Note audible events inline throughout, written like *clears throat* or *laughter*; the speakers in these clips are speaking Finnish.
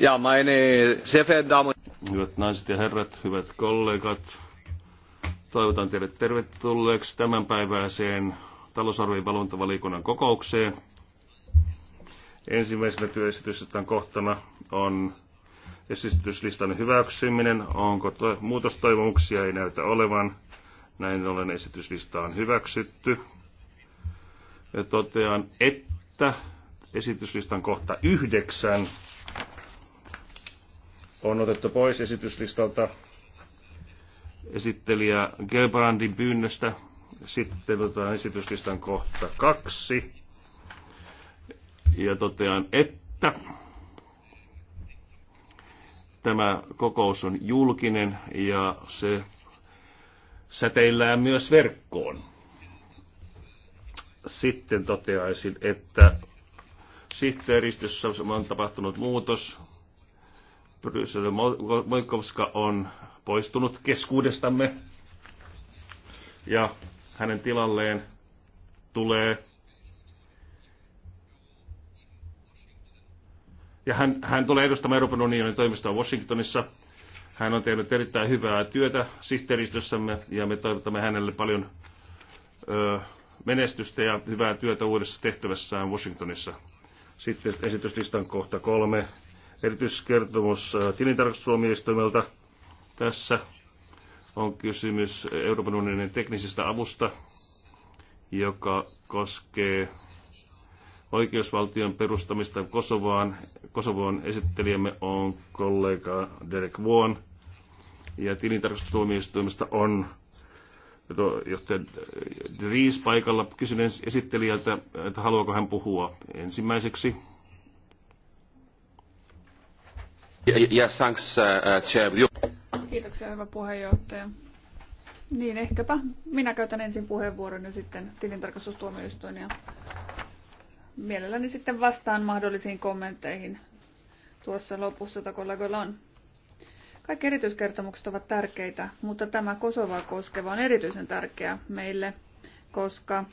Ja, meine sehr verehrten Damen Hyvät naiset ja herrat, hyvät kollegat, toivotan teille tervetulleeksi päiväiseen talousarvojen valvontavaliikunnan kokoukseen. Ensimmäisenä työesityslistan kohtana on esityslistan hyväksyminen. Onko to- muutostoivomuksia? Ei näytä olevan. Näin ollen esityslista on hyväksytty. Ja totean, että esityslistan kohta yhdeksän on otettu pois esityslistalta esittelijä Gerbrandin pyynnöstä. Sitten otetaan esityslistan kohta kaksi. Ja totean, että tämä kokous on julkinen ja se säteillään myös verkkoon. Sitten toteaisin, että sihteeristössä on tapahtunut muutos Bryssel Moikovska on poistunut keskuudestamme ja hänen tilalleen tulee ja hän, hän tulee edustamaan Euroopan unionin toimistoa Washingtonissa. Hän on tehnyt erittäin hyvää työtä sihteeristössämme ja me toivotamme hänelle paljon ö, menestystä ja hyvää työtä uudessa tehtävässään Washingtonissa. Sitten esityslistan kohta kolme erityiskertomus äh, tilintarkastustuomioistuimelta. Tässä on kysymys Euroopan unionin teknisestä avusta, joka koskee oikeusvaltion perustamista Kosovaan. Kosovoon esittelijämme on kollega Derek Vuon ja tilintarkastustuomioistuimesta on johtaja Dries paikalla. Kysyn esittelijältä, että haluaako hän puhua ensimmäiseksi. Yes, thanks, uh, uh, chair. Kiitoksia, hyvä puheenjohtaja. Niin, ehkäpä minä käytän ensin puheenvuoron ja sitten tilintarkastustuomioistuin ja mielelläni sitten vastaan mahdollisiin kommentteihin tuossa lopussa, jota kollegoilla on. Kaikki erityiskertomukset ovat tärkeitä, mutta tämä Kosovaa koskeva on erityisen tärkeä meille, koska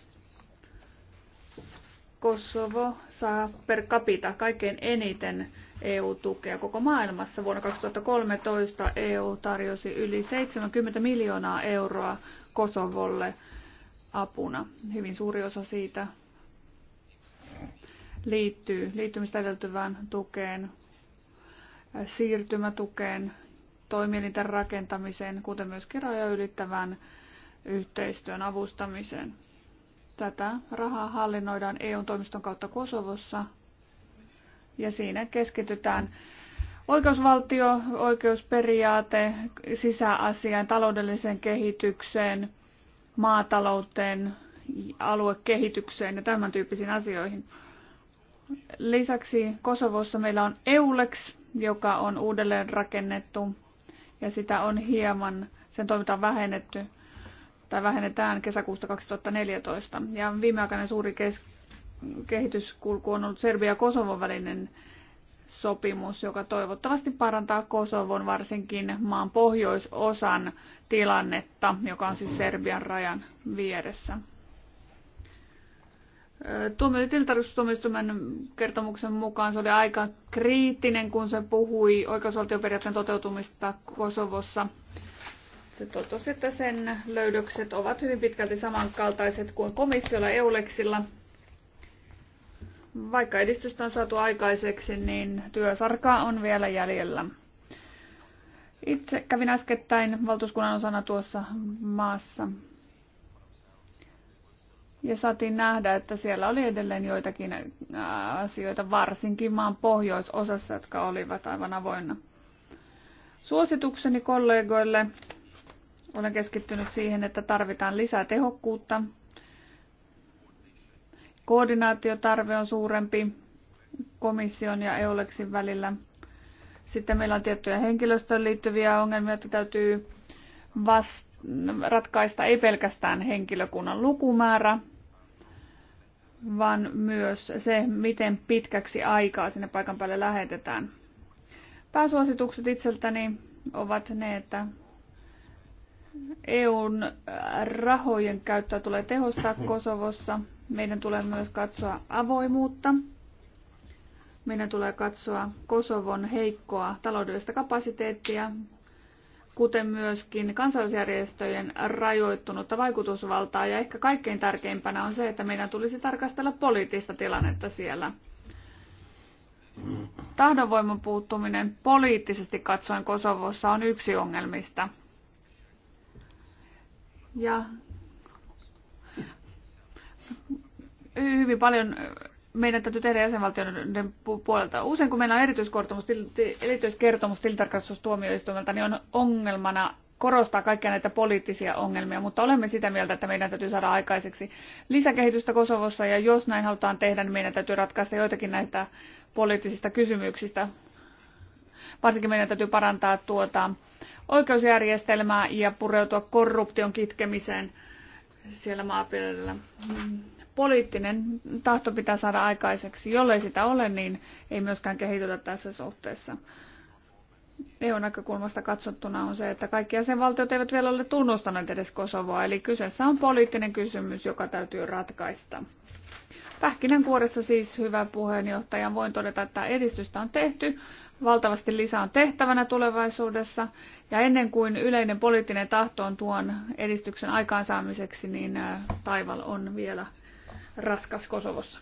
Kosovo saa per capita kaikkein eniten EU-tukea koko maailmassa. Vuonna 2013 EU tarjosi yli 70 miljoonaa euroa Kosovolle apuna. Hyvin suuri osa siitä liittyy liittymistä edeltävään tukeen, siirtymätukeen, toimielinten rakentamiseen, kuten myös rajoja ylittävän yhteistyön avustamiseen. Tätä rahaa hallinnoidaan EU-toimiston kautta Kosovossa – ja siinä keskitytään oikeusvaltio, oikeusperiaate, sisäasiaan, taloudelliseen kehitykseen, maatalouteen, aluekehitykseen ja tämän tyyppisiin asioihin. Lisäksi Kosovossa meillä on EULEX, joka on uudelleen rakennettu ja sitä on hieman, sen toiminta on vähennetty tai vähennetään kesäkuusta 2014. Ja viimeaikainen suuri kes- kehityskulku on ollut Serbia Kosovon välinen sopimus, joka toivottavasti parantaa Kosovon varsinkin maan pohjoisosan tilannetta, joka on siis Serbian rajan vieressä. Tilintarkastustuomioistuimen kertomuksen mukaan se oli aika kriittinen, kun se puhui oikeusvaltioperiaatteen toteutumista Kosovossa. Se totesi, että sen löydökset ovat hyvin pitkälti samankaltaiset kuin komissiolla EULEXilla – vaikka edistystä on saatu aikaiseksi, niin työsarkaa on vielä jäljellä. Itse kävin äskettäin valtuuskunnan osana tuossa maassa. Ja saatiin nähdä, että siellä oli edelleen joitakin äh, asioita, varsinkin maan pohjoisosassa, jotka olivat aivan avoinna. Suositukseni kollegoille olen keskittynyt siihen, että tarvitaan lisää tehokkuutta Koordinaatiotarve on suurempi komission ja EULEXin välillä. Sitten meillä on tiettyjä henkilöstöön liittyviä ongelmia, joita täytyy vast- ratkaista ei pelkästään henkilökunnan lukumäärä, vaan myös se, miten pitkäksi aikaa sinne paikan päälle lähetetään. Pääsuositukset itseltäni ovat ne, että EUn rahojen käyttöä tulee tehostaa Kosovossa – meidän tulee myös katsoa avoimuutta. Meidän tulee katsoa Kosovon heikkoa taloudellista kapasiteettia, kuten myöskin kansallisjärjestöjen rajoittunutta vaikutusvaltaa. Ja ehkä kaikkein tärkeimpänä on se, että meidän tulisi tarkastella poliittista tilannetta siellä. Tahdonvoiman puuttuminen poliittisesti katsoen Kosovossa on yksi ongelmista. Ja hyvin paljon meidän täytyy tehdä jäsenvaltioiden puolelta. Usein kun meillä on erityiskertomus tilintarkastustuomioistuimelta, niin on ongelmana korostaa kaikkia näitä poliittisia ongelmia, mutta olemme sitä mieltä, että meidän täytyy saada aikaiseksi lisäkehitystä Kosovossa, ja jos näin halutaan tehdä, niin meidän täytyy ratkaista joitakin näistä poliittisista kysymyksistä. Varsinkin meidän täytyy parantaa tuota oikeusjärjestelmää ja pureutua korruption kitkemiseen – siellä maapiirillä. Poliittinen tahto pitää saada aikaiseksi. Jollei sitä ole, niin ei myöskään kehitytä tässä suhteessa. EU-näkökulmasta katsottuna on se, että kaikki jäsenvaltiot eivät vielä ole tunnustaneet edes Kosovoa, eli kyseessä on poliittinen kysymys, joka täytyy ratkaista. Pähkinänkuoressa siis, hyvä puheenjohtaja, voin todeta, että edistystä on tehty, Valtavasti lisää on tehtävänä tulevaisuudessa ja ennen kuin yleinen poliittinen tahto on tuon edistyksen aikaansaamiseksi, niin äh, taival on vielä raskas Kosovossa.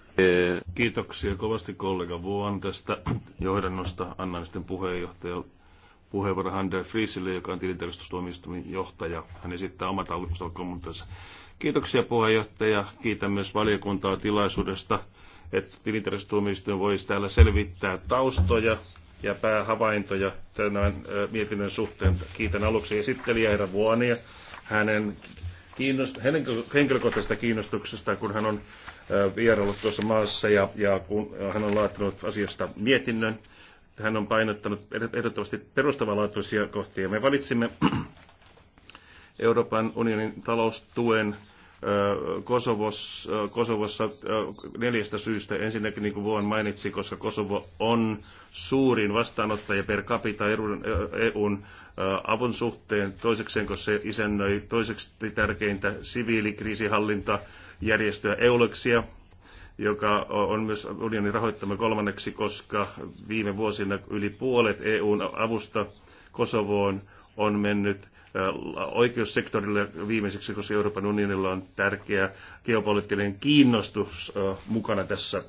Kiitoksia kovasti kollega Vuon tästä johdannosta. Annan sitten puheenjohtajalle puheenvuoro Hande Friisille, joka on tilintarkastustuomioistuimen johtaja. Hän esittää omat alustuskommentinsa. Kiitoksia puheenjohtaja. Kiitän myös valiokuntaa tilaisuudesta, että tilintarkastustuomioistuin voisi täällä selvittää taustoja ja päähavaintoja tämän mietinnön suhteen. Kiitän aluksi esittelijä herra Vuonia hänen, kiinnost- hänen henkilökohtaisesta kiinnostuksesta, kun hän on vierailut tuossa maassa ja, ja kun hän on laatinut asiasta mietinnön. Hän on painottanut ehdottomasti perustavanlaatuisia kohtia. Me valitsimme *clears throat* Euroopan unionin taloustuen Kosovossa, Kosovossa neljästä syystä. Ensinnäkin, niin kuin Vuon mainitsi, koska Kosovo on suurin vastaanottaja per capita EUn, e e EUn avun suhteen. Toisekseen, kun se isännöi toiseksi tärkeintä siviilikriisihallintajärjestöä Eulexia, joka on myös unionin rahoittama kolmanneksi, koska viime vuosina yli puolet EUn avusta Kosovoon on mennyt oikeussektorille viimeiseksi, koska Euroopan unionilla on tärkeä geopoliittinen kiinnostus mukana tässä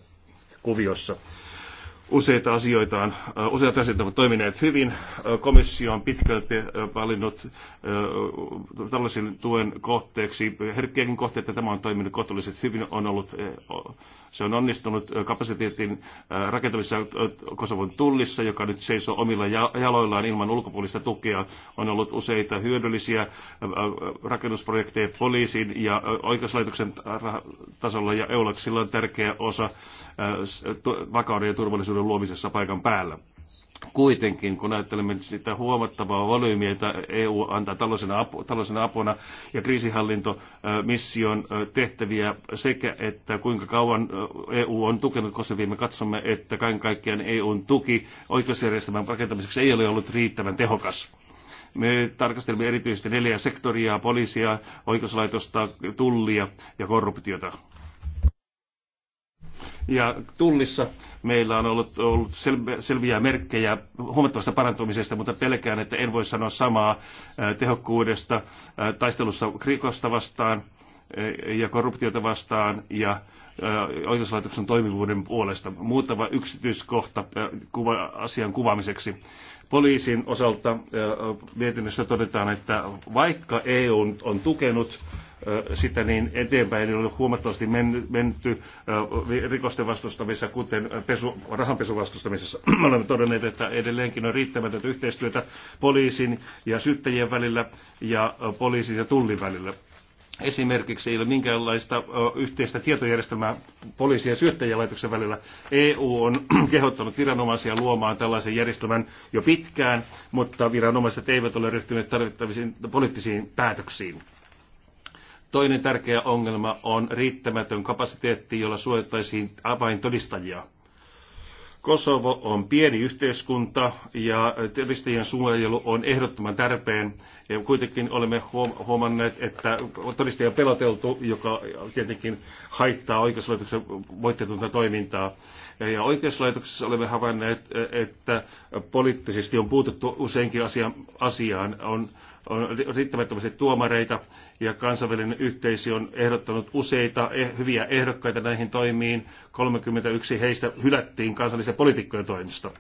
kuviossa. Useita asioita on, useat asiat ovat toimineet hyvin. Komissio on pitkälti valinnut tällaisen tuen kohteeksi. Herkkiäkin kohteita tämä on toiminut kohtuullisesti hyvin. On ollut, se on onnistunut kapasiteetin rakentamisessa Kosovon tullissa, joka nyt seisoo omilla jaloillaan ilman ulkopuolista tukea. On ollut useita hyödyllisiä rakennusprojekteja poliisin ja oikeuslaitoksen tasolla ja EULAXilla on tärkeä osa vakauden ja turvallisuuden turvallisuuden luomisessa paikan päällä. Kuitenkin, kun ajattelemme sitä huomattavaa volyymiä, että EU antaa taloudellisena, apu, taloudellisena apuna ja kriisinhallintomission tehtäviä sekä, että kuinka kauan EU on tukenut Kosoviin, me katsomme, että kaiken kaikkiaan EUn tuki oikeusjärjestelmän rakentamiseksi ei ole ollut riittävän tehokas. Me tarkastelimme erityisesti neljä sektoria, poliisia, oikeuslaitosta, tullia ja korruptiota. Ja tullissa meillä on ollut, ollut selviä merkkejä huomattavasta parantumisesta, mutta pelkään, että en voi sanoa samaa äh, tehokkuudesta äh, taistelussa rikosta vastaan äh, ja korruptiota vastaan ja oikeuslaitoksen toimivuuden puolesta. Muutama yksityiskohta kuva, asian kuvaamiseksi. Poliisin osalta mietinnössä todetaan, että vaikka EU on tukenut sitä niin eteenpäin ei ole huomattavasti menty rikosten vastustamisessa, kuten pesu, rahanpesun vastustamisessa. *clears throat* Me olemme todenneet, että edelleenkin on riittämätöntä yhteistyötä poliisin ja syyttäjien välillä ja poliisin ja tullin välillä. Esimerkiksi ei ole minkäänlaista yhteistä tietojärjestelmää poliisi- ja syyttäjälaitoksen välillä. EU on *clears throat* kehottanut viranomaisia luomaan tällaisen järjestelmän jo pitkään, mutta viranomaiset eivät ole ryhtyneet tarvittavisiin poliittisiin päätöksiin. Toinen tärkeä ongelma on riittämätön kapasiteetti, jolla suojattaisiin avaintodistajia. Kosovo on pieni yhteiskunta ja todistajien suojelu on ehdottoman tärpeen. Ja kuitenkin olemme huomanneet, että todistajia on peloteltu, joka tietenkin haittaa oikeuslaitoksen voittetunta toimintaa. Ja oikeuslaitoksessa olemme havainneet, että poliittisesti on puututtu useinkin asiaan. On on riittämättömästi tuomareita ja kansainvälinen yhteisö on ehdottanut useita eh, hyviä ehdokkaita näihin toimiin. 31 heistä hylättiin kansallisen poliitikkojen toimesta.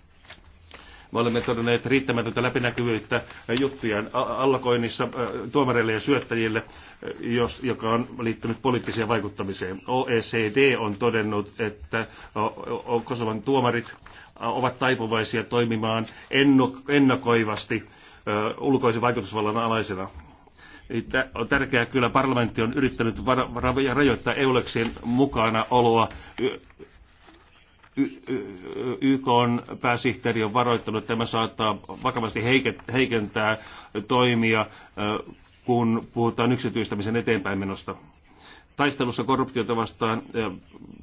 Me olemme todenneet riittämätöntä läpinäkyvyyttä juttujen allokoinnissa tuomareille ja syöttäjille, jos, joka on liittynyt poliittiseen vaikuttamiseen. OECD on todennut, että Kosovan tuomarit ovat taipuvaisia toimimaan ennakoivasti ulkoisen vaikutusvallan alaisena. On tärkeää kyllä, parlamentti on yrittänyt rajoittaa EULEXin mukana oloa. YK on pääsihteeri on varoittanut, että tämä saattaa vakavasti heikentää toimia, kun puhutaan yksityistämisen eteenpäinmenosta. Taistelussa korruptiota vastaan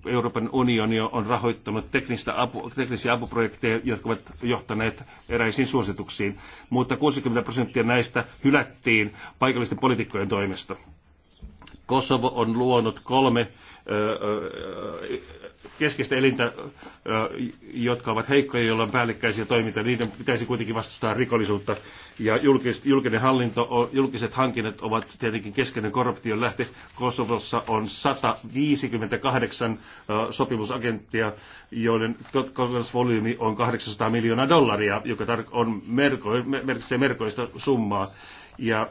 Euroopan unioni on rahoittanut teknistä apu, teknisiä apuprojekteja, jotka ovat johtaneet eräisiin suosituksiin, mutta 60 prosenttia näistä hylättiin paikallisten poliitikkojen toimesta. Kosovo on luonut kolme keskeistä elintä, jotka ovat heikkoja, joilla on päällekkäisiä toimintoja. Niiden pitäisi kuitenkin vastustaa rikollisuutta. Ja julkinen hallinto, julkiset hankinnat ovat tietenkin keskeinen korruption lähte. Kosovossa on 158 sopimusagenttia, joiden kokonaisvolyymi on 800 miljoonaa dollaria, joka on merko, merkitsee merkoista summaa. Ja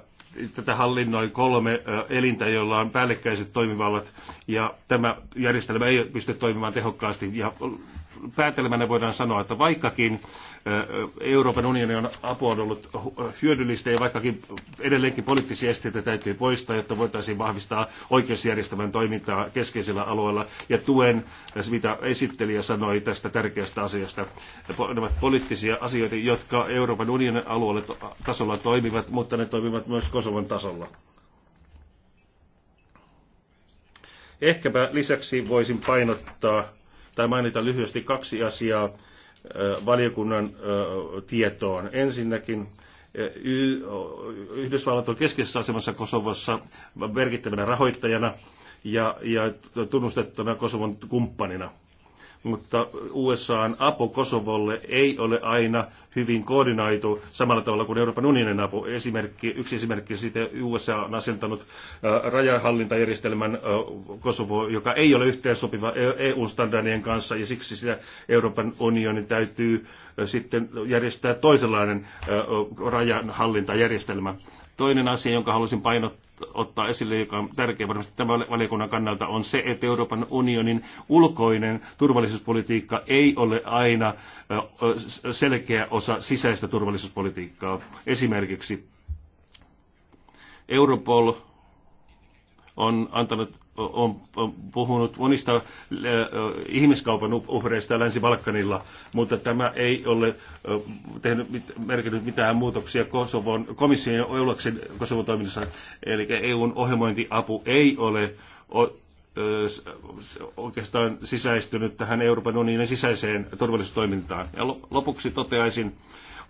tätä hallinnoi kolme elintä, joilla on päällekkäiset toimivallat, ja tämä järjestelmä ei pysty toimimaan tehokkaasti. Ja päätelmänä voidaan sanoa, että vaikkakin Euroopan unionin apu on ollut hyödyllistä, ja vaikkakin edelleenkin poliittisia esteitä täytyy poistaa, jotta voitaisiin vahvistaa oikeusjärjestelmän toimintaa keskeisellä alueella, ja tuen, äh, mitä esittelijä sanoi tästä tärkeästä asiasta. Ne poliittisia asioita, jotka Euroopan unionin alueella tasolla toimivat, mutta ne toimivat myös Kosovon tasolla. Ehkäpä lisäksi voisin painottaa tai mainita lyhyesti kaksi asiaa valiokunnan tietoon. Ensinnäkin Yhdysvallat on keskeisessä asemassa Kosovossa merkittävänä rahoittajana ja, ja tunnustettuna Kosovon kumppanina mutta USAn apu Kosovolle ei ole aina hyvin koordinoitu samalla tavalla kuin Euroopan unionin apu. Esimerkki, yksi esimerkki siitä USA on asentanut rajahallintajärjestelmän Kosovo, joka ei ole yhteensopiva EU-standardien e kanssa ja siksi sitä Euroopan unionin täytyy sitten järjestää toisenlainen rajahallintajärjestelmä. Toinen asia, jonka haluaisin painottaa, ottaa esille, joka on tärkeä varmasti tämän valiokunnan kannalta, on se, että Euroopan unionin ulkoinen turvallisuuspolitiikka ei ole aina selkeä osa sisäistä turvallisuuspolitiikkaa. Esimerkiksi Europol on antanut on puhunut monista äh, ihmiskaupan uhreista Länsi-Balkanilla, mutta tämä ei ole äh, tehnyt, merkinnyt mitään muutoksia Kosovon komission ja Eulaksen Kosovon toiminnassa. Eli EUn ohjelmointiapu ei ole äh, oikeastaan sisäistynyt tähän Euroopan unionin sisäiseen turvallisuustoimintaan. Ja lopuksi toteaisin,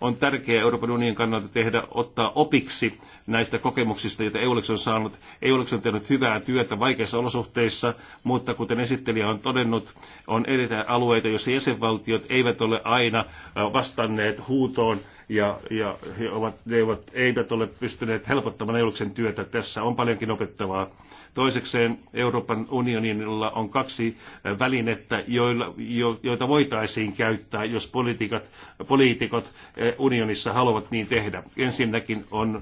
on tärkeää Euroopan unionin kannalta tehdä, ottaa opiksi näistä kokemuksista, joita EULEX on saanut. EULEX on tehnyt hyvää työtä vaikeissa olosuhteissa, mutta kuten esittelijä on todennut, on erittäin alueita, joissa jäsenvaltiot eivät ole aina vastanneet huutoon ja, ja he ovat, ne ovat, eivät ole pystyneet helpottamaan Euloksen työtä. Tässä on paljonkin opettavaa. Toisekseen Euroopan unionilla on kaksi äh, välinettä, joilla, jo, joita voitaisiin käyttää, jos poliitikot, poliitikot äh, unionissa haluavat niin tehdä. Ensinnäkin on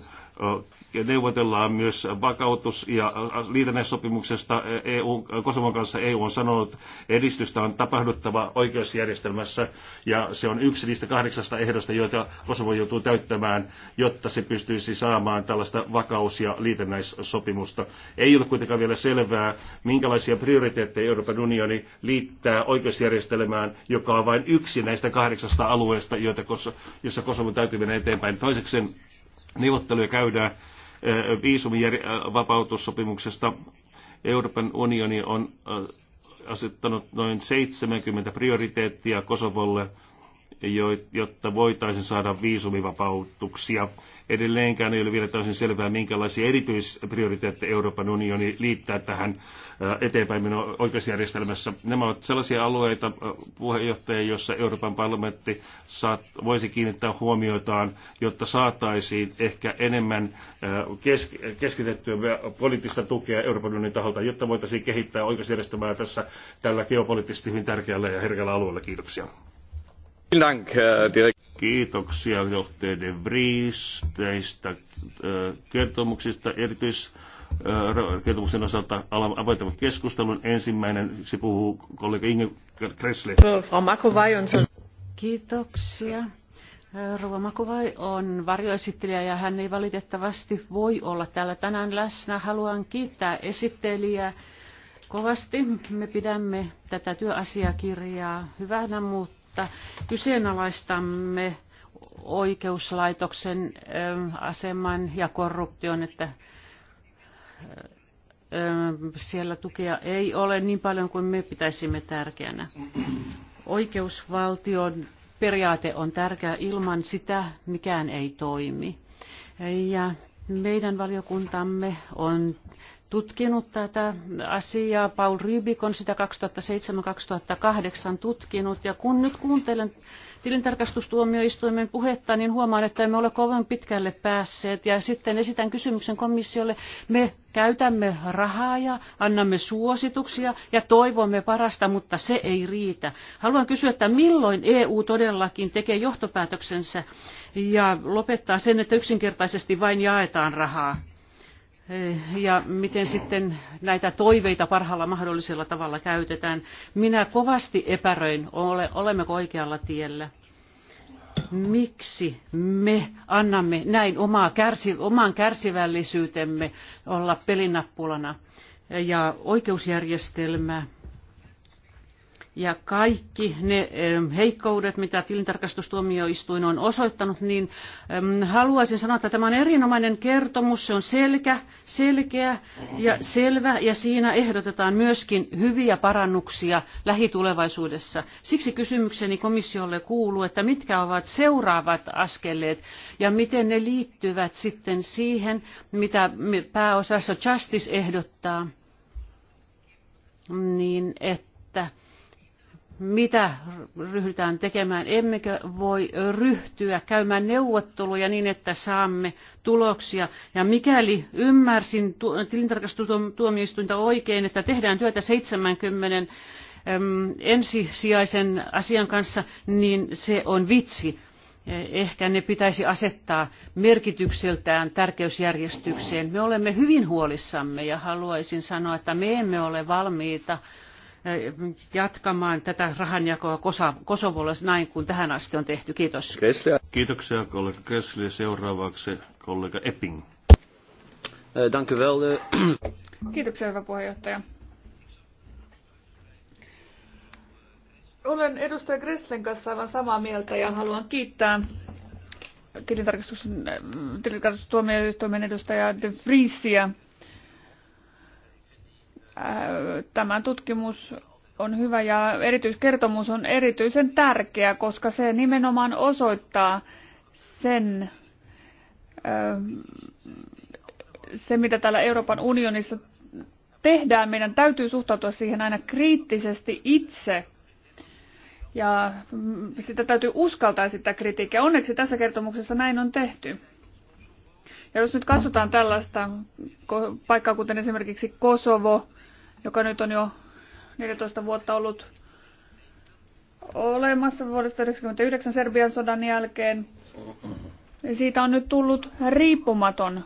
neuvotellaan myös vakautus- ja liitännäissopimuksesta EU, e Kosovon kanssa. EU on sanonut, että edistystä on tapahduttava oikeusjärjestelmässä ja se on yksi niistä kahdeksasta ehdosta, joita Kosovo joutuu täyttämään, jotta se pystyisi saamaan tällaista vakaus- ja liitännäissopimusta. Ei ole kuitenkaan vielä selvää, minkälaisia prioriteetteja Euroopan unioni liittää oikeusjärjestelmään, joka on vain yksi näistä kahdeksasta alueesta, joita, jossa Kosovo täytyy mennä eteenpäin. Toiseksi Neuvotteluja käydään eh, viisumivapautussopimuksesta. Eh, Euroopan unioni on eh, asettanut noin 70 prioriteettia Kosovolle – jotta voitaisiin saada viisumivapautuksia. Edelleenkään ei ole vielä täysin selvää, minkälaisia erityisprioriteetteja Euroopan unioni liittää tähän äh, eteenpäin minun oikeusjärjestelmässä. Nämä ovat sellaisia alueita, äh, puheenjohtaja, joissa Euroopan parlamentti saat, voisi kiinnittää huomiotaan, jotta saataisiin ehkä enemmän äh, kes, keskitettyä poliittista tukea Euroopan unionin taholta, jotta voitaisiin kehittää oikeusjärjestelmää tässä tällä geopoliittisesti hyvin tärkeällä ja herkällä alueella. Kiitoksia. Äh, Kiitoksia johtaja De Vries näistä äh, kertomuksista. Erityiskertomuksen äh, osalta avoitamme keskustelun. Ensimmäinen se puhuu kollega Inge Kressle. Kiitoksia. Rova Makovai on varjoesittelijä ja hän ei valitettavasti voi olla täällä tänään läsnä. Haluan kiittää esittelijää kovasti. Me pidämme tätä työasiakirjaa hyvänä, mutta että kyseenalaistamme oikeuslaitoksen ähm, aseman ja korruption, että ähm, siellä tukea ei ole niin paljon kuin me pitäisimme tärkeänä. Oikeusvaltion periaate on tärkeä, ilman sitä mikään ei toimi. Ja meidän valiokuntamme on tutkinut tätä asiaa. Paul Rybik on sitä 2007-2008 tutkinut. Ja kun nyt kuuntelen tilintarkastustuomioistuimen puhetta, niin huomaan, että emme ole kovin pitkälle päässeet. Ja sitten esitän kysymyksen komissiolle. Me käytämme rahaa ja annamme suosituksia ja toivomme parasta, mutta se ei riitä. Haluan kysyä, että milloin EU todellakin tekee johtopäätöksensä ja lopettaa sen, että yksinkertaisesti vain jaetaan rahaa? Eh, ja miten sitten näitä toiveita parhaalla mahdollisella tavalla käytetään. Minä kovasti epäröin, ole, olemmeko oikealla tiellä. Miksi me annamme näin omaa kärsi, oman kärsivällisyytemme olla pelinappulana ja oikeusjärjestelmä ja kaikki ne heikkoudet, mitä tilintarkastustuomioistuin on osoittanut, niin haluaisin sanoa, että tämä on erinomainen kertomus, se on selkä, selkeä ja selvä, ja siinä ehdotetaan myöskin hyviä parannuksia lähitulevaisuudessa. Siksi kysymykseni komissiolle kuuluu, että mitkä ovat seuraavat askeleet, ja miten ne liittyvät sitten siihen, mitä pääosassa Justice ehdottaa, niin että mitä ryhdytään tekemään, emmekö voi ryhtyä käymään neuvotteluja niin, että saamme tuloksia. Ja mikäli ymmärsin tilintarkastustuomioistuinta oikein, että tehdään työtä 70 ensisijaisen asian kanssa, niin se on vitsi. Ehkä ne pitäisi asettaa merkitykseltään tärkeysjärjestykseen. Me olemme hyvin huolissamme ja haluaisin sanoa, että me emme ole valmiita Äh, jatkamaan tätä rahanjakoa Kosovolle näin kuin tähän asti on tehty. Kiitos. Kiitoksia kollega Kessli. Seuraavaksi kollega Epping. Äh, eh. *clears throat* Kiitoksia hyvä puheenjohtaja. Olen edustaja Gresslen kanssa aivan samaa mieltä ja haluan kiittää äh, tilintarkastustuomioistuimen edustajaa De Vriesiä Äh, tämä tutkimus on hyvä ja erityiskertomus on erityisen tärkeä, koska se nimenomaan osoittaa sen, äh, se mitä täällä Euroopan unionissa tehdään. Meidän täytyy suhtautua siihen aina kriittisesti itse ja sitä täytyy uskaltaa sitä kritiikkiä. Onneksi tässä kertomuksessa näin on tehty. Ja jos nyt katsotaan tällaista paikkaa, kuten esimerkiksi Kosovo, joka nyt on jo 14 vuotta ollut olemassa vuodesta 1999 Serbian sodan jälkeen. Siitä on nyt tullut riippumaton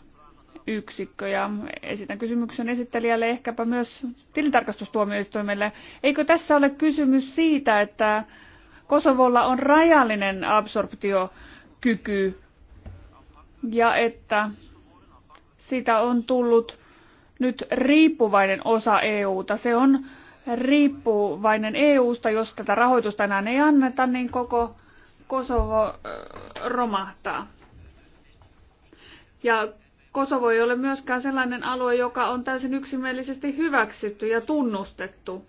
yksikkö ja esitän kysymyksen esittelijälle ehkäpä myös tilintarkastustuomioistuimelle. Eikö tässä ole kysymys siitä, että Kosovolla on rajallinen absorptiokyky ja että siitä on tullut nyt riippuvainen osa EUta. Se on riippuvainen EUsta, jos tätä rahoitusta enää ei anneta, niin koko Kosovo romahtaa. Ja Kosovo ei ole myöskään sellainen alue, joka on täysin yksimielisesti hyväksytty ja tunnustettu.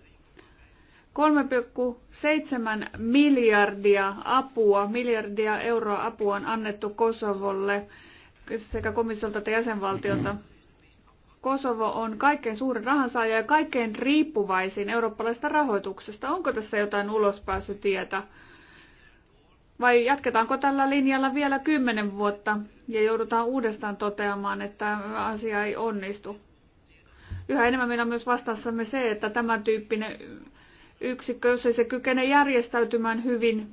3,7 miljardia apua, miljardia euroa apua on annettu Kosovolle sekä komissiolta että jäsenvaltiolta. Mm-hmm Kosovo on kaikkein suurin rahansaaja ja kaikkein riippuvaisin eurooppalaisesta rahoituksesta. Onko tässä jotain ulospääsytietä? Vai jatketaanko tällä linjalla vielä kymmenen vuotta ja joudutaan uudestaan toteamaan, että asia ei onnistu? Yhä enemmän meillä on myös vastassamme se, että tämä tyyppinen yksikkö, jos ei se kykene järjestäytymään hyvin,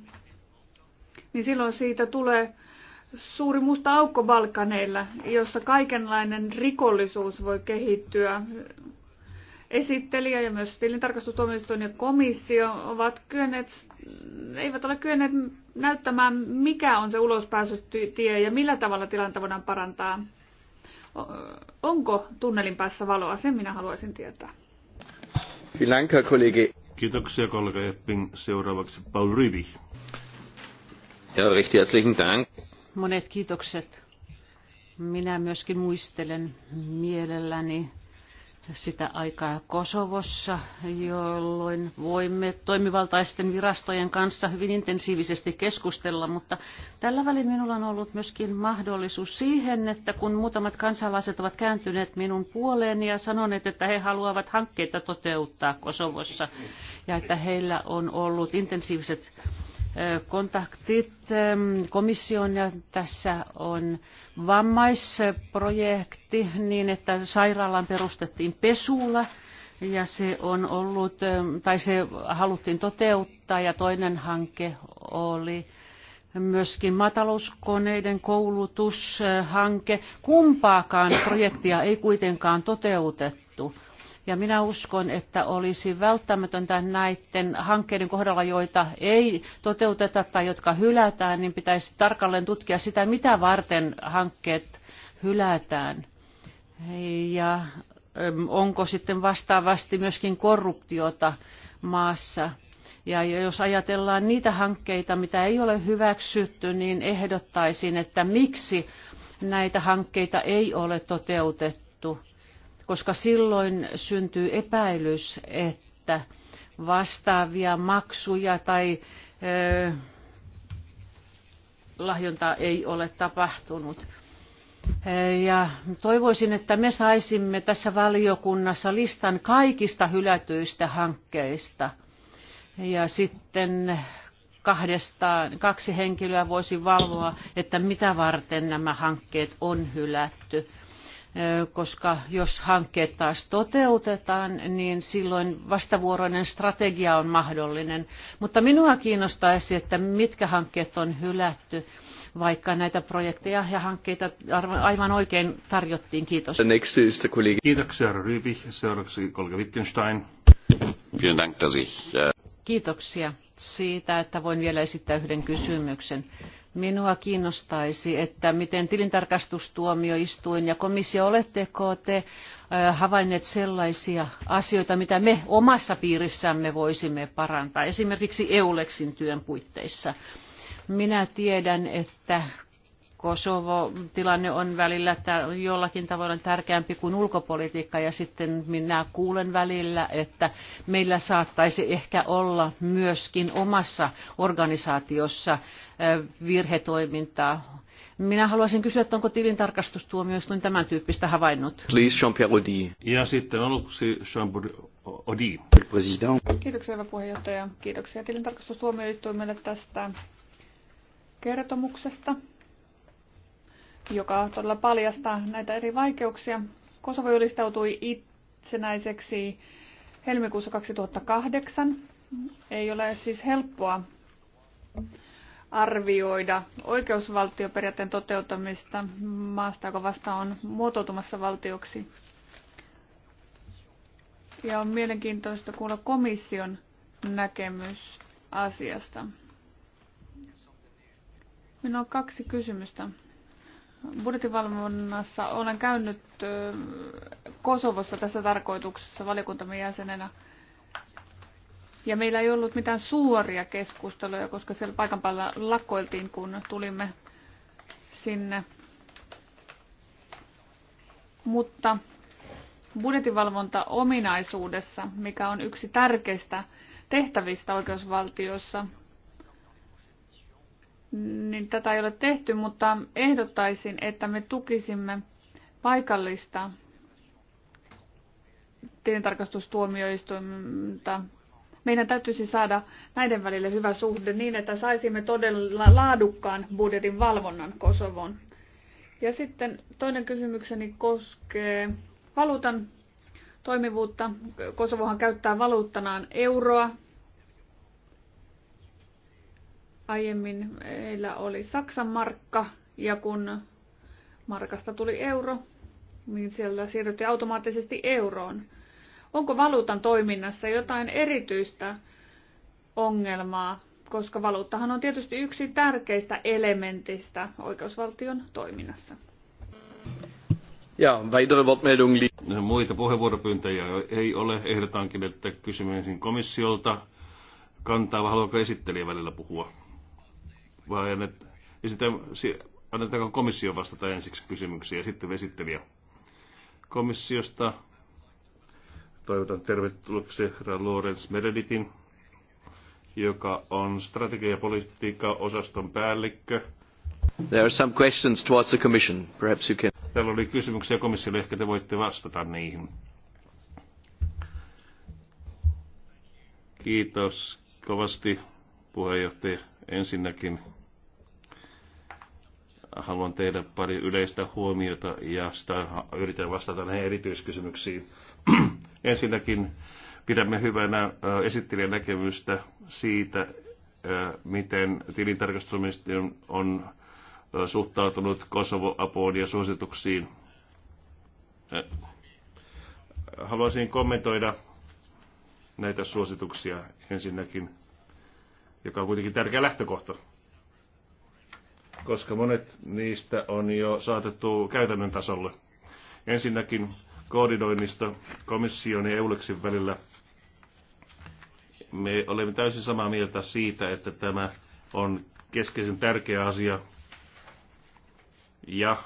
niin silloin siitä tulee suuri musta aukko Balkaneilla, jossa kaikenlainen rikollisuus voi kehittyä. Esittelijä ja myös tilintarkastustuomioistuin ja komissio ovat kyenneet, eivät ole kyenneet näyttämään, mikä on se ulospääsytie ja millä tavalla tilanta voidaan parantaa. Onko tunnelin päässä valoa? Sen minä haluaisin tietää. Kiitoksia kollega Epping. Seuraavaksi Paul Rivi. Ja recht herzlichen Dank. Monet kiitokset. Minä myöskin muistelen mielelläni sitä aikaa Kosovossa, jolloin voimme toimivaltaisten virastojen kanssa hyvin intensiivisesti keskustella, mutta tällä välin minulla on ollut myöskin mahdollisuus siihen, että kun muutamat kansalaiset ovat kääntyneet minun puoleeni ja sanoneet, että he haluavat hankkeita toteuttaa Kosovossa ja että heillä on ollut intensiiviset kontaktit komission ja tässä on vammaisprojekti niin, että sairaalaan perustettiin Pesula ja se on ollut, tai se haluttiin toteuttaa ja toinen hanke oli myöskin mataluskoneiden koulutushanke. Kumpaakaan projektia ei kuitenkaan toteutettu ja minä uskon, että olisi välttämätöntä näiden hankkeiden kohdalla, joita ei toteuteta tai jotka hylätään, niin pitäisi tarkalleen tutkia sitä, mitä varten hankkeet hylätään. Ja onko sitten vastaavasti myöskin korruptiota maassa. Ja jos ajatellaan niitä hankkeita, mitä ei ole hyväksytty, niin ehdottaisin, että miksi näitä hankkeita ei ole toteutettu koska silloin syntyy epäilys, että vastaavia maksuja tai lahjontaa ei ole tapahtunut. Ja toivoisin, että me saisimme tässä valiokunnassa listan kaikista hylätyistä hankkeista. Ja sitten kahdestaan, kaksi henkilöä voisi valvoa, että mitä varten nämä hankkeet on hylätty koska jos hankkeet taas toteutetaan, niin silloin vastavuoroinen strategia on mahdollinen. Mutta minua kiinnostaisi, että mitkä hankkeet on hylätty, vaikka näitä projekteja ja hankkeita aivan oikein tarjottiin. Kiitos. Kiitoksia, Ryby. Seuraavaksi kollega Wittgenstein. Äh Kiitoksia siitä, että voin vielä esittää yhden kysymyksen. Minua kiinnostaisi, että miten tilintarkastustuomioistuin ja komissio, oletteko te havainneet sellaisia asioita, mitä me omassa piirissämme voisimme parantaa, esimerkiksi EULEXin työn puitteissa. Minä tiedän, että Kosovo-tilanne on välillä jollakin tavalla tärkeämpi kuin ulkopolitiikka ja sitten minä kuulen välillä, että meillä saattaisi ehkä olla myöskin omassa organisaatiossa virhetoimintaa. Minä haluaisin kysyä, että onko tilintarkastustuomioistuin tämän tyyppistä havainnut? Please, Jean-Pierre Audi. Ja sitten aluksi Jean-Pierre Audi. Kiitoksia, hyvä puheenjohtaja. Kiitoksia tilintarkastustuomioistuimelle tästä kertomuksesta joka todella paljastaa näitä eri vaikeuksia. Kosovo julistautui itsenäiseksi helmikuussa 2008. Ei ole siis helppoa arvioida oikeusvaltioperiaatteen toteuttamista maasta, joka vasta on muotoutumassa valtioksi. Ja on mielenkiintoista kuulla komission näkemys asiasta. Minulla on kaksi kysymystä budjettivalvonnassa olen käynyt Kosovossa tässä tarkoituksessa valiokuntamme jäsenenä. Ja meillä ei ollut mitään suoria keskusteluja, koska siellä paikan päällä lakkoiltiin, kun tulimme sinne. Mutta budjetivalvonta ominaisuudessa, mikä on yksi tärkeistä tehtävistä oikeusvaltiossa, niin tätä ei ole tehty, mutta ehdottaisin, että me tukisimme paikallista tilintarkastustuomioistuinta. Meidän täytyisi saada näiden välille hyvä suhde niin, että saisimme todella laadukkaan budjetin valvonnan Kosovon. Ja sitten toinen kysymykseni koskee valuutan toimivuutta. Kosovohan käyttää valuuttanaan euroa, Aiemmin meillä oli Saksan markka ja kun markasta tuli euro, niin siellä siirryttiin automaattisesti euroon. Onko valuutan toiminnassa jotain erityistä ongelmaa, koska valuuttahan on tietysti yksi tärkeistä elementistä oikeusvaltion toiminnassa? Ja, no, Muita puheenvuoropyyntöjä ei ole. Ehdotankin, että kysymyksiin komissiolta kantaa, haluatko esittelijä välillä puhua? vai annet, ja sitten, annetaanko komissio vastata ensiksi kysymyksiä ja sitten esittelijä komissiosta. Toivotan tervetulleeksi herra Lorenz Mereditin, joka on strategia- ja politiikka-osaston päällikkö. There are some questions towards the commission. Perhaps you can... Täällä oli kysymyksiä komissiolle, ehkä te voitte vastata niihin. Kiitos kovasti puheenjohtaja. Ensinnäkin haluan tehdä pari yleistä huomiota ja sitä yritän vastata näihin erityiskysymyksiin. *clears throat* Ensinnäkin pidämme hyvänä esittelijän näkemystä siitä, miten tilintarkastusministeriö on suhtautunut Kosovo-apuun ja suosituksiin. Haluaisin kommentoida näitä suosituksia ensinnäkin joka on kuitenkin tärkeä lähtökohta, koska monet niistä on jo saatettu käytännön tasolle. Ensinnäkin koordinoinnista komission ja EULEXin välillä. Me olemme täysin samaa mieltä siitä, että tämä on keskeisen tärkeä asia. Ja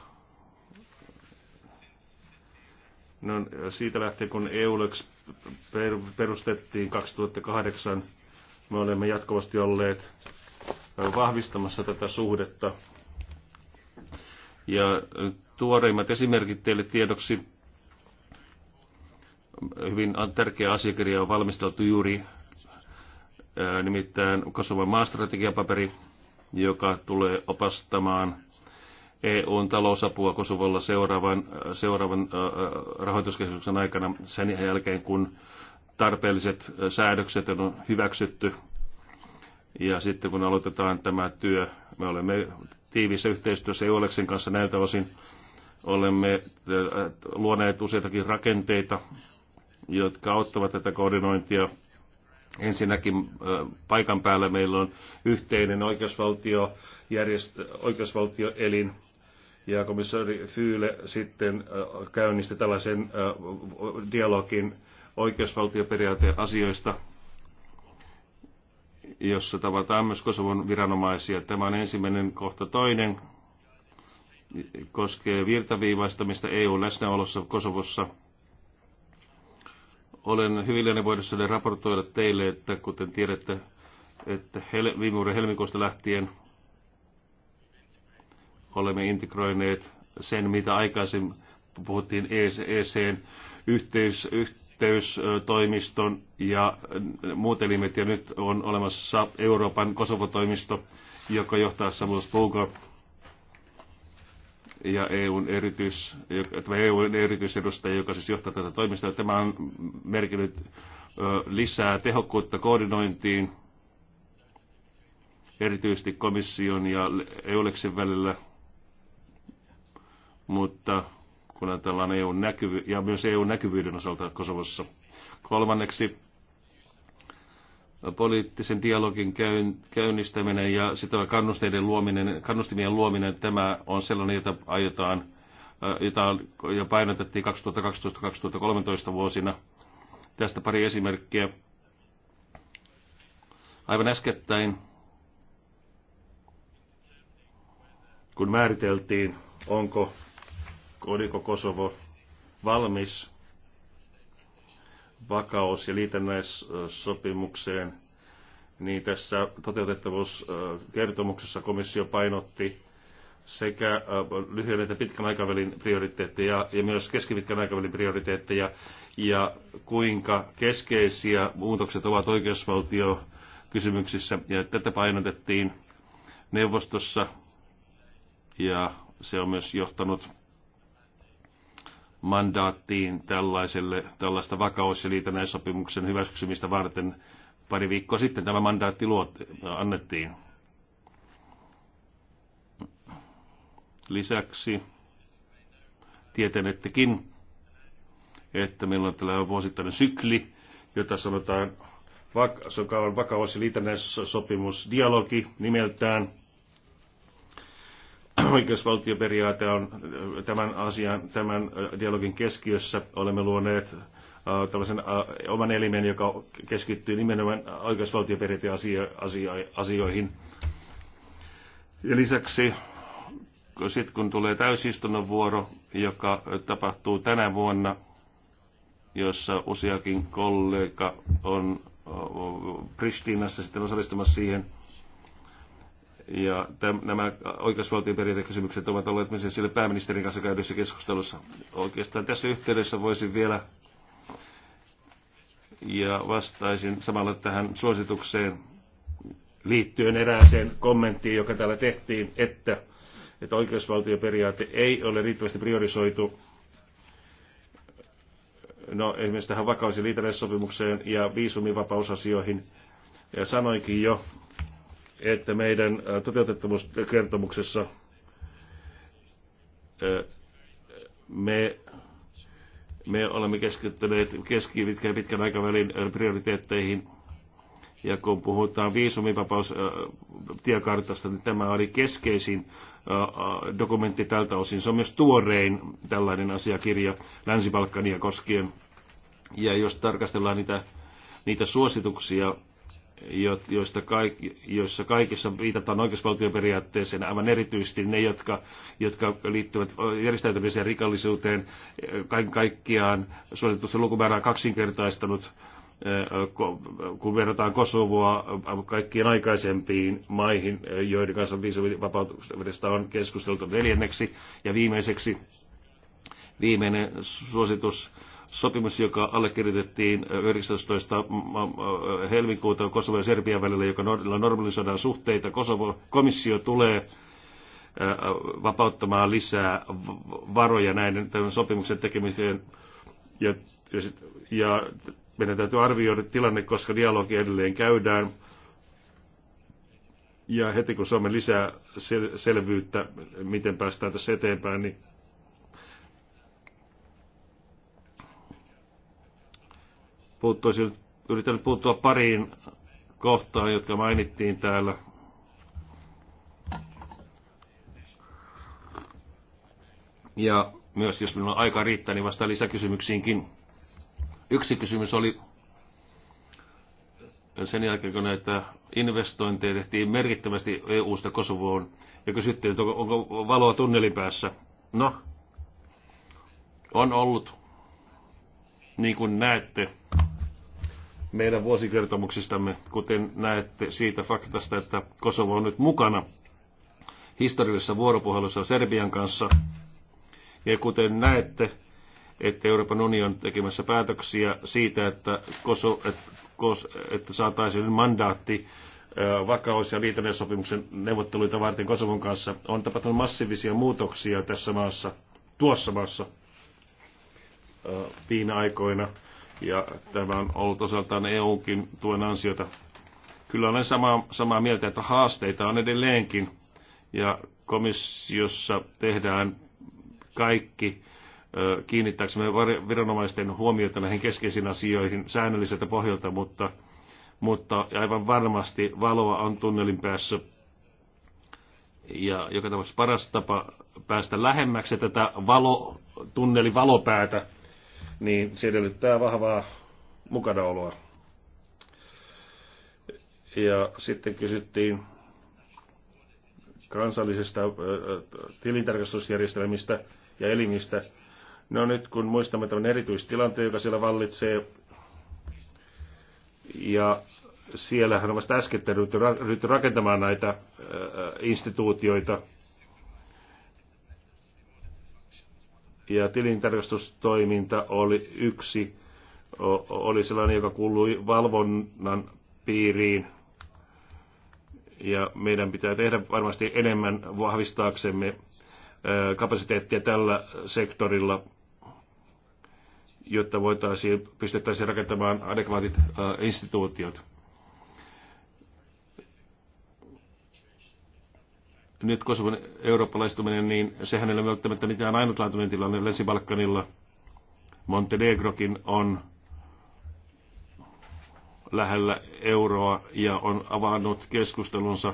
no, siitä lähtien, kun EULEX perustettiin 2008, me olemme jatkuvasti olleet vahvistamassa tätä suhdetta. Ja tuoreimmat esimerkit teille tiedoksi. Hyvin tärkeä asiakirja on valmisteltu juuri nimittäin Kosovan maastrategiapaperi, joka tulee opastamaan EUn talousapua Kosovolla seuraavan, seuraavan rahoituskeskuksen aikana sen jälkeen, kun tarpeelliset säädökset on hyväksytty. Ja sitten kun aloitetaan tämä työ, me olemme tiivissä yhteistyössä EULEXin kanssa näiltä osin. Olemme luoneet useitakin rakenteita, jotka auttavat tätä koordinointia. Ensinnäkin paikan päällä meillä on yhteinen oikeusvaltio, järjest, oikeusvaltioelin, ja komissaari Fyyle sitten käynnisti tällaisen dialogin oikeusvaltioperiaatteen asioista, jossa tavataan myös Kosovon viranomaisia. Tämä on ensimmäinen kohta. Toinen koskee virtaviivaistamista EU-läsnäolossa Kosovossa. Olen hyvilläni voidessani raportoida teille, että kuten tiedätte, että hel- viime vuoden helmikuusta lähtien olemme integroineet sen, mitä aikaisemmin puhuttiin EC, yhteys, yhteystoimiston ja muut elimet, ja nyt on olemassa Euroopan Kosovo-toimisto, joka johtaa Samuel Spooker ja EUn, erityis, tämä EUn erityisedustaja, joka siis johtaa tätä toimistoa. Tämä on merkinnyt lisää tehokkuutta koordinointiin, erityisesti komission ja EULEXin välillä, mutta kun ajatellaan EUn näkyvy- ja myös EUn näkyvyyden osalta Kosovossa. Kolmanneksi poliittisen dialogin käynnistäminen ja sitä kannusteiden luominen, kannustimien luominen, tämä on sellainen, jota aiotaan äh, jota jo painotettiin 2012-2013 vuosina. Tästä pari esimerkkiä. Aivan äskettäin, kun määriteltiin, onko oliko Kosovo valmis vakaus- ja liitännäissopimukseen, niin tässä toteutettavuuskertomuksessa komissio painotti sekä äh, lyhyen että pitkän aikavälin prioriteetteja ja myös keskipitkän aikavälin prioriteetteja ja kuinka keskeisiä muutokset ovat oikeusvaltio kysymyksissä ja tätä painotettiin neuvostossa ja se on myös johtanut mandaattiin tällaiselle, tällaista vakaus- ja liitännäissopimuksen hyväksymistä varten. Pari viikkoa sitten tämä mandaatti luot, annettiin. Lisäksi tietenettekin, että meillä on tällainen vuosittainen sykli, jota sanotaan, joka on vakaus- ja liitännäissopimusdialogi nimeltään – oikeusvaltioperiaate on äh, tämän asian, tämän äh, dialogin keskiössä. Olemme luoneet äh, tällaisen oman elimen, joka keskittyy nimenomaan oikeusvaltioperiaatteen asioihin. Ja lisäksi sitten kun tulee täysistunnon vuoro, joka tapahtuu tänä vuonna, jossa useakin kollega on Pristinassa sitten osallistumassa siihen – ja täm, nämä oikeusvaltioperiaatekysymykset ovat olleet myös sille pääministerin kanssa käydyssä keskustelussa. Oikeastaan tässä yhteydessä voisin vielä ja vastaisin samalla tähän suositukseen liittyen erääseen kommenttiin, joka täällä tehtiin, että, että oikeusvaltioperiaate ei ole riittävästi priorisoitu no, esimerkiksi tähän vakaus- ja ja viisumivapausasioihin. Ja sanoinkin jo, että meidän toteutettavuuskertomuksessa me, me olemme keskittyneet keski- ja pitkän aikavälin prioriteetteihin. Ja kun puhutaan viisumivapaustiekartasta, niin tämä oli keskeisin dokumentti tältä osin. Se on myös tuorein tällainen asiakirja Länsi-Balkania koskien. Ja jos tarkastellaan niitä, niitä suosituksia, joista kaik, joissa kaikissa viitataan oikeusvaltioperiaatteeseen, aivan erityisesti ne, jotka, jotka liittyvät järjestäytymiseen rikallisuuteen, kaiken kaikkiaan suositusta lukumäärää kaksinkertaistanut, eh, kun verrataan Kosovoa kaikkiin aikaisempiin maihin, joiden kanssa viisumivapaudesta on keskusteltu neljänneksi ja viimeiseksi. Viimeinen suositus sopimus, joka allekirjoitettiin 19. Äh, mm, mm, äh, helmikuuta Kosovo ja Serbian välillä, joka normalisoidaan suhteita. Kosovo, komissio tulee äh, vapauttamaan lisää varoja näiden tämän sopimuksen tekemiseen. Ja, ja, sit, ja meidän täytyy arvioida tilanne, koska dialogi edelleen käydään. Ja heti kun saamme lisää sel- selvyyttä, miten päästään tässä eteenpäin, niin Puuttuisin, yritän nyt puuttua pariin kohtaan, jotka mainittiin täällä. Ja myös, jos minulla aika riittää, niin vastaan lisäkysymyksiinkin. Yksi kysymys oli sen jälkeen, kun näitä investointeja tehtiin merkittävästi EU-sta Kosovoon, ja kysyttiin, että onko, onko valoa tunnelin päässä. No, on ollut, niin kuin näette, meidän vuosikertomuksistamme, kuten näette siitä faktasta, että Kosovo on nyt mukana historiallisessa vuoropuhelussa Serbian kanssa. Ja kuten näette, että Euroopan unioni on tekemässä päätöksiä siitä, että, Koso, että, että saataisiin mandaatti vakaus- ja liitännäissopimuksen neuvotteluita varten Kosovon kanssa. On tapahtunut massiivisia muutoksia tässä maassa, tuossa maassa viime aikoina ja tämä on ollut osaltaan EUnkin tuen ansiota. Kyllä olen samaa, samaa mieltä, että haasteita on edelleenkin ja komissiossa tehdään kaikki kiinnittääksemme viranomaisten huomiota näihin keskeisiin asioihin säännölliseltä pohjalta, mutta, mutta aivan varmasti valoa on tunnelin päässä. Ja joka tapauksessa paras tapa päästä lähemmäksi tätä valo, tunneli valopäätä niin se edellyttää vahvaa mukanaoloa. Ja sitten kysyttiin kansallisesta tilintarkastusjärjestelmistä ja elimistä. No nyt kun muistamme tämän erityistilanteen, joka siellä vallitsee, ja siellähän on vasta äsken ryhty rakentamaan näitä instituutioita, ja tilintarkastustoiminta oli yksi, oli sellainen, joka kuului valvonnan piiriin. Ja meidän pitää tehdä varmasti enemmän vahvistaaksemme kapasiteettia tällä sektorilla, jotta voitaisiin, pystyttäisiin rakentamaan adekvaatit instituutiot. nyt Kosovon eurooppalaistuminen, niin sehän ei ole välttämättä mitään ainutlaatuinen tilanne Länsi-Balkanilla. Montenegrokin on lähellä euroa ja on avannut keskustelunsa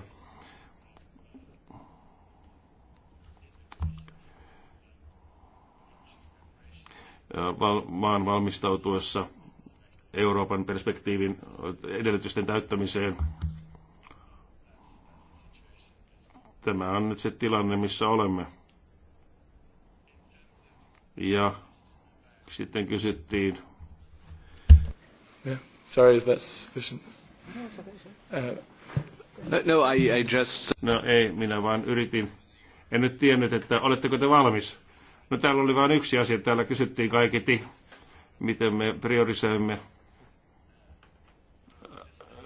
maan valmistautuessa Euroopan perspektiivin edellytysten täyttämiseen – Tämä on nyt se tilanne, missä olemme. Ja sitten kysyttiin. Yeah. Sorry, is that sufficient? Uh, no, no, I, I just... No ei, minä vaan yritin. En nyt tiennyt, että oletteko te valmis. No täällä oli vain yksi asia. Täällä kysyttiin kaiketi, miten me priorisoimme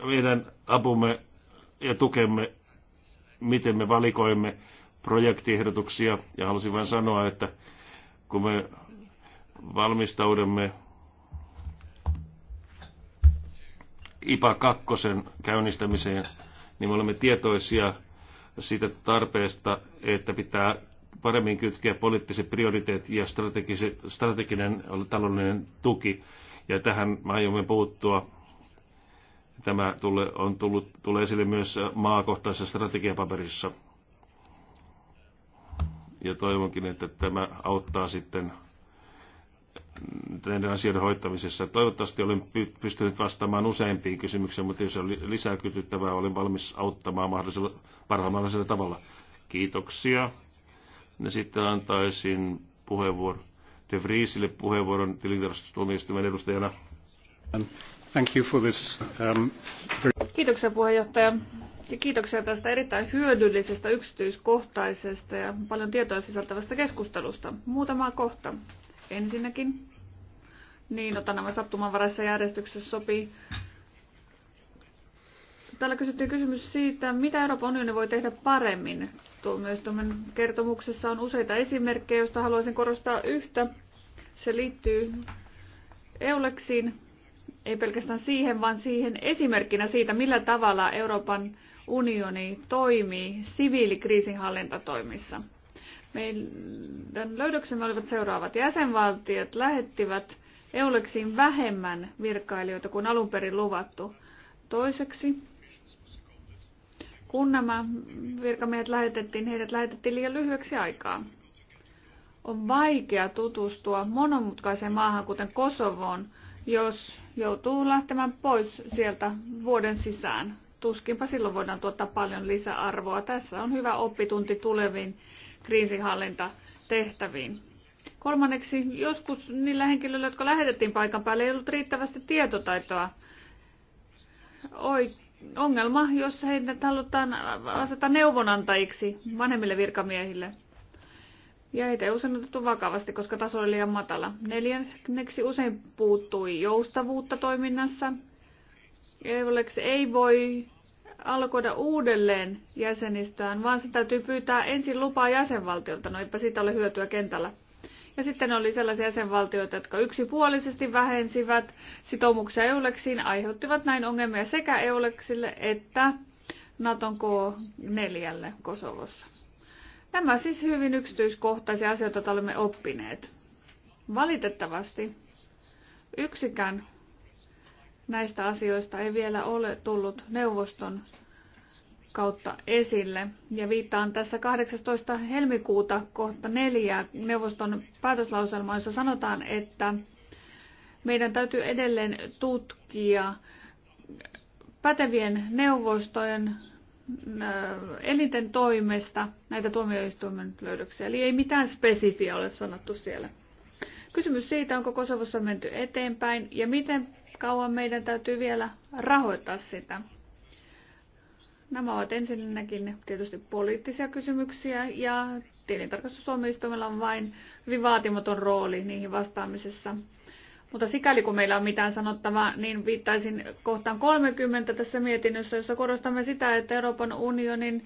meidän apumme ja tukemme miten me valikoimme projektiehdotuksia. Ja halusin vain sanoa, että kun me valmistaudumme IPA 2 käynnistämiseen, niin me olemme tietoisia siitä tarpeesta, että pitää paremmin kytkeä poliittiset prioriteetit ja strateginen taloudellinen tuki. Ja tähän me aiomme puuttua Tämä tule, on tullut, tulee esille myös maakohtaisessa strategiapaperissa. Ja toivonkin, että tämä auttaa sitten näiden asioiden hoittamisessa. Toivottavasti olen pystynyt vastaamaan useampiin kysymyksiin, mutta jos on lisää kysyttävää, olen valmis auttamaan mahdollisella parhaimmallisella tavalla. Kiitoksia. Ja sitten antaisin puheenvuoron De Vriesille puheenvuoron tilintarkastustuomioistuimen edustajana. Um, kiitoksia puheenjohtaja ja kiitoksia tästä erittäin hyödyllisestä, yksityiskohtaisesta ja paljon tietoa sisältävästä keskustelusta. Muutama kohta. Ensinnäkin, niin otan nämä sattumanvaraisessa järjestyksessä sopii. Täällä kysyttiin kysymys siitä, mitä Euroopan unioni voi tehdä paremmin. Tuomioistuimen kertomuksessa on useita esimerkkejä, joista haluaisin korostaa yhtä. Se liittyy EULEXiin, ei pelkästään siihen, vaan siihen esimerkkinä siitä, millä tavalla Euroopan unioni toimii siviilikriisinhallintatoimissa. Meidän löydöksemme olivat seuraavat. Jäsenvaltiot lähettivät Euleksiin vähemmän virkailijoita kuin alun perin luvattu. Toiseksi, kun nämä virkamiehet lähetettiin, heidät lähetettiin liian lyhyeksi aikaa. On vaikea tutustua monomutkaiseen maahan, kuten Kosovoon, jos joutuu lähtemään pois sieltä vuoden sisään. Tuskinpa silloin voidaan tuottaa paljon lisäarvoa. Tässä on hyvä oppitunti tuleviin kriisinhallintatehtäviin. Kolmanneksi, joskus niillä henkilöillä, jotka lähetettiin paikan päälle, ei ollut riittävästi tietotaitoa. Oi, ongelma, jos heidät halutaan asettaa neuvonantajiksi vanhemmille virkamiehille. Ja heitä ei usein otettu vakavasti, koska taso oli liian matala. Neljänneksi usein puuttui joustavuutta toiminnassa. Eulex ei voi alkoida uudelleen jäsenistään, vaan se täytyy pyytää ensin lupaa jäsenvaltiolta. No eipä siitä ole hyötyä kentällä. Ja sitten oli sellaisia jäsenvaltioita, jotka yksipuolisesti vähensivät sitoumuksia EULEXiin, aiheuttivat näin ongelmia sekä EULEXille että Naton K4 Kosovossa. Tämä siis hyvin yksityiskohtaisia asioita, joita olemme oppineet. Valitettavasti yksikään näistä asioista ei vielä ole tullut neuvoston kautta esille. Ja viittaan tässä 18. helmikuuta kohta neljä neuvoston päätöslauselmaa, jossa sanotaan, että meidän täytyy edelleen tutkia pätevien neuvostojen elinten toimesta näitä tuomioistuimen löydöksiä. Eli ei mitään spesifiä ole sanottu siellä. Kysymys siitä, onko Kosovossa menty eteenpäin ja miten kauan meidän täytyy vielä rahoittaa sitä. Nämä ovat ensinnäkin tietysti poliittisia kysymyksiä ja tilintarkastustuomioistuimella on vain hyvin vaatimaton rooli niihin vastaamisessa. Mutta sikäli kun meillä on mitään sanottavaa, niin viittaisin kohtaan 30 tässä mietinnössä, jossa korostamme sitä, että Euroopan unionin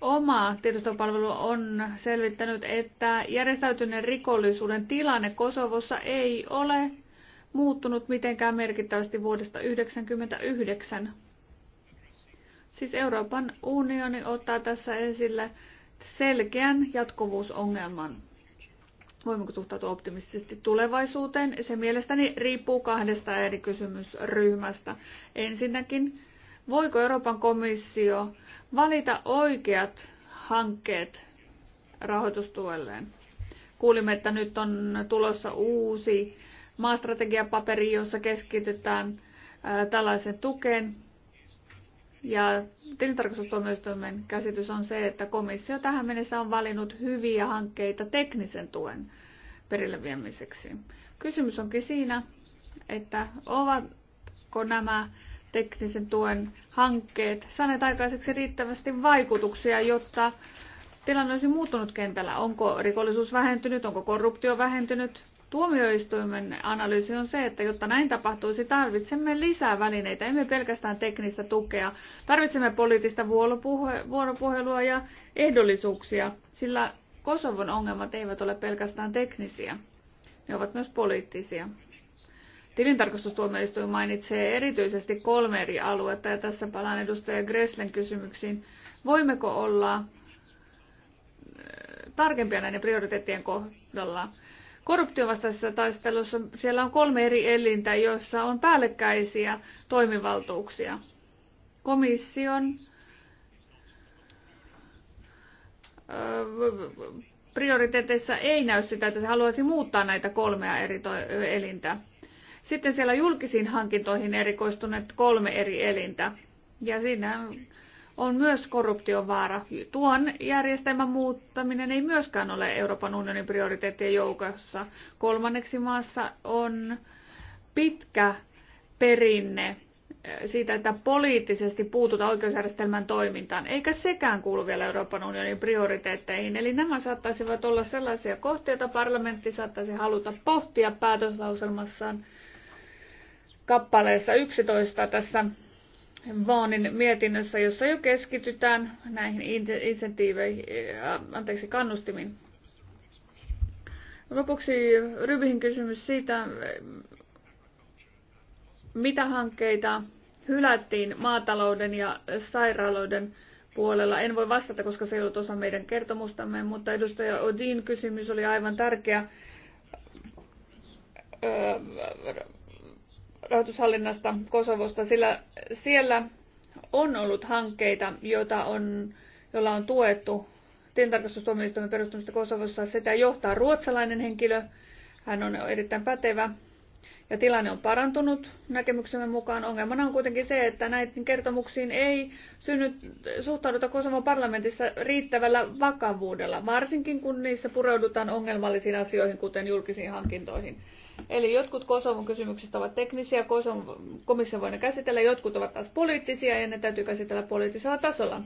oma tiedostopalvelu on selvittänyt, että järjestäytyneen rikollisuuden tilanne Kosovossa ei ole muuttunut mitenkään merkittävästi vuodesta 1999. Siis Euroopan unioni ottaa tässä esille selkeän jatkuvuusongelman voimmeko suhtautua optimistisesti tulevaisuuteen. Se mielestäni riippuu kahdesta eri kysymysryhmästä. Ensinnäkin, voiko Euroopan komissio valita oikeat hankkeet rahoitustuelleen? Kuulimme, että nyt on tulossa uusi maastrategiapaperi, jossa keskitytään tällaisen tukeen. Ja tilintarkastustuomioistuimen käsitys on se, että komissio tähän mennessä on valinnut hyviä hankkeita teknisen tuen perille viemiseksi. Kysymys onkin siinä, että ovatko nämä teknisen tuen hankkeet saaneet aikaiseksi riittävästi vaikutuksia, jotta tilanne olisi muuttunut kentällä. Onko rikollisuus vähentynyt, onko korruptio vähentynyt, Tuomioistuimen analyysi on se, että jotta näin tapahtuisi, tarvitsemme lisää välineitä, emme pelkästään teknistä tukea. Tarvitsemme poliittista vuoropuhelua ja ehdollisuuksia, sillä Kosovon ongelmat eivät ole pelkästään teknisiä, ne ovat myös poliittisia. Tilintarkastustuomioistuin mainitsee erityisesti kolme eri aluetta, ja tässä palaan edustaja Greslen kysymyksiin. Voimmeko olla eh, tarkempia näiden prioriteettien kohdalla? korruptiovastaisessa taistelussa siellä on kolme eri elintä, joissa on päällekkäisiä toimivaltuuksia. Komission, prioriteeteissa ei näy sitä, että se haluaisi muuttaa näitä kolmea eri elintä. Sitten siellä julkisiin hankintoihin erikoistuneet kolme eri elintä. Ja siinä on myös korruption vaara. Tuon järjestelmän muuttaminen ei myöskään ole Euroopan unionin prioriteettien joukossa. Kolmanneksi maassa on pitkä perinne eh, siitä, että poliittisesti puututa oikeusjärjestelmän toimintaan, eikä sekään kuulu vielä Euroopan unionin prioriteetteihin. Eli nämä saattaisivat olla sellaisia kohtia, joita parlamentti saattaisi haluta pohtia päätöslauselmassaan kappaleessa 11 tässä Vaanin mietinnössä, jossa jo keskitytään näihin insentiiveihin, anteeksi, kannustimiin. Lopuksi Rybihin kysymys siitä, mitä hankkeita hylättiin maatalouden ja sairaaloiden puolella. En voi vastata, koska se ei ollut osa meidän kertomustamme, mutta edustaja Odin kysymys oli aivan tärkeä. Öö, rahoitushallinnasta Kosovosta, sillä siellä on ollut hankkeita, joita on, joilla on tuettu tilintarkastustuomioistuimen perustamista Kosovossa. Sitä johtaa ruotsalainen henkilö. Hän on erittäin pätevä ja tilanne on parantunut näkemyksemme mukaan. Ongelmana on kuitenkin se, että näiden kertomuksiin ei synny, suhtauduta Kosovon parlamentissa riittävällä vakavuudella, varsinkin kun niissä pureudutaan ongelmallisiin asioihin, kuten julkisiin hankintoihin. Eli jotkut Kosovon kysymyksistä ovat teknisiä, Kosovon komissio voi ne käsitellä, jotkut ovat taas poliittisia ja ne täytyy käsitellä poliittisella tasolla.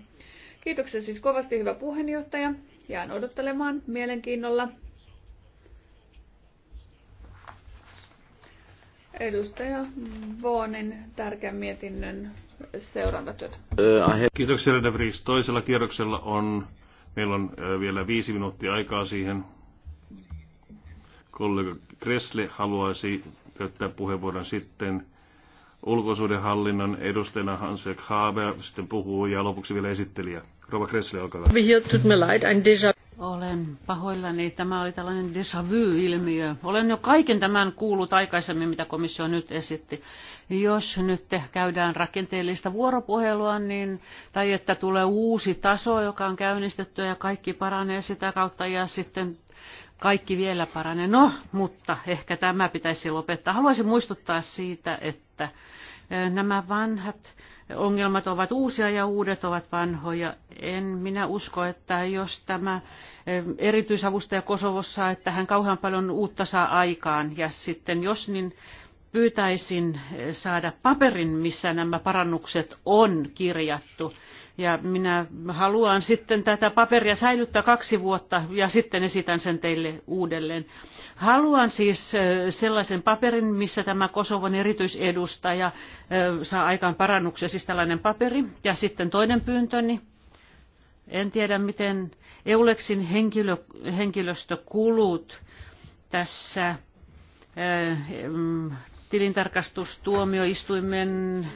Kiitoksia siis kovasti hyvä puheenjohtaja. Jään odottelemaan mielenkiinnolla edustaja Voonin tärkeän mietinnön seurantatyötä. Kiitoksia, Vries. Toisella kierroksella on, meillä on vielä viisi minuuttia aikaa siihen. Kollega Kresle haluaisi käyttää puheenvuoron sitten ulkosuudenhallinnon edustajana hans Haber sitten puhuu ja lopuksi vielä esittelijä. Rova Kressle, olkaa hyvä. Olen pahoillani. Tämä oli tällainen déjà vu-ilmiö. Olen jo kaiken tämän kuullut aikaisemmin, mitä komissio nyt esitti. Jos nyt käydään rakenteellista vuoropuhelua, niin, tai että tulee uusi taso, joka on käynnistetty ja kaikki paranee sitä kautta ja sitten kaikki vielä paranee. No, mutta ehkä tämä pitäisi lopettaa. Haluaisin muistuttaa siitä, että eh, nämä vanhat ongelmat ovat uusia ja uudet ovat vanhoja. En minä usko, että jos tämä erityisavustaja Kosovossa, että hän kauhean paljon uutta saa aikaan. Ja sitten jos niin pyytäisin eh, saada paperin, missä nämä parannukset on kirjattu. Ja minä haluan sitten tätä paperia säilyttää kaksi vuotta ja sitten esitän sen teille uudelleen. Haluan siis sellaisen paperin, missä tämä Kosovon erityisedustaja saa aikaan parannuksia, siis tällainen paperi. Ja sitten toinen pyyntöni. En tiedä, miten Euleksin henkilö, henkilöstökulut tässä tilintarkastustuomioistuimen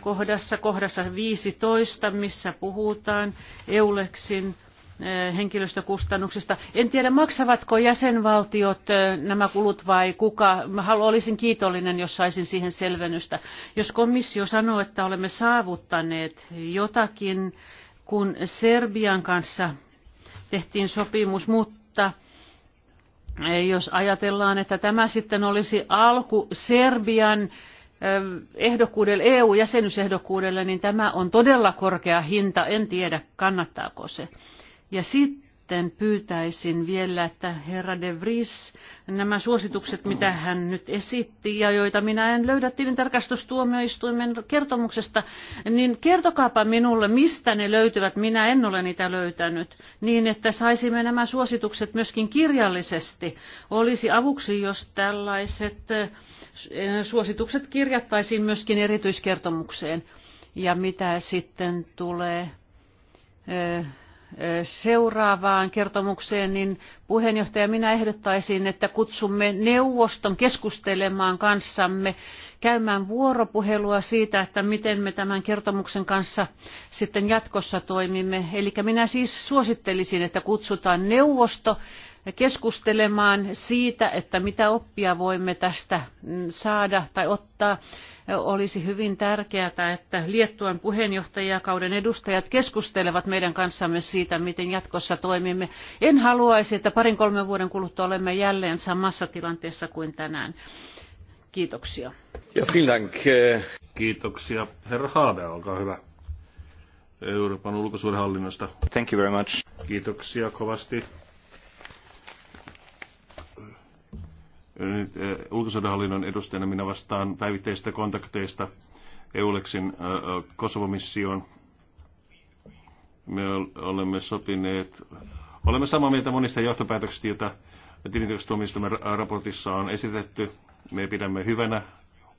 kohdassa, kohdassa 15, missä puhutaan Euleksin Eh, henkilöstökustannuksista. En tiedä, maksavatko jäsenvaltiot eh, nämä kulut vai kuka. Mä olisin kiitollinen, jos saisin siihen selvennystä. Jos komissio sanoo, että olemme saavuttaneet jotakin, kun Serbian kanssa tehtiin sopimus, mutta eh, jos ajatellaan, että tämä sitten olisi alku Serbian ehdokkuudelle, EU-jäsenyysehdokkuudelle, niin tämä on todella korkea hinta. En tiedä, kannattaako se. Ja sitten pyytäisin vielä, että herra De Vries, nämä suositukset, mitä hän nyt esitti ja joita minä en löydä tilintarkastustuomioistuimen kertomuksesta, niin kertokaapa minulle, mistä ne löytyvät, minä en ole niitä löytänyt, niin että saisimme nämä suositukset myöskin kirjallisesti. Olisi avuksi, jos tällaiset eh, suositukset kirjattaisiin myöskin erityiskertomukseen. Ja mitä sitten tulee eh, seuraavaan kertomukseen, niin puheenjohtaja minä ehdottaisin, että kutsumme neuvoston keskustelemaan kanssamme, käymään vuoropuhelua siitä, että miten me tämän kertomuksen kanssa sitten jatkossa toimimme. Eli minä siis suosittelisin, että kutsutaan neuvosto keskustelemaan siitä, että mitä oppia voimme tästä saada tai ottaa. Olisi hyvin tärkeää, että Liettuan puheenjohtajakauden edustajat keskustelevat meidän kanssamme siitä, miten jatkossa toimimme. En haluaisi, että parin kolmen vuoden kuluttua olemme jälleen samassa tilanteessa kuin tänään. Kiitoksia. Ja Finland. Eh. Kiitoksia. Herra Haave, olkaa hyvä. Euroopan ulkosuudenhallinnosta. Thank you very much. Kiitoksia kovasti. Nyt edustajana minä vastaan päivittäisistä kontakteista EULEXin Kosovomissioon. Me olemme sopineet, olemme samaa mieltä monista johtopäätöksistä, joita tilintarkastustuomioistuimen raportissa on esitetty. Me pidämme hyvänä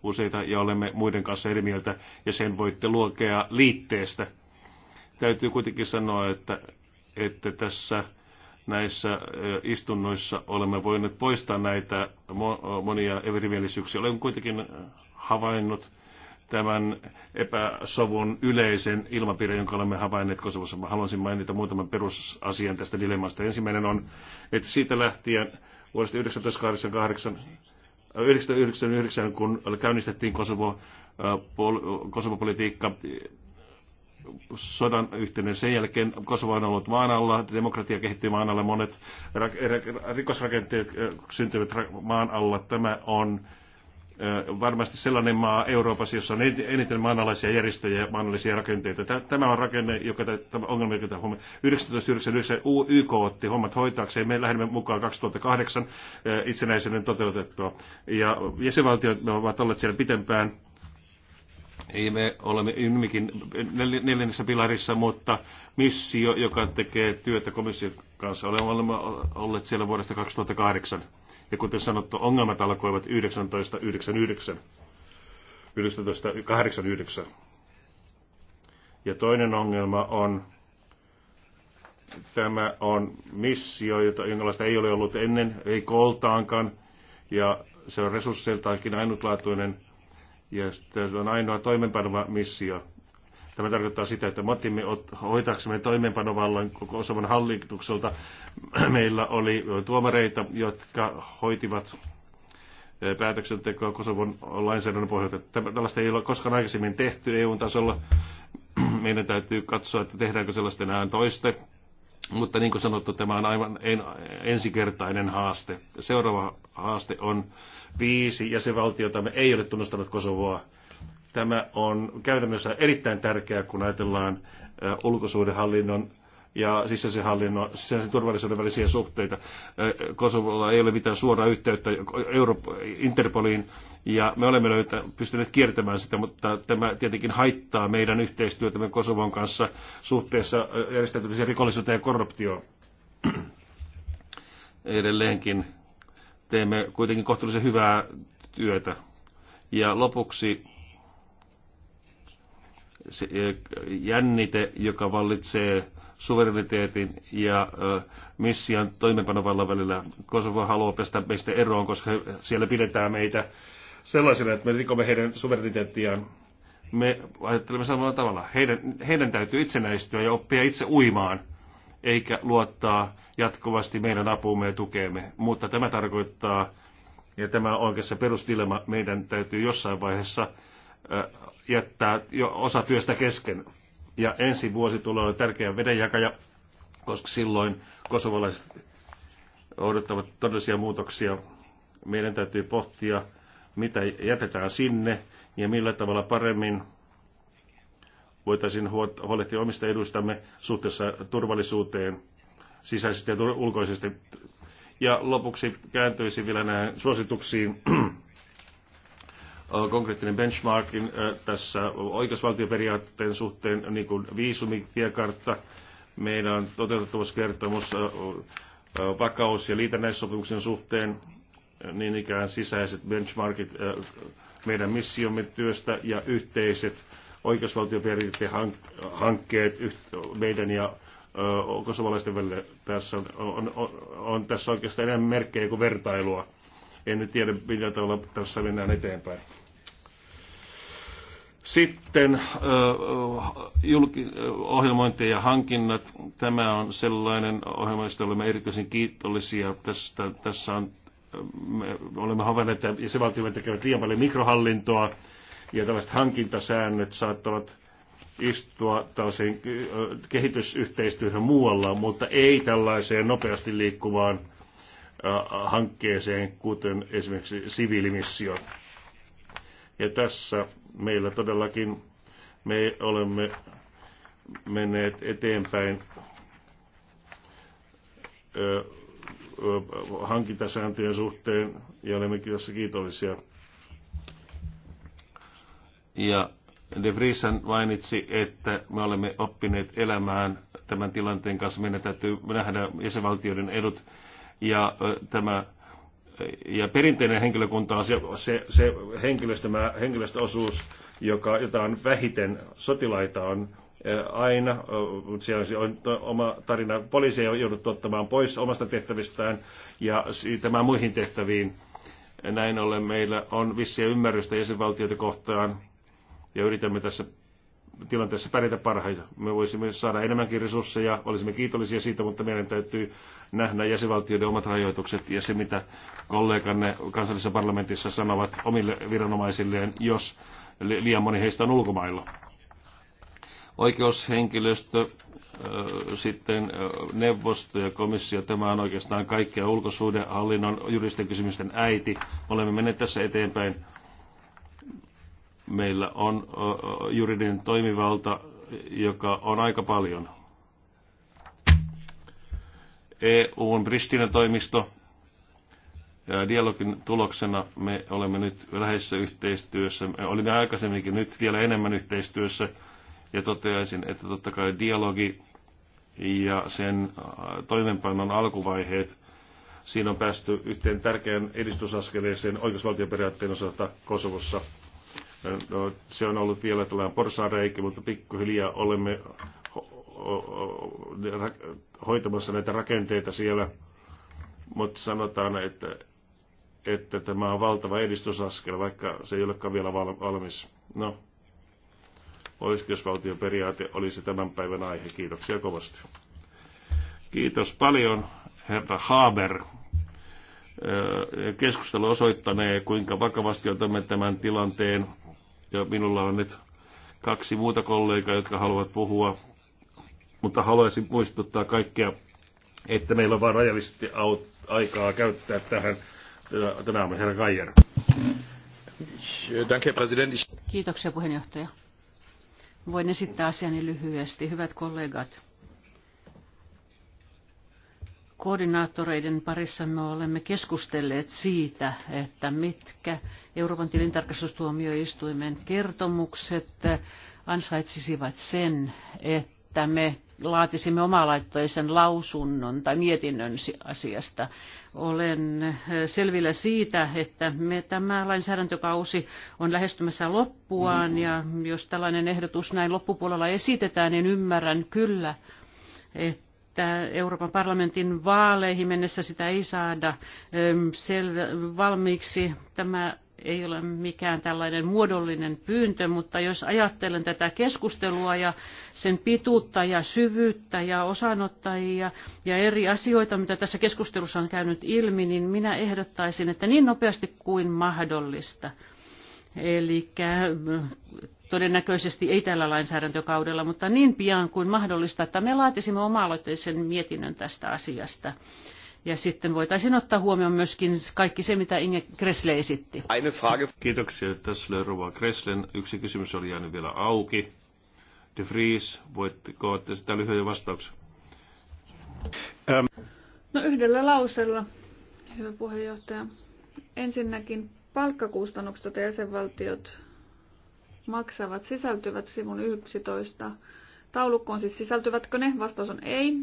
useita ja olemme muiden kanssa eri mieltä, ja sen voitte lukea liitteestä. Täytyy kuitenkin sanoa, että, että tässä näissä istunnoissa olemme voineet poistaa näitä monia erimielisyyksiä. Olen kuitenkin havainnut tämän epäsovun yleisen ilmapiirin, jonka olemme havainneet Kosovossa. Mä haluaisin mainita muutaman perusasian tästä dilemmasta. Ensimmäinen on, että siitä lähtien vuodesta 1988 1999, kun käynnistettiin Kosovo, Kosovo-politiikka, sodan yhteyden Sen jälkeen Kosovo on ollut maan alla, demokratia kehittyy maan alla, monet rikosrakenteet syntyvät maan alla. Tämä on varmasti sellainen maa Euroopassa, jossa on eniten maanalaisia järjestöjä ja maanalaisia rakenteita. Tämä on rakenne, joka tämä ongelma, joka tämä 1999 YK otti hommat hoitaakseen. Me lähdemme mukaan 2008 itsenäisyyden toteutettua. Ja jäsenvaltiot ovat olleet siellä pitempään ei Me olemme ymmikin neljännessä pilarissa, mutta missio, joka tekee työtä komission kanssa, olemme olleet siellä vuodesta 2008. Ja kuten sanottu, ongelmat alkoivat 1999. 1989. Ja toinen ongelma on, tämä on missio, jota englannista ei ole ollut ennen, ei koltaankaan, ja se on resursseiltaankin ainutlaatuinen – ja se on ainoa toimenpanova missio. Tämä tarkoittaa sitä, että motimme hoitaaksemme toimenpanovallan koko Osoman hallitukselta. *clears throat* Meillä oli tuomareita, jotka hoitivat päätöksentekoa Kosovon lainsäädännön pohjalta. Tällaista ei ole koskaan aikaisemmin tehty EU-tasolla. *clears throat* Meidän täytyy katsoa, että tehdäänkö sellaista enää toiste mutta niin kuin sanottu, tämä on aivan en, ensikertainen haaste. Seuraava haaste on viisi jäsenvaltiota. Me ei ole tunnustanut Kosovoa. Tämä on käytännössä erittäin tärkeää, kun ajatellaan ulkosuudenhallinnon ja sisäisen hallinnon, sisäisen turvallisuuden välisiä suhteita. Kosovolla ei ole mitään suoraa yhteyttä Euro- Interpoliin, ja me olemme löytä, pystyneet kiertämään sitä, mutta tämä tietenkin haittaa meidän yhteistyötämme Kosovon kanssa suhteessa järjestäytymiseen rikollisuuteen ja korruptioon. Edelleenkin teemme kuitenkin kohtuullisen hyvää työtä. Ja lopuksi se jännite, joka vallitsee suvereniteetin ja mission toimenpanovallan välillä. Kosovo haluaa pestä meistä eroon, koska siellä pidetään meitä sellaisena, että me rikomme heidän suvereniteettiaan. Me ajattelemme samalla tavalla. Heidän, heidän täytyy itsenäistyä ja oppia itse uimaan, eikä luottaa jatkuvasti meidän apuumme ja tukeemme. Mutta tämä tarkoittaa, ja tämä on oikeassa perustilema, meidän täytyy jossain vaiheessa jättää jo osa työstä kesken ja ensi vuosi tulee olla tärkeä vedenjakaja, koska silloin kosovalaiset odottavat todellisia muutoksia. Meidän täytyy pohtia, mitä jätetään sinne ja millä tavalla paremmin voitaisiin huolehtia omista edustamme suhteessa turvallisuuteen sisäisesti ja ulkoisesti. Ja lopuksi kääntyisin vielä näihin suosituksiin konkreettinen benchmarkin tässä oikeusvaltioperiaatteen suhteen, niin kuin viisumitiekartta. Meillä on toteutettavuuskertomus vakaus- ja liitännäissopimuksen suhteen, niin ikään sisäiset benchmarkit meidän missiomme työstä ja yhteiset oikeusvaltioperiaatteen hankkeet meidän ja kosovalaisten välillä. Tässä on, on, on, on tässä oikeastaan enemmän merkkejä kuin vertailua en nyt tiedä millä tavalla tässä mennään eteenpäin. Sitten ohjelmointi ja hankinnat. Tämä on sellainen ohjelma, josta olemme erityisen kiitollisia. Tästä, tässä on, me olemme havainneet, että jäsenvaltiot tekevät liian paljon mikrohallintoa ja tällaiset hankintasäännöt saattavat istua tällaiseen kehitysyhteistyöhön muualla, mutta ei tällaiseen nopeasti liikkuvaan hankkeeseen, kuten esimerkiksi siviilimissio. Ja tässä meillä todellakin me olemme menneet eteenpäin hankintasääntöjen suhteen ja olemme tässä kiitollisia. Ja De Vriesan mainitsi, että me olemme oppineet elämään tämän tilanteen kanssa. Meidän täytyy nähdä jäsenvaltioiden edut ja tämä ja perinteinen henkilökunta on se, se, se henkilöstöosuus, joka, jota on vähiten. Sotilaita on aina, siellä on oma tarina, Poliisi on jouduttu ottamaan pois omasta tehtävistään ja tämä muihin tehtäviin. Näin ollen meillä on vissiä ymmärrystä jäsenvaltioita kohtaan ja yritämme tässä tilanteessa pärjätä parhaita. Me voisimme saada enemmänkin resursseja, olisimme kiitollisia siitä, mutta meidän täytyy nähdä jäsenvaltioiden omat rajoitukset ja se, mitä kolleganne kansallisessa parlamentissa sanovat omille viranomaisilleen, jos liian moni heistä on ulkomailla. Oikeushenkilöstö, sitten neuvosto ja komissio, tämä on oikeastaan kaikkea hallinnon juristen kysymysten äiti. Olemme menneet tässä eteenpäin meillä on juridinen toimivalta, joka on aika paljon. EUn Pristinan toimisto ja dialogin tuloksena me olemme nyt läheisessä yhteistyössä. Me olimme aikaisemminkin nyt vielä enemmän yhteistyössä ja toteaisin, että totta kai dialogi ja sen toimenpanon alkuvaiheet, siinä on päästy yhteen tärkeään edistysaskeleeseen oikeusvaltioperiaatteen osalta Kosovossa – No, se on ollut vielä tällainen porsaareikki, mutta pikkuhiljaa olemme hoitamassa näitä rakenteita siellä. Mutta sanotaan, että, että tämä on valtava edistysaskel, vaikka se ei olekaan vielä valmis. No, oikeusvaltion periaate olisi tämän päivän aihe. Kiitoksia kovasti. Kiitos paljon, herra Haber. Keskustelu osoittanee, kuinka vakavasti otamme tämän tilanteen ja minulla on nyt kaksi muuta kollegaa, jotka haluavat puhua, mutta haluaisin muistuttaa kaikkia, että meillä on vain rajallisesti aikaa käyttää tähän. Tänään on herra Kajer. Kiitoksia puheenjohtaja. Voin esittää asiani lyhyesti. Hyvät kollegat, koordinaattoreiden parissa me olemme keskustelleet siitä, että mitkä Euroopan tilintarkastustuomioistuimen kertomukset ansaitsisivat sen, että me laatisimme omalaittoisen lausunnon tai mietinnön asiasta. Olen selvillä siitä, että me, tämä lainsäädäntökausi on lähestymässä loppuaan ja jos tällainen ehdotus näin loppupuolella esitetään, niin ymmärrän kyllä, että että Euroopan parlamentin vaaleihin mennessä sitä ei saada ehm, selvä, valmiiksi. Tämä ei ole mikään tällainen muodollinen pyyntö, mutta jos ajattelen tätä keskustelua ja sen pituutta ja syvyyttä ja osanottajia ja eri asioita, mitä tässä keskustelussa on käynyt ilmi, niin minä ehdottaisin, että niin nopeasti kuin mahdollista. Eli todennäköisesti ei tällä lainsäädäntökaudella, mutta niin pian kuin mahdollista, että me laatisimme oma-aloitteisen mietinnön tästä asiasta. Ja sitten voitaisiin ottaa huomioon myöskin kaikki se, mitä Inge Kressle esitti. Kiitoksia tässä Rova Kresslen. Yksi kysymys oli jäänyt vielä auki. De Vries, voitteko ottaa sitä lyhyen vastauksen? Ähm. No yhdellä lausella hyvä puheenjohtaja. Ensinnäkin palkkakustannukset, joita jäsenvaltiot maksavat sisältyvät sivun 11 taulukkoon, siis sisältyvätkö ne? Vastaus on ei.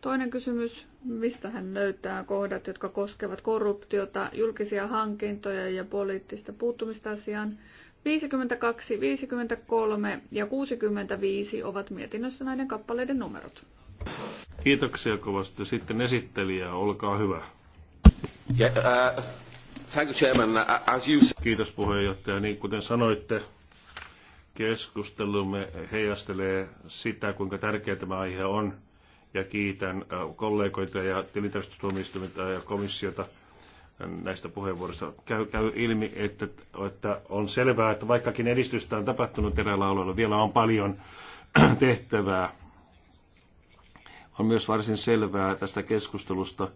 Toinen kysymys, mistä hän löytää kohdat, jotka koskevat korruptiota, julkisia hankintoja ja poliittista puuttumista asiaan. 52, 53 ja 65 ovat mietinnössä näiden kappaleiden numerot. Kiitoksia kovasti. Sitten esittelijä, olkaa hyvä. Ja, ää... Äh, Thank you, Chairman. As you... Kiitos puheenjohtaja. Niin kuten sanoitte, keskustelumme heijastelee sitä, kuinka tärkeä tämä aihe on. Ja kiitän äh, kollegoita ja tilintarkastustuomioistuinta äh, ja komissiota näistä puheenvuoroista. Käy, käy ilmi, että, että on selvää, että vaikkakin edistystä on tapahtunut eräällä alueella vielä on paljon *clears throat* tehtävää. On myös varsin selvää tästä keskustelusta,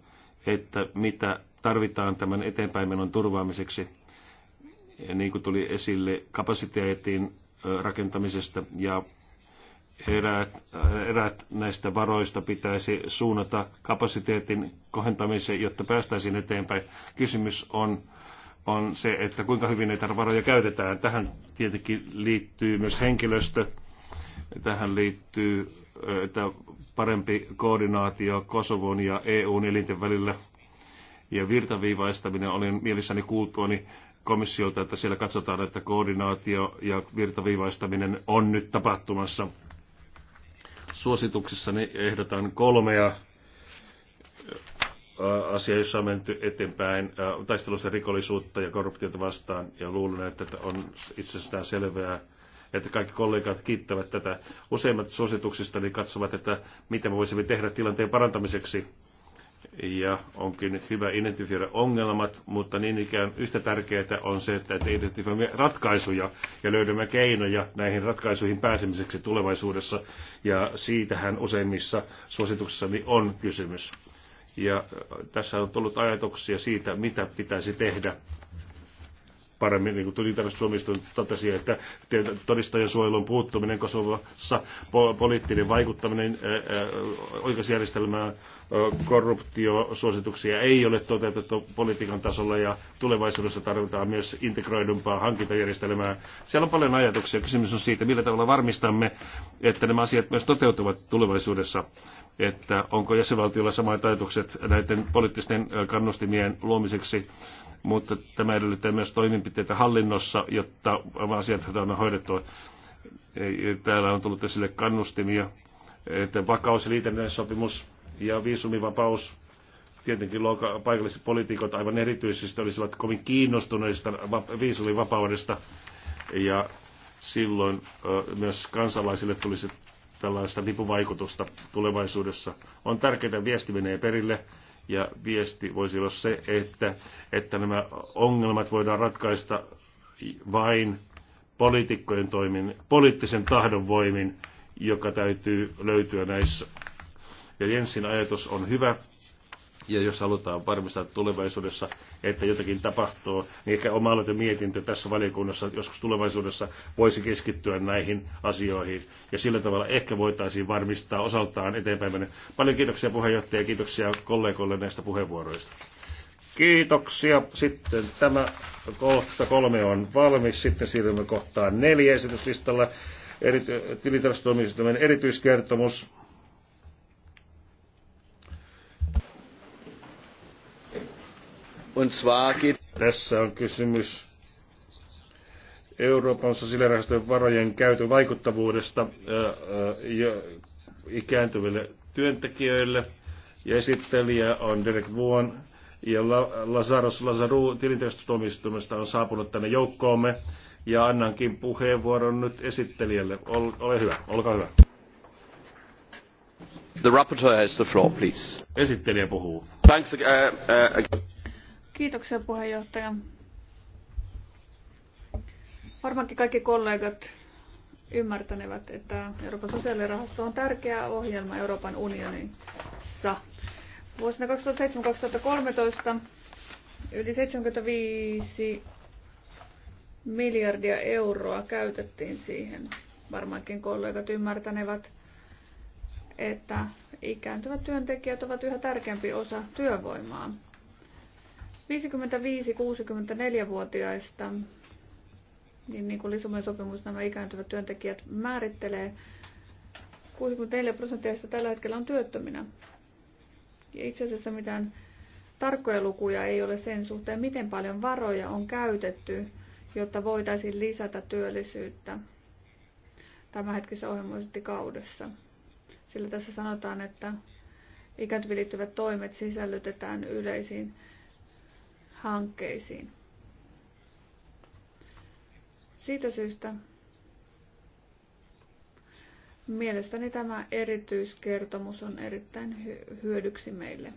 että mitä tarvitaan tämän eteenpäinmenon turvaamiseksi, niin kuin tuli esille kapasiteetin rakentamisesta ja eräät, eräät näistä varoista pitäisi suunnata kapasiteetin kohentamiseen, jotta päästäisiin eteenpäin. Kysymys on, on se, että kuinka hyvin näitä varoja käytetään. Tähän tietenkin liittyy myös henkilöstö. Tähän liittyy että parempi koordinaatio Kosovon ja EUn elinten välillä ja virtaviivaistaminen. Olin mielissäni kuultuani komissiolta, että siellä katsotaan, että koordinaatio ja virtaviivaistaminen on nyt tapahtumassa. Suosituksissani ehdotan kolmea asiaa, jossa on menty eteenpäin taistelussa rikollisuutta ja korruptiota vastaan, ja luulen, että on itsestään selvää, että kaikki kollegat kiittävät tätä. Useimmat suosituksista niin katsovat, että miten me voisimme tehdä tilanteen parantamiseksi ja onkin hyvä identifioida ongelmat, mutta niin ikään yhtä tärkeää on se, että identifioimme ratkaisuja ja löydämme keinoja näihin ratkaisuihin pääsemiseksi tulevaisuudessa, ja siitähän useimmissa suosituksissani on kysymys. Ja tässä on tullut ajatuksia siitä, mitä pitäisi tehdä paremmin, niin kuin tilintarkastustuomioistuin totesi, että todistajan suojelun puuttuminen po- poliittinen vaikuttaminen oikeusjärjestelmään, korruptiosuosituksia ei ole toteutettu politiikan tasolla ja tulevaisuudessa tarvitaan myös integroidumpaa hankintajärjestelmää. Siellä on paljon ajatuksia. Kysymys on siitä, millä tavalla varmistamme, että nämä asiat myös toteutuvat tulevaisuudessa että onko jäsenvaltiolla samat ajatukset näiden poliittisten kannustimien luomiseksi mutta tämä edellyttää myös toimenpiteitä hallinnossa, jotta asiat on hoidettua. Täällä on tullut esille kannustimia, että vakaus- ja liitännäissopimus ja viisumivapaus tietenkin paikalliset poliitikot aivan erityisesti olisivat kovin kiinnostuneista viisumivapaudesta ja silloin myös kansalaisille tulisi tällaista vipuvaikutusta tulevaisuudessa. On tärkeää, että viesti menee perille ja viesti voisi olla se, että, että nämä ongelmat voidaan ratkaista vain poliitikkojen toimin, poliittisen tahdon voimin, joka täytyy löytyä näissä. Ja Jensin ajatus on hyvä ja jos halutaan varmistaa tulevaisuudessa, että jotakin tapahtuu, niin ehkä oma mietintö tässä valiokunnassa joskus tulevaisuudessa voisi keskittyä näihin asioihin. Ja sillä tavalla ehkä voitaisiin varmistaa osaltaan eteenpäin. Paljon kiitoksia puheenjohtaja ja kiitoksia kollegoille näistä puheenvuoroista. Kiitoksia. Sitten tämä kohta kolme on valmis. Sitten siirrymme kohtaan neljä esityslistalla. Eri, tilitastuomioistuimen erityiskertomus Tässä on kysymys Euroopan sosiaalirahastojen varojen käytön vaikuttavuudesta ikääntyville työntekijöille. Ja esittelijä on Derek Vuon ja lazarus Lazaru tilintarkastustuomioistuimesta on saapunut tänne joukkoomme. Ja annankin puheenvuoron nyt esittelijälle. Ol, ole hyvä, olkaa hyvä. The rapporteur has the floor, please. Esittelijä puhuu. Thanks, uh, uh, Kiitoksia puheenjohtaja. Varmaankin kaikki kollegat ymmärtänevät, että Euroopan sosiaalirahasto on tärkeä ohjelma Euroopan unionissa. Vuosina 2007-2013 yli 75 miljardia euroa käytettiin siihen. Varmaankin kollegat ymmärtänevät, että ikääntyvät työntekijät ovat yhä tärkeämpi osa työvoimaa. 55-64-vuotiaista, niin, niin kuin Lisumen sopimus nämä ikääntyvät työntekijät määrittelee, 64 prosenttia tällä hetkellä on työttöminä. Ja itse asiassa mitään tarkkoja lukuja ei ole sen suhteen, miten paljon varoja on käytetty, jotta voitaisiin lisätä työllisyyttä tämänhetkisessä kaudessa, Sillä tässä sanotaan, että ikääntyviin liittyvät toimet sisällytetään yleisiin hankkeisiin. Siitä syystä mielestäni tämä erityiskertomus on erittäin hyödyksi meille.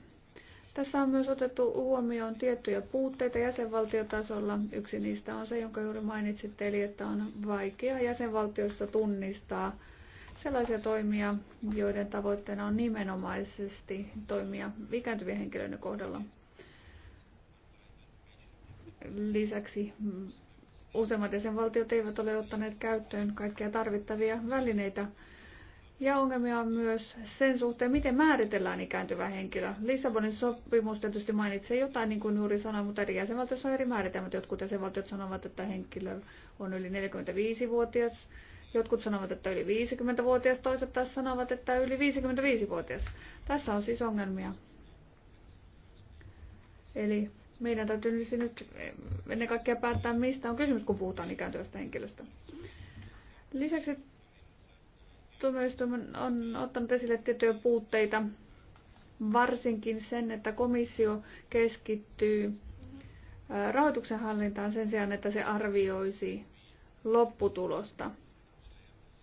Tässä on myös otettu huomioon tiettyjä puutteita jäsenvaltiotasolla. Yksi niistä on se, jonka juuri mainitsitte, eli että on vaikea jäsenvaltiossa tunnistaa sellaisia toimia, joiden tavoitteena on nimenomaisesti toimia ikääntyvien henkilöiden kohdalla. Lisäksi useimmat jäsenvaltiot eivät ole ottaneet käyttöön kaikkia tarvittavia välineitä. Ja ongelmia on myös sen suhteen, miten määritellään ikääntyvä henkilö. Lissabonin sopimus tietysti mainitsee jotain, niin kuin juuri sanoin, mutta eri jäsenvaltiot on eri määritelmät. Jotkut jäsenvaltiot sanovat, että henkilö on yli 45-vuotias, Jotkut sanovat, että yli 50-vuotias, toiset taas sanovat, että yli 55-vuotias. Tässä on siis ongelmia. Eli meidän täytyy siis nyt ennen kaikkea päättää, mistä on kysymys, kun puhutaan ikääntyvästä henkilöstä. Lisäksi tuomioistuin on ottanut esille tiettyjä puutteita, varsinkin sen, että komissio keskittyy rahoituksen hallintaan sen sijaan, että se arvioisi lopputulosta.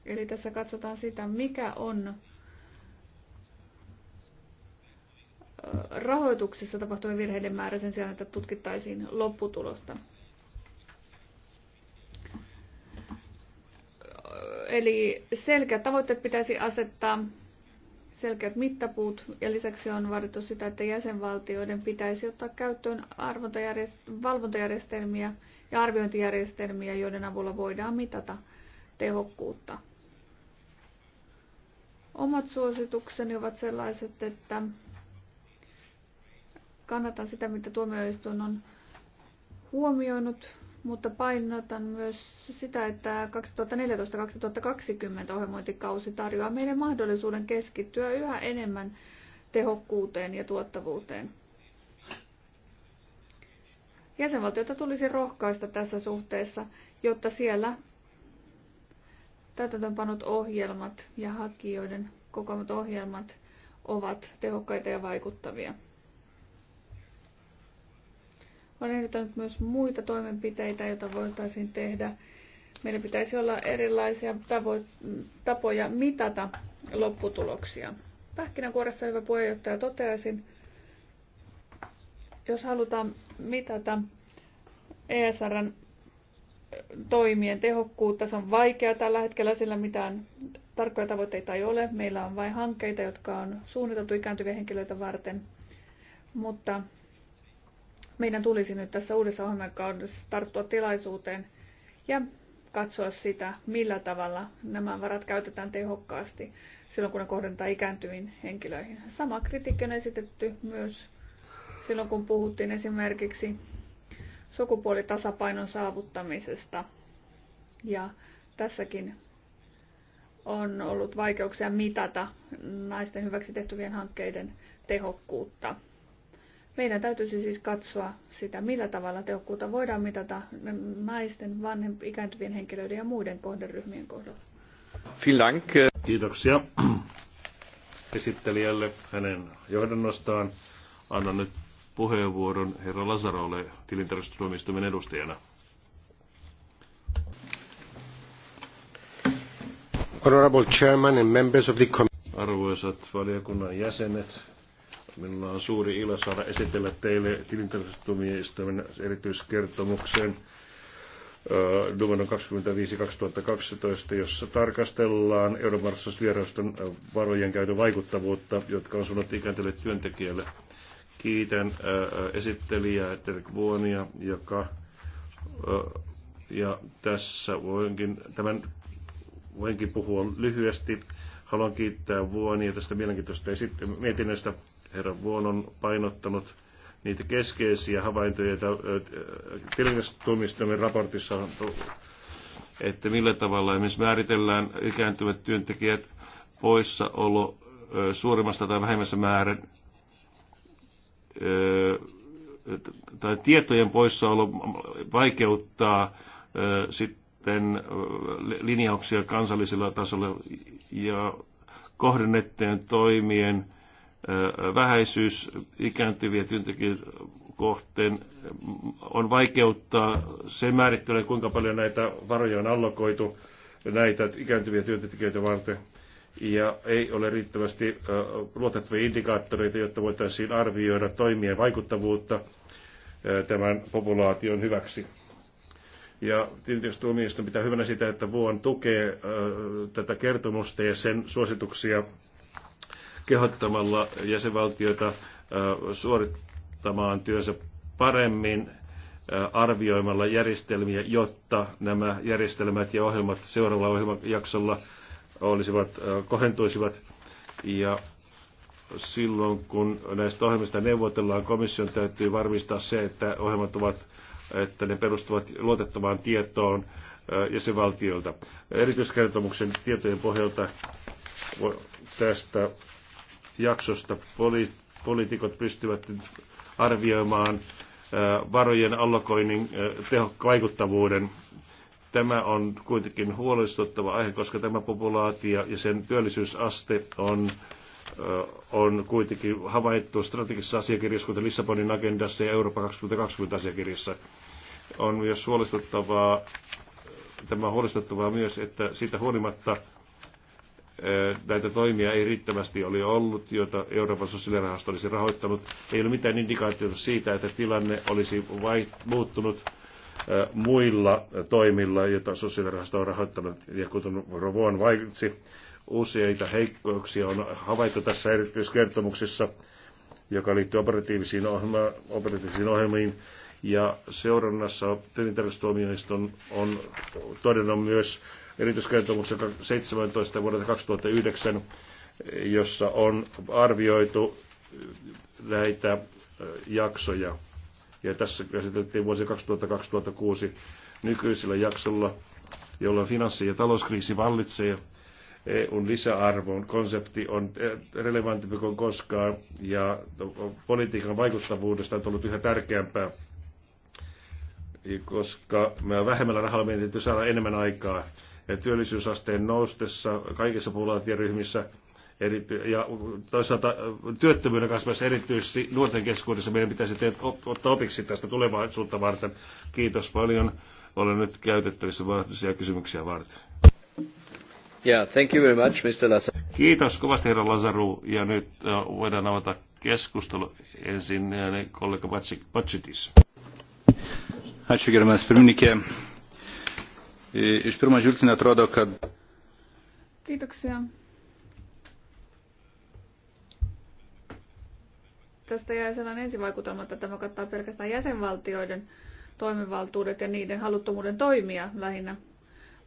Eli tässä katsotaan sitä, mikä on rahoituksessa tapahtuvien virheiden määrä sen sijaan, että tutkittaisiin lopputulosta. Eli selkeät tavoitteet pitäisi asettaa, selkeät mittapuut ja lisäksi on vaadittu sitä, että jäsenvaltioiden pitäisi ottaa käyttöön valvontajärjestelmiä ja arviointijärjestelmiä, joiden avulla voidaan mitata tehokkuutta. Omat suositukseni ovat sellaiset, että Kannatan sitä, mitä tuomioistuin on huomioinut, mutta painotan myös sitä, että 2014-2020 ohjelmointikausi tarjoaa meille mahdollisuuden keskittyä yhä enemmän tehokkuuteen ja tuottavuuteen. Jäsenvaltiota tulisi rohkaista tässä suhteessa, jotta siellä täytäntöönpanot ohjelmat ja hakijoiden kokoamat ohjelmat ovat tehokkaita ja vaikuttavia on ehdottanut myös muita toimenpiteitä, joita voitaisiin tehdä. Meillä pitäisi olla erilaisia tapoja mitata lopputuloksia. Pähkinänkuoressa hyvä puheenjohtaja toteaisin, jos halutaan mitata ESRn toimien tehokkuutta, se on vaikeaa tällä hetkellä, sillä mitään tarkkoja tavoitteita ei ole. Meillä on vain hankkeita, jotka on suunniteltu ikääntyviä henkilöitä varten, mutta meidän tulisi nyt tässä uudessa ohjelmakaudessa tarttua tilaisuuteen ja katsoa sitä, millä tavalla nämä varat käytetään tehokkaasti silloin, kun ne kohdentaa ikääntyviin henkilöihin. Sama kritiikki on esitetty myös silloin, kun puhuttiin esimerkiksi sukupuolitasapainon saavuttamisesta. Ja tässäkin on ollut vaikeuksia mitata naisten hyväksi tehtyvien hankkeiden tehokkuutta. Meidän täytyisi siis katsoa sitä, millä tavalla tehokkuutta voidaan mitata naisten, vanhempien, ikääntyvien henkilöiden ja muiden kohderyhmien kohdalla. Dank. Kiitoksia *clears throat* esittelijälle hänen johdannostaan. Annan nyt puheenvuoron herra Lazarolle tilintarkastustuomioistuimen edustajana. Honorable Chairman and members of the Arvoisat valiokunnan jäsenet, Minulla on suuri ilo saada esitellä teille tilintarkastustuomioistuimen erityiskertomuksen numero 25-2012, jossa tarkastellaan Euroopan varojen käytön vaikuttavuutta, jotka on suunnattu ikääntyneille työntekijöille. Kiitän esittelijää Derek Vuonia, joka ja tässä voinkin, tämän voinkin puhua lyhyesti. Haluan kiittää Vuonia tästä mielenkiintoista mietinnöstä herra Vuon on painottanut niitä keskeisiä havaintoja, joita tilinkastuomioistuimen raportissa on tullut, että millä tavalla esimerkiksi määritellään ikääntyvät työntekijät poissaolo suurimmasta tai vähemmässä määrin tai tietojen poissaolo vaikeuttaa sitten linjauksia kansallisella tasolla ja kohdennettujen toimien vähäisyys ikääntyviä työntekijöitä kohteen on vaikeuttaa se määrittelee, kuinka paljon näitä varoja on allokoitu näitä ikääntyviä työntekijöitä varten. Ja ei ole riittävästi luotettavia indikaattoreita, jotta voitaisiin arvioida toimien vaikuttavuutta tämän populaation hyväksi. Ja tietysti tuomioistuin pitää hyvänä sitä, että Vuon tukee tätä kertomusta ja sen suosituksia kehottamalla jäsenvaltioita suorittamaan työnsä paremmin arvioimalla järjestelmiä, jotta nämä järjestelmät ja ohjelmat seuraavalla ohjelmajaksolla olisivat, kohentuisivat. Ja silloin, kun näistä ohjelmista neuvotellaan, komission täytyy varmistaa se, että ohjelmat ovat, että ne perustuvat luotettavaan tietoon jäsenvaltioilta. Erityiskertomuksen tietojen pohjalta tästä jaksosta poli, poliitikot pystyvät arvioimaan varojen allokoinnin tehokka vaikuttavuuden. Tämä on kuitenkin huolestuttava aihe, koska tämä populaatio ja sen työllisyysaste on on kuitenkin havaittu strategisessa asiakirjassa, kuten Lissabonin agendassa ja Eurooppa 2020 asiakirjassa. On myös huolestuttavaa, tämä on huolestuttavaa myös, että siitä huolimatta näitä toimia ei riittävästi oli ollut, joita Euroopan sosiaalirahasto olisi rahoittanut. Ei ole mitään indikaatiota siitä, että tilanne olisi vai, muuttunut muilla toimilla, joita sosiaalirahasto on rahoittanut. Ja kuten Rovon vaikutsi, useita heikkouksia on havaittu tässä erityiskertomuksessa, joka liittyy operatiivisiin, ohjelma, operatiivisiin ohjelmiin. Ja seurannassa tilintarkastustuomioistuin on todennut myös erityiskertomuksesta 17 vuodelta 2009, jossa on arvioitu näitä jaksoja. Ja tässä käsiteltiin vuosi 2000-2006 nykyisellä jaksolla, jolloin finanssi- ja talouskriisi vallitsee. EUn lisäarvon konsepti on relevantimpi kuin koskaan ja politiikan vaikuttavuudesta on tullut yhä tärkeämpää, koska me vähemmällä rahalla mietitty saada enemmän aikaa työllisyysasteen noustessa kaikissa puulaatieryhmissä ja toisaalta työttömyyden kasvaessa erityisesti nuorten keskuudessa meidän pitäisi teet, ottaa opiksi tästä tulevaisuutta varten. Kiitos paljon. Olen nyt käytettävissä mahdollisia kysymyksiä varten. Yeah, thank you very much, Mr. Kiitos kovasti, herra Lazaru. Ja nyt voidaan avata keskustelu ensin kollega Patsitis. Ačiū, gerbiamas Iš pirmo žvilgsnio atrodo, kad... Kiitoksia. Tästä jäi sellainen ensivaikutelma, että tämä kattaa pelkästään jäsenvaltioiden toimivaltuudet ja niiden haluttomuuden toimia lähinnä.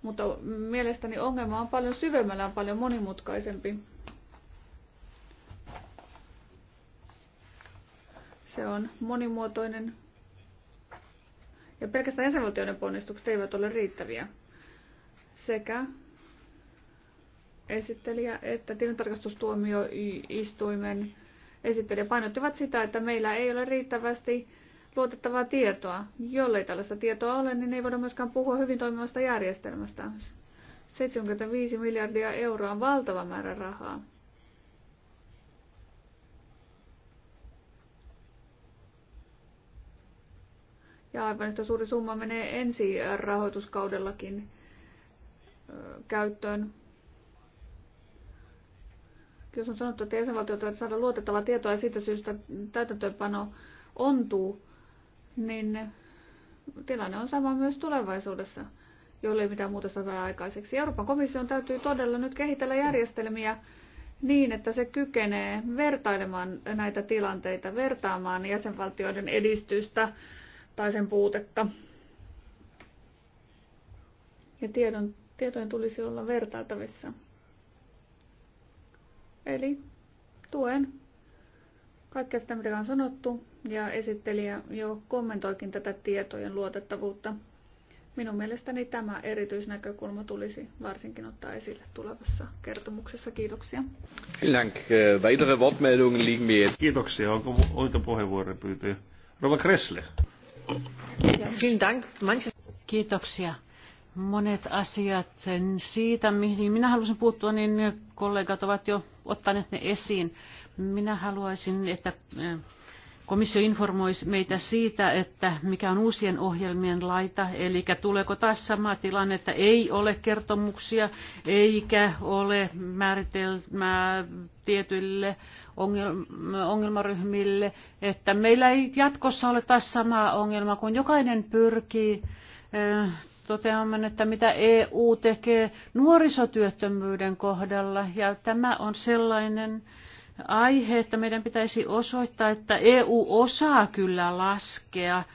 Mutta mielestäni ongelma on paljon syvemmällä ja paljon monimutkaisempi. Se on monimuotoinen ja pelkästään jäsenvaltioiden ponnistukset eivät ole riittäviä. Sekä esittelijä että tilintarkastustuomioistuimen esittelijä painottivat sitä, että meillä ei ole riittävästi luotettavaa tietoa. Jollei tällaista tietoa ole, niin ei voida myöskään puhua hyvin toimivasta järjestelmästä. 75 miljardia euroa on valtava määrä rahaa. Ja aivan että suuri summa menee ensi rahoituskaudellakin käyttöön. Jos on sanottu, että jäsenvaltiot eivät saada luotettavaa tietoa ja siitä syystä täytäntöönpano ontuu, niin tilanne on sama myös tulevaisuudessa, jolle ei mitään muuta saada aikaiseksi. Euroopan komission täytyy todella nyt kehitellä järjestelmiä niin, että se kykenee vertailemaan näitä tilanteita, vertaamaan jäsenvaltioiden edistystä tai sen puutetta. Ja tiedon, tietojen tulisi olla vertailtavissa. Eli tuen kaikkea sitä, mitä on sanottu, ja esittelijä jo kommentoikin tätä tietojen luotettavuutta. Minun mielestäni tämä erityisnäkökulma tulisi varsinkin ottaa esille tulevassa kertomuksessa. Kiitoksia. Äh, Kiitoksia. Onko muita puheenvuoropyyntöjä? Rova Kressle. Kiitoksia. Monet asiat siitä, mihin minä halusin puuttua, niin kollegat ovat jo ottaneet ne esiin. Minä haluaisin, että eh, komissio informoisi meitä siitä, että mikä on uusien ohjelmien laita, eli tuleeko taas sama tilanne, että ei ole kertomuksia eikä ole määritelmää tietyille ongelmaryhmille, että meillä ei jatkossa ole taas sama ongelma, kun jokainen pyrkii toteamaan, että mitä EU tekee nuorisotyöttömyyden kohdalla. Ja tämä on sellainen aihe, että meidän pitäisi osoittaa, että EU osaa kyllä laskea –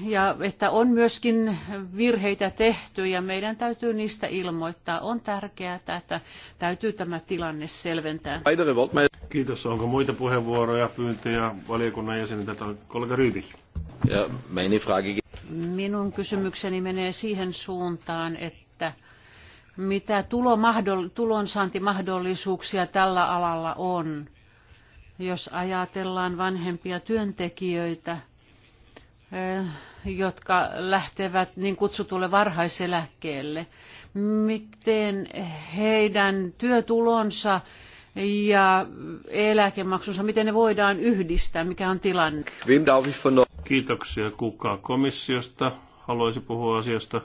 ja että on myöskin virheitä tehty ja meidän täytyy niistä ilmoittaa. On tärkeää, että täytyy tämä tilanne selventää. Kiitos. Onko muita puheenvuoroja, pyyntöjä valiokunnan jäseniltä? Kollega Ryyvi. Minun kysymykseni menee siihen suuntaan, että mitä tulonsaantimahdollisuuksia tällä alalla on, jos ajatellaan vanhempia työntekijöitä – Eh, jotka lähtevät niin kutsutulle varhaiseläkkeelle. Miten heidän työtulonsa ja eläkemaksunsa, miten ne voidaan yhdistää, mikä on tilanne? Kiitoksia. Kuka komissiosta haluaisi puhua asiasta?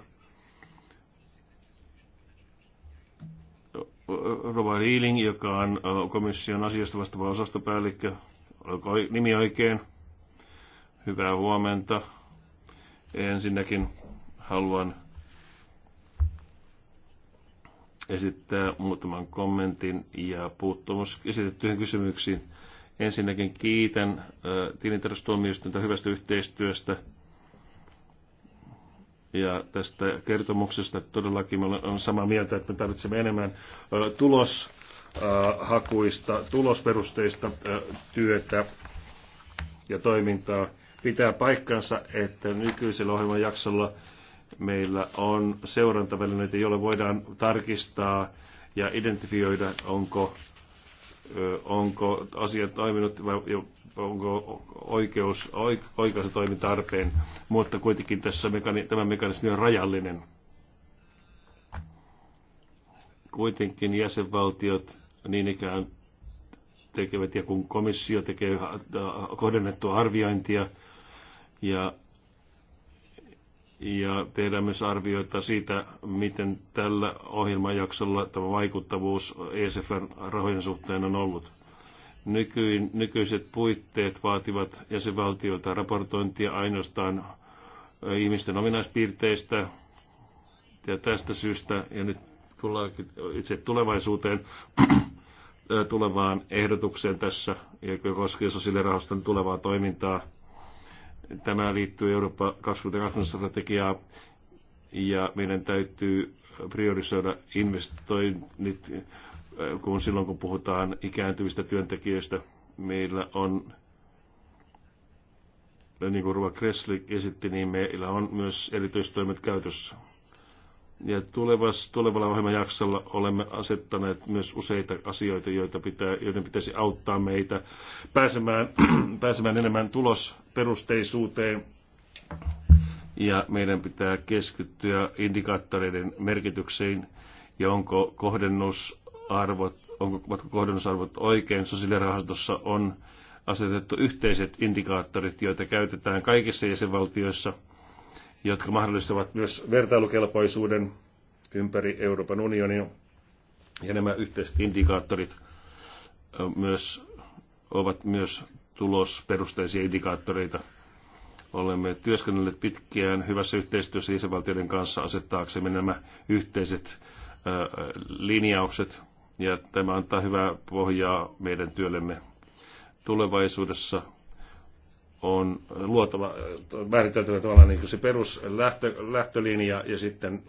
Rova Riiling, joka on komission asiasta vastaava osastopäällikkö. Oliko nimi oikein? Hyvää huomenta. Ensinnäkin haluan esittää muutaman kommentin ja puuttumus esitettyihin kysymyksiin. Ensinnäkin kiitän tilintarkastustuomioistuinta hyvästä yhteistyöstä ja tästä kertomuksesta. Todellakin olen samaa mieltä, että me tarvitsemme enemmän tuloshakuista, tulosperusteista työtä ja toimintaa. Pitää paikkansa, että nykyisellä ohjelman jaksolla meillä on seurantavälineitä, joilla voidaan tarkistaa ja identifioida, onko, onko asia toiminut vai onko oikeus, oikeus toimin tarpeen, mutta kuitenkin tässä mekani, tämä mekanismi on rajallinen. Kuitenkin jäsenvaltiot niin ikään tekevät ja kun komissio tekee kohdennettua arviointia ja, ja tehdään myös arvioita siitä, miten tällä ohjelmajaksolla tämä vaikuttavuus ESFn rahojen suhteen on ollut. Nykyin, nykyiset puitteet vaativat jäsenvaltioilta raportointia ainoastaan ihmisten ominaispiirteistä ja tästä syystä, ja nyt tullaankin itse tulevaisuuteen, tulevaan ehdotukseen tässä, joka koskee sosiaalirahaston tulevaa toimintaa. Tämä liittyy Eurooppa 2020-strategiaa ja meidän täytyy priorisoida investoinnit, kun silloin kun puhutaan ikääntyvistä työntekijöistä. Meillä on, niin kuin Ruva Kressli esitti, niin meillä on myös erityistoimet käytössä ja tulevassa tulevalla ohjelmajaksolla olemme asettaneet myös useita asioita, joita pitää, joiden pitäisi auttaa meitä pääsemään, *clears throat* pääsemään enemmän tulosperusteisuuteen. Ja meidän pitää keskittyä indikaattoreiden merkityksiin ja onko kohdennusarvot, onko, ovatko kohdennusarvot oikein. Sosiaalirahastossa on asetettu yhteiset indikaattorit, joita käytetään kaikissa jäsenvaltioissa – jotka mahdollistavat myös vertailukelpoisuuden ympäri Euroopan unionia. Ja nämä yhteiset indikaattorit myös, ovat myös tulosperusteisia indikaattoreita. Olemme työskennelleet pitkään hyvässä yhteistyössä isävaltioiden kanssa asettaaksemme nämä yhteiset linjaukset, ja tämä antaa hyvää pohjaa meidän työllemme tulevaisuudessa on luotava, määriteltävä tavallaan niin se peruslähtölinja lähtölinja ja sitten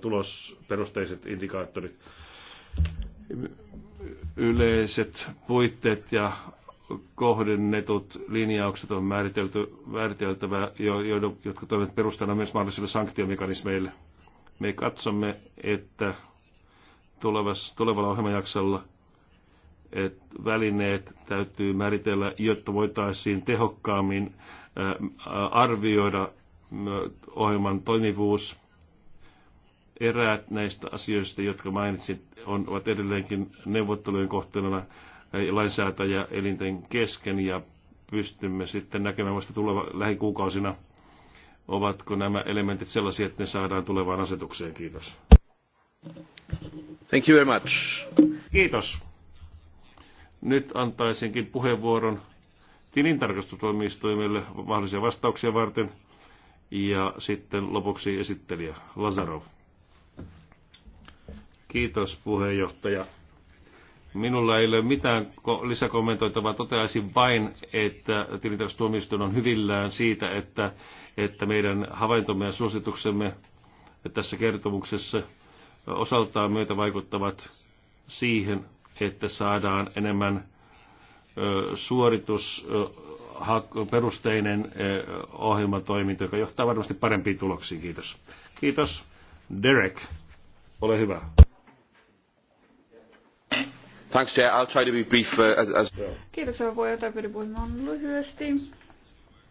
tulosperusteiset indikaattorit, yleiset puitteet ja kohdennetut linjaukset on määritelty, määriteltävä, jo, jo, jotka toimivat perustana myös mahdollisille sanktiomekanismeille. Me katsomme, että tulevalla ohjelmajaksolla että välineet täytyy määritellä, jotta voitaisiin tehokkaammin äh, arvioida äh, ohjelman toimivuus. Eräät näistä asioista, jotka mainitsin, on, ovat edelleenkin neuvottelujen kohteena äh, lainsäätäjä elinten kesken ja pystymme sitten näkemään vasta tuleva, lähikuukausina, ovatko nämä elementit sellaisia, että ne saadaan tulevaan asetukseen. Kiitos. Thank you very much. Kiitos. Nyt antaisinkin puheenvuoron tilintarkastustoimistoimille mahdollisia vastauksia varten ja sitten lopuksi esittelijä Lazarov. Kiitos puheenjohtaja. Minulla ei ole mitään lisäkommentoitavaa. Toteaisin vain, että tilintarkastustuomioistuin on hyvillään siitä, että, että meidän havaintomme ja suosituksemme tässä kertomuksessa osaltaan myötä vaikuttavat siihen, että saadaan enemmän suoritusperusteinen ohjelmatoiminta, joka johtaa varmasti parempiin tuloksiin. Kiitos. Kiitos. Derek, ole hyvä. Thanks, Chair. I'll try to be brief uh, as, as... Kiitos, puheenjohtaja. Pyrin puhumaan lyhyesti.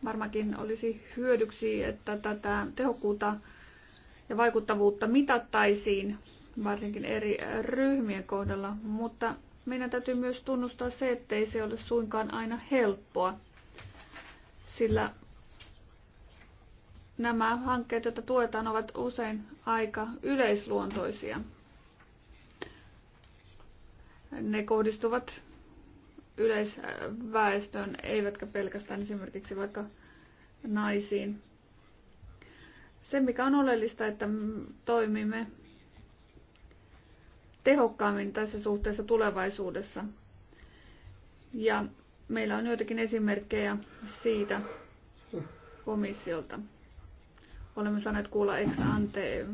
Varmakin olisi hyödyksi, että tätä tehokkuutta ja vaikuttavuutta mitattaisiin varsinkin eri ryhmien kohdalla, mutta meidän täytyy myös tunnustaa se, ettei se ole suinkaan aina helppoa, sillä nämä hankkeet, joita tuetaan, ovat usein aika yleisluontoisia. Ne kohdistuvat yleisväestöön, eivätkä pelkästään esimerkiksi vaikka naisiin. Se, mikä on oleellista, että toimimme tehokkaammin tässä suhteessa tulevaisuudessa. Ja meillä on joitakin esimerkkejä siitä komissiolta. Olemme saaneet kuulla ex ante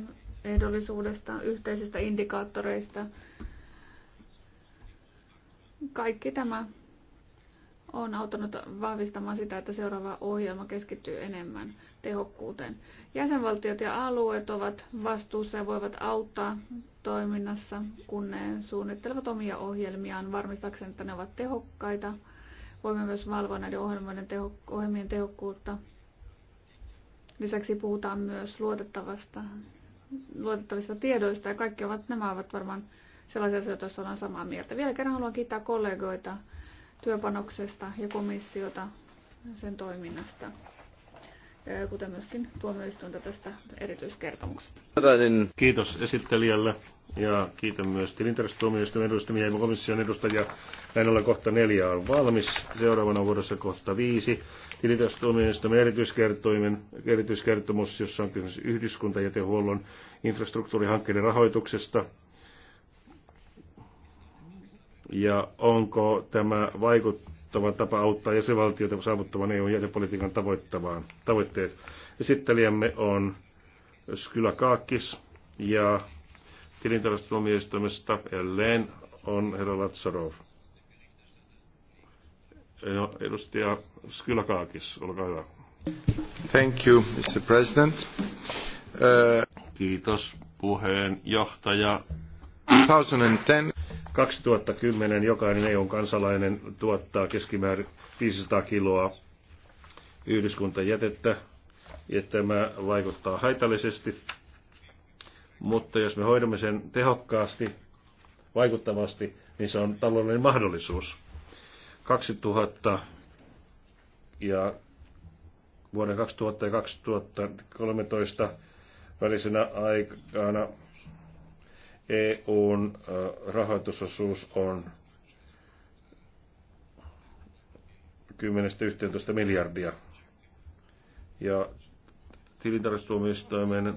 ehdollisuudesta, yhteisistä indikaattoreista. Kaikki tämä on auttanut vahvistamaan sitä, että seuraava ohjelma keskittyy enemmän tehokkuuteen. Jäsenvaltiot ja alueet ovat vastuussa ja voivat auttaa toiminnassa, kun ne suunnittelevat omia ohjelmiaan varmistakseen, että ne ovat tehokkaita. Voimme myös valvoa näiden ohjelmien, teho- ohjelmien tehokkuutta. Lisäksi puhutaan myös luotettavasta, luotettavista tiedoista ja kaikki ovat, nämä ovat varmaan sellaisia asioita, joissa ollaan samaa mieltä. Vielä kerran haluan kiittää kollegoita työpanoksesta ja komissiota sen toiminnasta, kuten myöskin tuomioistuinta tästä erityiskertomuksesta. Kiitos esittelijälle ja kiitän myös tilintarkastustuomioistuimen edustamia ja komission edustajia. Näin ollen kohta neljä on valmis. Seuraavana vuodessa kohta viisi. Tilintarkastustuomioistuimen erityiskertoimen, erityiskertomus, jossa on kysymys yhdyskuntajätehuollon infrastruktuurihankkeiden rahoituksesta ja onko tämä vaikuttava tapa auttaa jäsenvaltioita saavuttamaan EUn jätepolitiikan tavoittamaan tavoitteet. Esittelijämme on Skylä Kaakis ja tilintarastuomioistuimesta Ellen on herra Latsarov. No, edustaja Kaakis, olkaa hyvä. Thank you, Mr. President. Uh, Kiitos puheenjohtaja. 2010. 2010 jokainen EU-kansalainen tuottaa keskimäärin 500 kiloa yhdyskuntajätettä, ja tämä vaikuttaa haitallisesti. Mutta jos me hoidamme sen tehokkaasti, vaikuttavasti, niin se on taloudellinen mahdollisuus. 2000 ja vuoden 2000 ja 2013 välisenä aikana EUn rahoitusosuus on 10-11 miljardia. Ja tilintarkastustuomioistuimen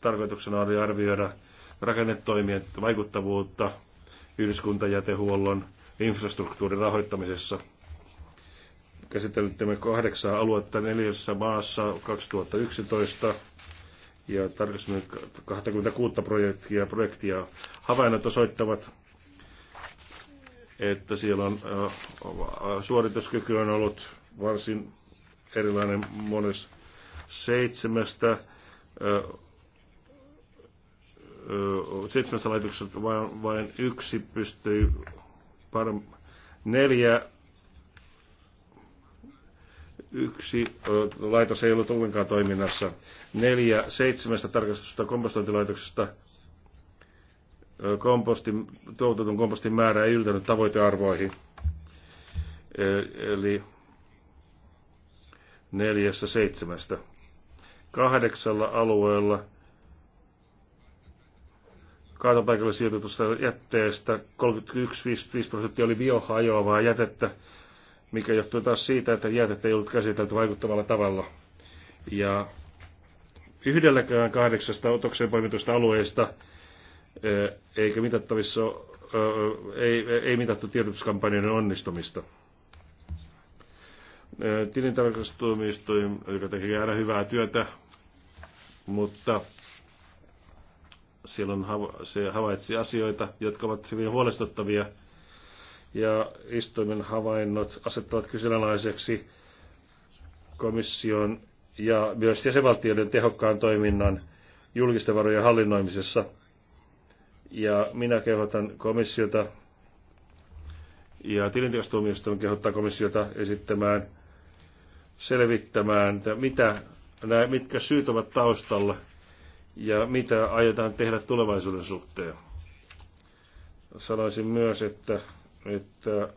tarkoituksena oli arvioida rakennetoimien vaikuttavuutta yhdyskuntajätehuollon infrastruktuurin rahoittamisessa. Käsittelimme kahdeksaa aluetta neljässä maassa 2011 ja tarkastamme 26 projektia. projektia. Havainnot osoittavat, että siellä on suorituskyky on ollut varsin erilainen monessa seitsemästä seitsemästä laitoksesta vain, vain yksi pystyy par, neljä Yksi laitos ei ollut ollenkaan toiminnassa. Neljä seitsemästä tarkastusta kompostointilaitoksesta kompostin, tuotetun kompostin määrä ei yltänyt tavoitearvoihin. Eli neljässä seitsemästä. Kahdeksalla alueella kaatopaikalle sijoitetusta jätteestä 31,5 prosenttia oli biohajoavaa jätettä, mikä johtuu taas siitä, että jätettä ei ollut käsitelty vaikuttavalla tavalla. Ja yhdelläkään kahdeksasta otokseen poimitusta alueista eikä mitattavissa, ei, ei mitattu tiedotuskampanjoiden onnistumista. Tilintarkastustuomioistuin, joka teki aina hyvää työtä, mutta siellä on, se havaitsi asioita, jotka ovat hyvin huolestuttavia – ja istuimen havainnot asettavat kyseenalaiseksi komission ja myös jäsenvaltioiden tehokkaan toiminnan julkisten varojen hallinnoimisessa. Ja minä kehotan komissiota ja tilintarkastuomioistuin kehottaa komissiota esittämään, selvittämään, että mitä, nämä, mitkä syyt ovat taustalla ja mitä aiotaan tehdä tulevaisuuden suhteen. Sanoisin myös, että että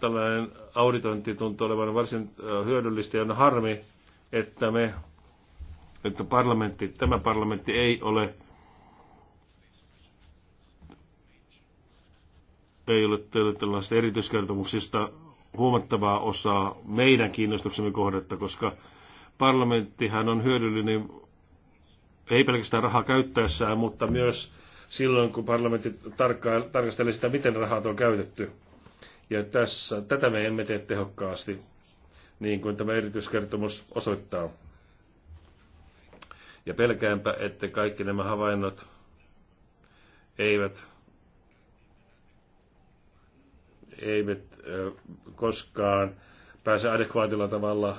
tällainen auditointi tuntuu olevan varsin hyödyllistä ja on harmi, että me, että parlamentti, tämä parlamentti ei ole ei ole teille tällaisista erityiskertomuksista huomattavaa osaa meidän kiinnostuksemme kohdetta, koska parlamenttihan on hyödyllinen ei pelkästään rahaa käyttäessään, mutta myös silloin, kun parlamentti tarkasteli sitä, miten rahat on käytetty. Ja tässä, tätä me emme tee tehokkaasti, niin kuin tämä erityiskertomus osoittaa. Ja pelkäänpä, että kaikki nämä havainnot eivät, eivät koskaan pääse adekvaatilla tavalla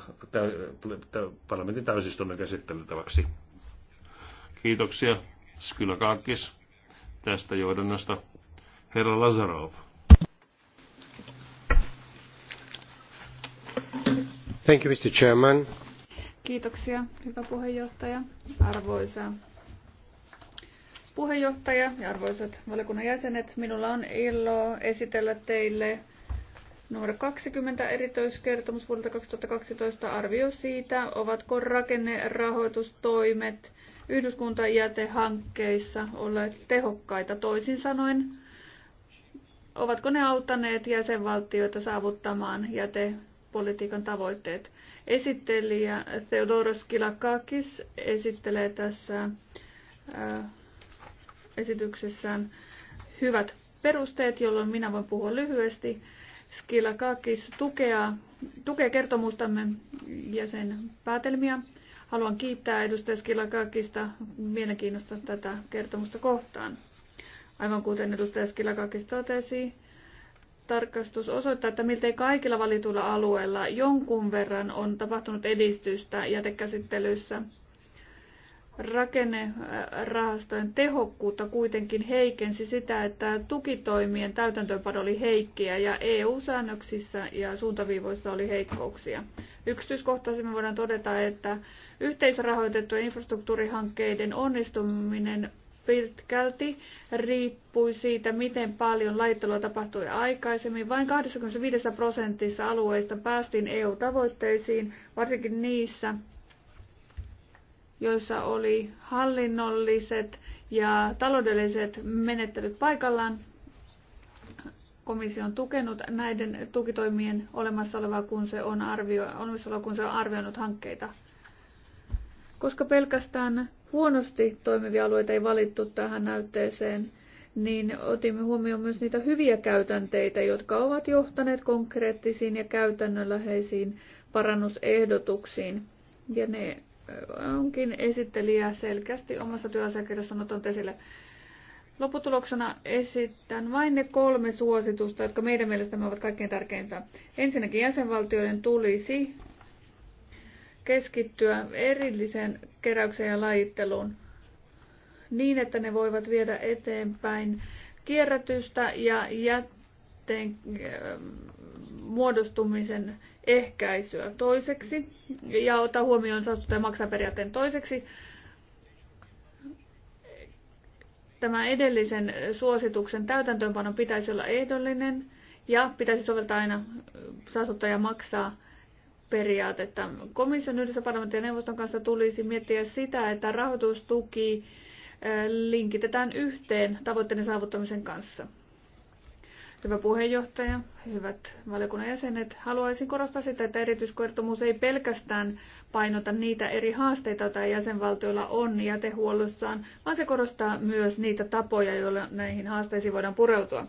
parlamentin täysistunnon käsiteltäväksi. Kiitoksia. Skylakakis tästä johdannosta. Herra Lazarov. Thank you, Mr. Chairman. Kiitoksia, hyvä puheenjohtaja, arvoisa puheenjohtaja ja arvoisat valiokunnan jäsenet. Minulla on ilo esitellä teille numero 20 erityiskertomus vuodelta 2012 arvio siitä, ovatko rakennerahoitustoimet yhdyskuntajätehankkeissa olleet tehokkaita. Toisin sanoen, ovatko ne auttaneet jäsenvaltioita saavuttamaan jätepolitiikan tavoitteet? Esittelijä Theodoros Kilakakis esittelee tässä äh, esityksessään hyvät perusteet, jolloin minä voin puhua lyhyesti. Skilakakis tukea, tukee kertomustamme ja sen päätelmiä. Haluan kiittää edustaja Skilakakista mielenkiinnosta tätä kertomusta kohtaan. Aivan kuten edustaja Skilakakista totesi, tarkastus osoittaa, että miltei kaikilla valituilla alueilla jonkun verran on tapahtunut edistystä jätekäsittelyssä. Rakennerahastojen tehokkuutta kuitenkin heikensi sitä, että tukitoimien täytäntöönpano oli heikkiä ja EU-säännöksissä ja suuntaviivoissa oli heikkouksia. Yksityiskohtaisemmin voidaan todeta, että yhteisrahoitettujen infrastruktuurihankkeiden onnistuminen pitkälti riippui siitä, miten paljon laittelua tapahtui aikaisemmin. Vain 25 prosentissa alueista päästiin EU-tavoitteisiin, varsinkin niissä, joissa oli hallinnolliset ja taloudelliset menettelyt paikallaan komissio on tukenut näiden tukitoimien olemassa olevaa, kun se on, arvio, kun se on arvioinut hankkeita. Koska pelkästään huonosti toimivia alueita ei valittu tähän näytteeseen, niin otimme huomioon myös niitä hyviä käytänteitä, jotka ovat johtaneet konkreettisiin ja käytännönläheisiin parannusehdotuksiin. Ja ne onkin esittelijä selkeästi omassa mutta on esille. Lopputuloksena esitän vain ne kolme suositusta, jotka meidän mielestämme ovat kaikkein tärkeintä. Ensinnäkin jäsenvaltioiden tulisi keskittyä erilliseen keräykseen ja lajitteluun niin, että ne voivat viedä eteenpäin kierrätystä ja jätteen ähm, muodostumisen ehkäisyä toiseksi ja ottaa huomioon saastuttaja maksaperiaatteen toiseksi. Tämä edellisen suosituksen täytäntöönpanon pitäisi olla ehdollinen ja pitäisi soveltaa aina saastuttaja maksaa periaatetta. Komission yhdessä parlamentin ja neuvoston kanssa tulisi miettiä sitä, että rahoitustuki eh, linkitetään yhteen tavoitteiden saavuttamisen kanssa. Hyvä puheenjohtaja, hyvät valiokunnan jäsenet, haluaisin korostaa sitä, että erityiskertomus ei pelkästään painota niitä eri haasteita, joita jäsenvaltioilla on jätehuollossaan, vaan se korostaa myös niitä tapoja, joilla näihin haasteisiin voidaan pureutua.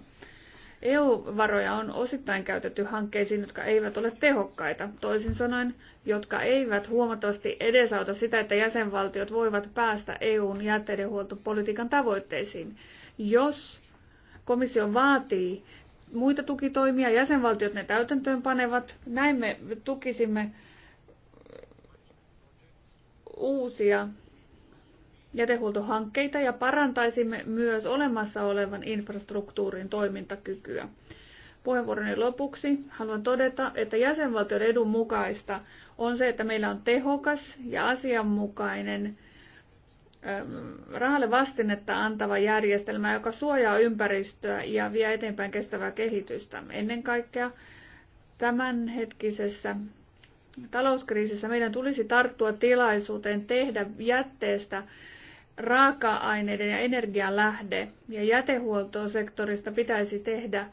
EU-varoja on osittain käytetty hankkeisiin, jotka eivät ole tehokkaita, toisin sanoen, jotka eivät huomattavasti edesauta sitä, että jäsenvaltiot voivat päästä EUn jätteidenhuoltopolitiikan tavoitteisiin. Jos Komissio vaatii muita tukitoimia, jäsenvaltiot ne täytäntöön panevat. Näin me tukisimme uusia jätehuoltohankkeita ja parantaisimme myös olemassa olevan infrastruktuurin toimintakykyä. Puheenvuoroni lopuksi haluan todeta, että jäsenvaltion edun mukaista on se, että meillä on tehokas ja asianmukainen Ähm, rahalle vastinetta antava järjestelmä, joka suojaa ympäristöä ja vie eteenpäin kestävää kehitystä. Ennen kaikkea tämänhetkisessä talouskriisissä meidän tulisi tarttua tilaisuuteen tehdä jätteestä raaka-aineiden ja energian lähde ja jätehuoltosektorista pitäisi tehdä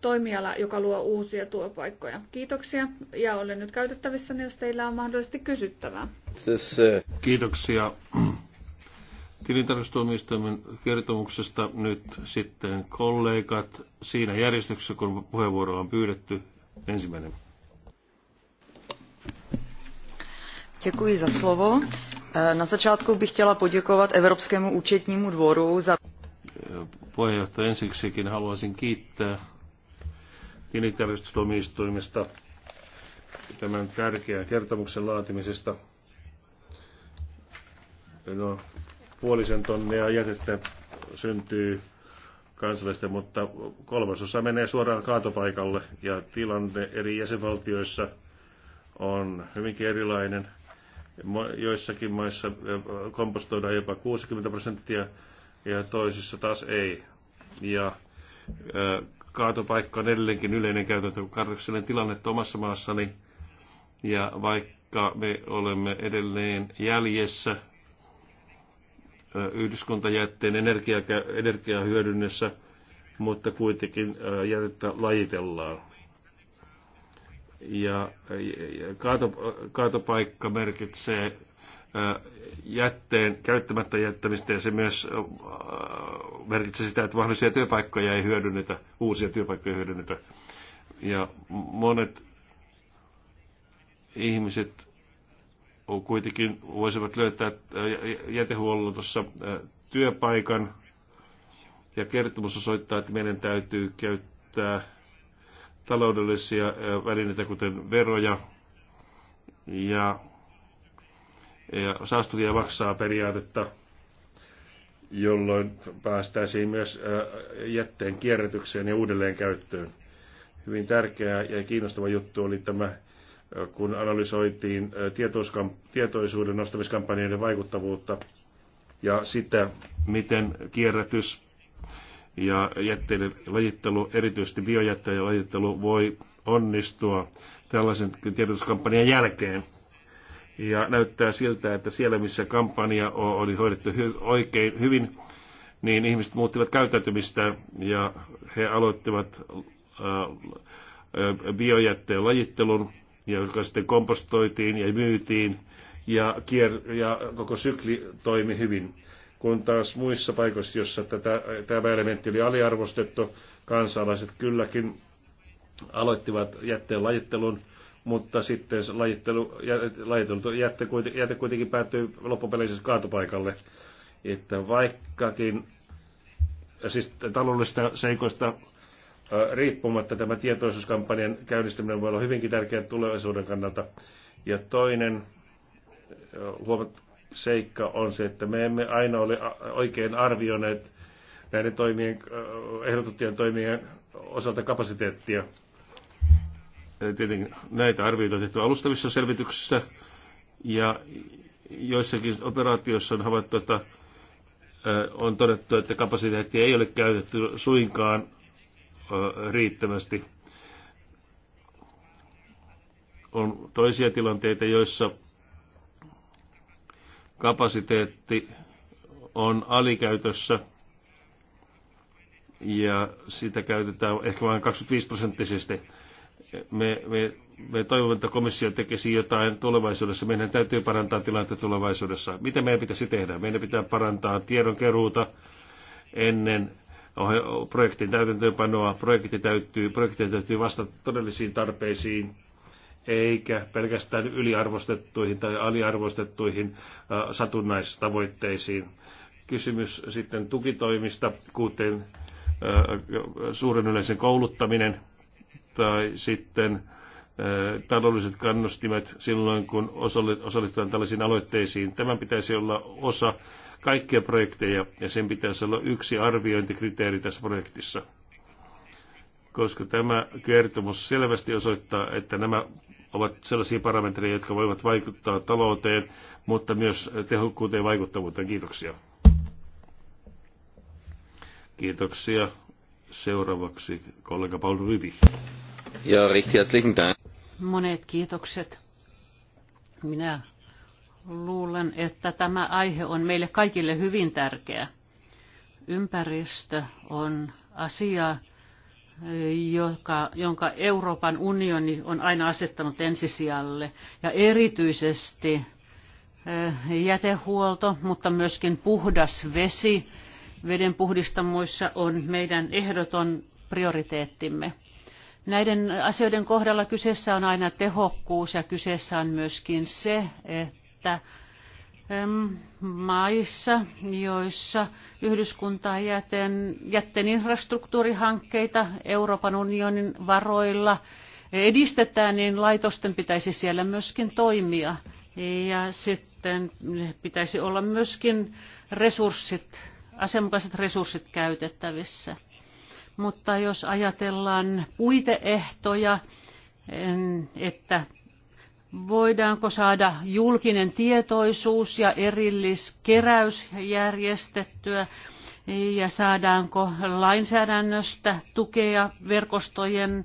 toimiala, joka luo uusia työpaikkoja. Kiitoksia ja olen nyt käytettävissä, jos teillä on mahdollisesti kysyttävää. Siis, eh, Kiitoksia tilintarkastustuomioistuimen kertomuksesta nyt sitten kollegat siinä järjestyksessä, kun puheenvuoro on pyydetty. Ensimmäinen. Děkuji za slovo. Eh, na začátku bych chtěla poděkovat Evropskému účetnímu dvoru za... Puheenjohtaja, ensiksikin haluaisin kiittää tilintarkastustuomioistuimesta tämän tärkeän kertomuksen laatimisesta. No, puolisen tonnia jätettä syntyy kansalaisten, mutta kolmasosa menee suoraan kaatopaikalle ja tilanne eri jäsenvaltioissa on hyvinkin erilainen. Joissakin maissa kompostoidaan jopa 60 prosenttia ja toisissa taas ei. Ja kaatopaikka on edelleenkin yleinen käytäntö, kun karjakselen tilanne omassa maassani. Ja vaikka me olemme edelleen jäljessä yhdyskuntajätteen energia, energiahyödynnössä, mutta kuitenkin jätettä lajitellaan. Ja kaato kaatopaikka merkitsee jätteen käyttämättä jättämistä ja se myös merkitsee sitä, että mahdollisia työpaikkoja ei hyödynnetä, uusia työpaikkoja ei hyödynnetä. Ja monet ihmiset kuitenkin voisivat löytää äh, tuossa äh, työpaikan. Ja kertomus osoittaa, että meidän täytyy käyttää taloudellisia äh, välineitä, kuten veroja ja, ja saastuvia maksaa periaatetta, jolloin päästäisiin myös jätteen kierrätykseen ja uudelleenkäyttöön. Hyvin tärkeä ja kiinnostava juttu oli tämä kun analysoitiin tietoisuuden nostamiskampanjoiden vaikuttavuutta ja sitä, miten kierrätys ja jätteiden lajittelu, erityisesti biojätteiden lajittelu, voi onnistua tällaisen tiedotuskampanjan jälkeen. Ja näyttää siltä, että siellä missä kampanja oli hoidettu oikein hyvin, niin ihmiset muuttivat käyttäytymistä ja he aloittivat biojätteen lajittelun joka sitten kompostoitiin ja myytiin ja, kier- ja koko sykli toimi hyvin. Kun taas muissa paikoissa, joissa tämä elementti oli aliarvostettu, kansalaiset kylläkin aloittivat jätteen lajittelun, mutta sitten se lajittelu, lajiteltu jätte, kuitenkin päättyy loppupeleissä kaatopaikalle. Että vaikkakin siis taloudellisista seikoista riippumatta tämä tietoisuuskampanjan käynnistäminen voi olla hyvinkin tärkeä tulevaisuuden kannalta. Ja toinen huomat, seikka on se, että me emme aina ole oikein arvioineet näiden toimien, ehdotettujen toimien osalta kapasiteettia. Tietenkin näitä arvioita on tehty alustavissa selvityksissä ja joissakin operaatioissa on havaittu, että on todettu, että kapasiteetti ei ole käytetty suinkaan riittävästi. On toisia tilanteita, joissa kapasiteetti on alikäytössä ja sitä käytetään ehkä vain 25 prosenttisesti. Me, me, me toivomme, että komissio tekisi jotain tulevaisuudessa. Meidän täytyy parantaa tilannetta tulevaisuudessa. Mitä meidän pitäisi tehdä? Meidän pitää parantaa tiedonkeruuta ennen projektin täytäntöönpanoa. Projekti täytyy, projekti täytyy vastata todellisiin tarpeisiin eikä pelkästään yliarvostettuihin tai aliarvostettuihin satunnaistavoitteisiin. Kysymys sitten tukitoimista, kuten suuren yleisen kouluttaminen tai sitten taloudelliset kannustimet silloin, kun osallistutaan tällaisiin aloitteisiin. Tämän pitäisi olla osa kaikkia projekteja ja sen pitäisi olla yksi arviointikriteeri tässä projektissa. Koska tämä kertomus selvästi osoittaa, että nämä ovat sellaisia parametreja, jotka voivat vaikuttaa talouteen, mutta myös tehokkuuteen ja vaikuttavuuteen. Kiitoksia. Kiitoksia. Seuraavaksi kollega Paul Rivi. Ja recht herzlichen Dank. Monet kiitokset. Minä Luulen, että tämä aihe on meille kaikille hyvin tärkeä. Ympäristö on asia, joka, jonka Euroopan unioni on aina asettanut ensisijalle. Ja erityisesti eh, jätehuolto, mutta myöskin puhdas vesi veden puhdistamoissa on meidän ehdoton prioriteettimme. Näiden asioiden kohdalla kyseessä on aina tehokkuus ja kyseessä on myöskin se, että että maissa, joissa yhdyskuntaa jäten, jätteen infrastruktuurihankkeita Euroopan unionin varoilla edistetään, niin laitosten pitäisi siellä myöskin toimia. Ja sitten pitäisi olla myöskin resurssit, asianmukaiset resurssit käytettävissä. Mutta jos ajatellaan puiteehtoja, että voidaanko saada julkinen tietoisuus ja erilliskeräys järjestettyä ja saadaanko lainsäädännöstä tukea verkostojen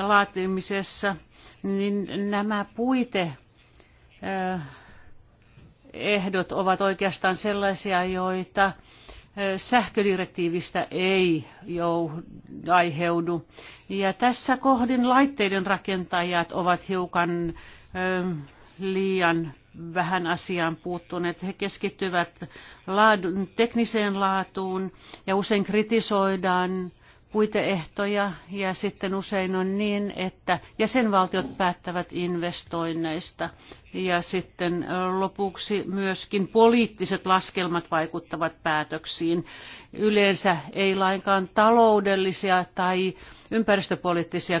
laatimisessa, niin nämä puite ehdot ovat oikeastaan sellaisia, joita sähködirektiivistä ei jou, aiheudu. Ja tässä kohdin laitteiden rakentajat ovat hiukan liian vähän asiaan puuttuneet. He keskittyvät laadun, tekniseen laatuun ja usein kritisoidaan puiteehtoja ja sitten usein on niin, että jäsenvaltiot päättävät investoinneista ja sitten lopuksi myöskin poliittiset laskelmat vaikuttavat päätöksiin. Yleensä ei lainkaan taloudellisia tai ympäristöpoliittisia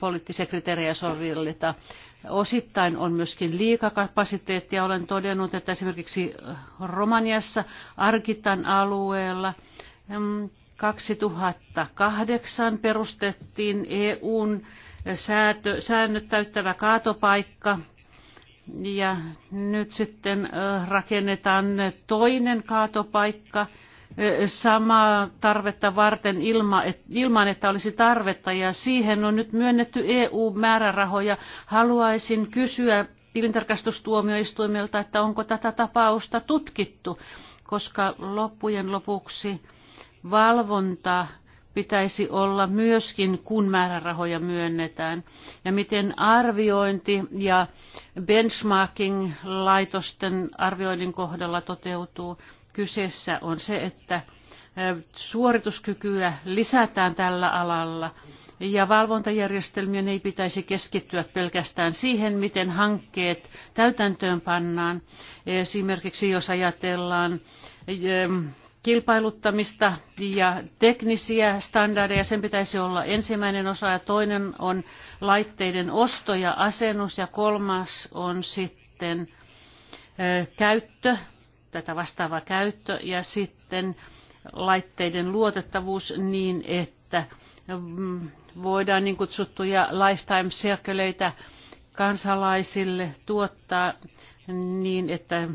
poliittisia kriteerejä sovelleta. Osittain on myöskin liikakapasiteettia. Olen todennut, että esimerkiksi Romaniassa, Arkitan alueella, mm, 2008 perustettiin EUn säätö, säännöt täyttävä kaatopaikka ja nyt sitten rakennetaan toinen kaatopaikka samaa tarvetta varten ilman, että olisi tarvetta ja siihen on nyt myönnetty EU-määrärahoja. Haluaisin kysyä tilintarkastustuomioistuimelta, että onko tätä tapausta tutkittu, koska loppujen lopuksi valvonta pitäisi olla myöskin, kun määrärahoja myönnetään, ja miten arviointi ja benchmarking-laitosten arvioinnin kohdalla toteutuu. Kyseessä on se, että suorituskykyä lisätään tällä alalla, ja valvontajärjestelmien ei pitäisi keskittyä pelkästään siihen, miten hankkeet täytäntöön pannaan. Esimerkiksi jos ajatellaan kilpailuttamista ja teknisiä standardeja. Sen pitäisi olla ensimmäinen osa ja toinen on laitteiden osto ja asennus ja kolmas on sitten käyttö, tätä vastaava käyttö ja sitten laitteiden luotettavuus niin, että mm, voidaan niin kutsuttuja lifetime-serkeleitä kansalaisille tuottaa niin, että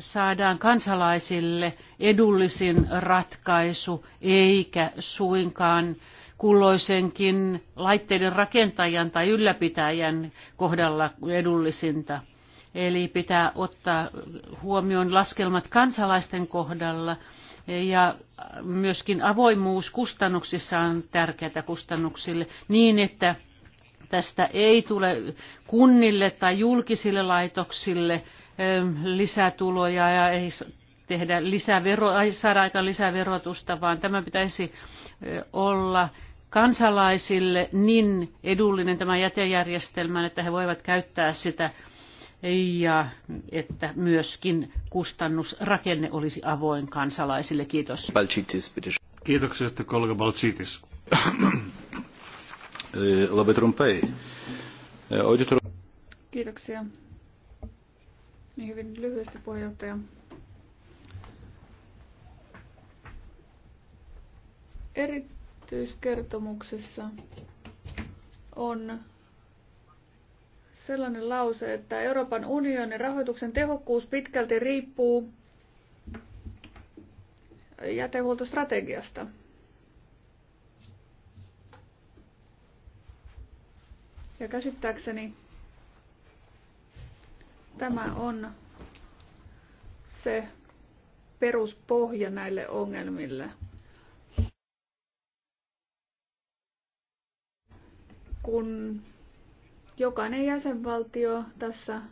saadaan kansalaisille edullisin ratkaisu, eikä suinkaan kulloisenkin laitteiden rakentajan tai ylläpitäjän kohdalla edullisinta. Eli pitää ottaa huomioon laskelmat kansalaisten kohdalla ja myöskin avoimuus kustannuksissa on tärkeää kustannuksille niin, että tästä ei tule kunnille tai julkisille laitoksille lisätuloja ja ei tehdä lisävero, ei saada aikaan lisäverotusta, vaan tämä pitäisi olla kansalaisille niin edullinen tämä jätejärjestelmä, että he voivat käyttää sitä ja että myöskin kustannusrakenne olisi avoin kansalaisille. Kiitos. Balchitis, Kiitoksia, että kollega Balchitis. Kiitoksia. Niin hyvin lyhyesti puheenjohtaja. Erityiskertomuksessa on sellainen lause, että Euroopan unionin rahoituksen tehokkuus pitkälti riippuu jätehuoltostrategiasta. Ja käsittääkseni Tämä on se peruspohja näille ongelmille. Kun jokainen jäsenvaltio tässä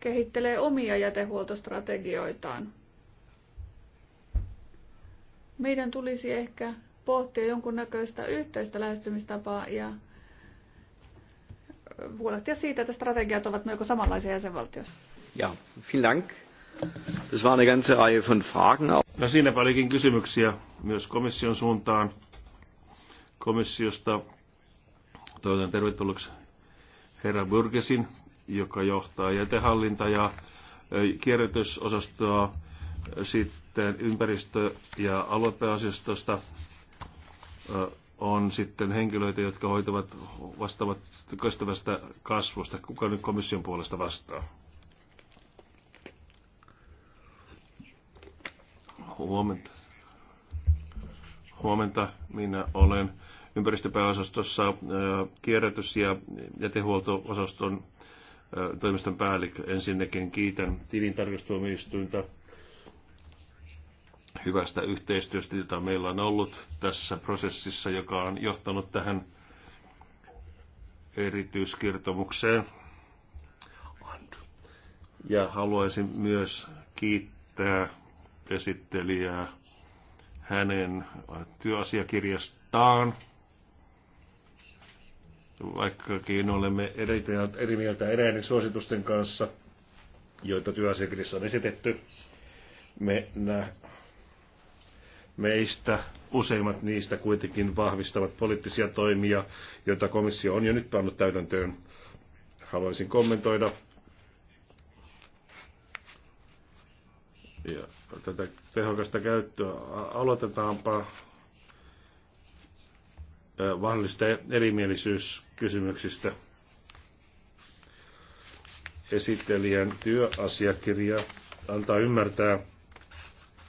kehittelee omia jätehuoltostrategioitaan. Meidän tulisi ehkä pohtia jonkunnäköistä yhteistä lähestymistapaa ja huolehtia siitä, että strategiat ovat melko samanlaisia jäsenvaltioissa. Ja, vielen dank. Das war eine ganze Reihe von Fragen. No siinä paljonkin kysymyksiä myös komission suuntaan. Komissiosta toivotan tervetulleeksi herra Burgesin, joka johtaa jätehallinta- ja kierrätysosastoa, sitten ympäristö- ja aluepääasiastosta on sitten henkilöitä, jotka hoitavat vastaavat kestävästä kasvusta. Kuka nyt komission puolesta vastaa? Huomenta. Huomenta. Minä olen ympäristöpääosastossa kierrätys- ja jätehuolto-osaston toimiston päällikkö. Ensinnäkin kiitän tilintarkastuomioistuinta hyvästä yhteistyöstä, jota meillä on ollut tässä prosessissa, joka on johtanut tähän erityiskertomukseen. Ja haluaisin myös kiittää esittelijää hänen työasiakirjastaan. Vaikkakin olemme eri mieltä eräiden suositusten kanssa, joita työasiakirjassa on esitetty, me Meistä useimmat niistä kuitenkin vahvistavat poliittisia toimia, joita komissio on jo nyt pannut täytäntöön. Haluaisin kommentoida ja tätä tehokasta käyttöä. Aloitetaanpa mahdollisista erimielisyyskysymyksistä. Esittelijän työasiakirja antaa ymmärtää,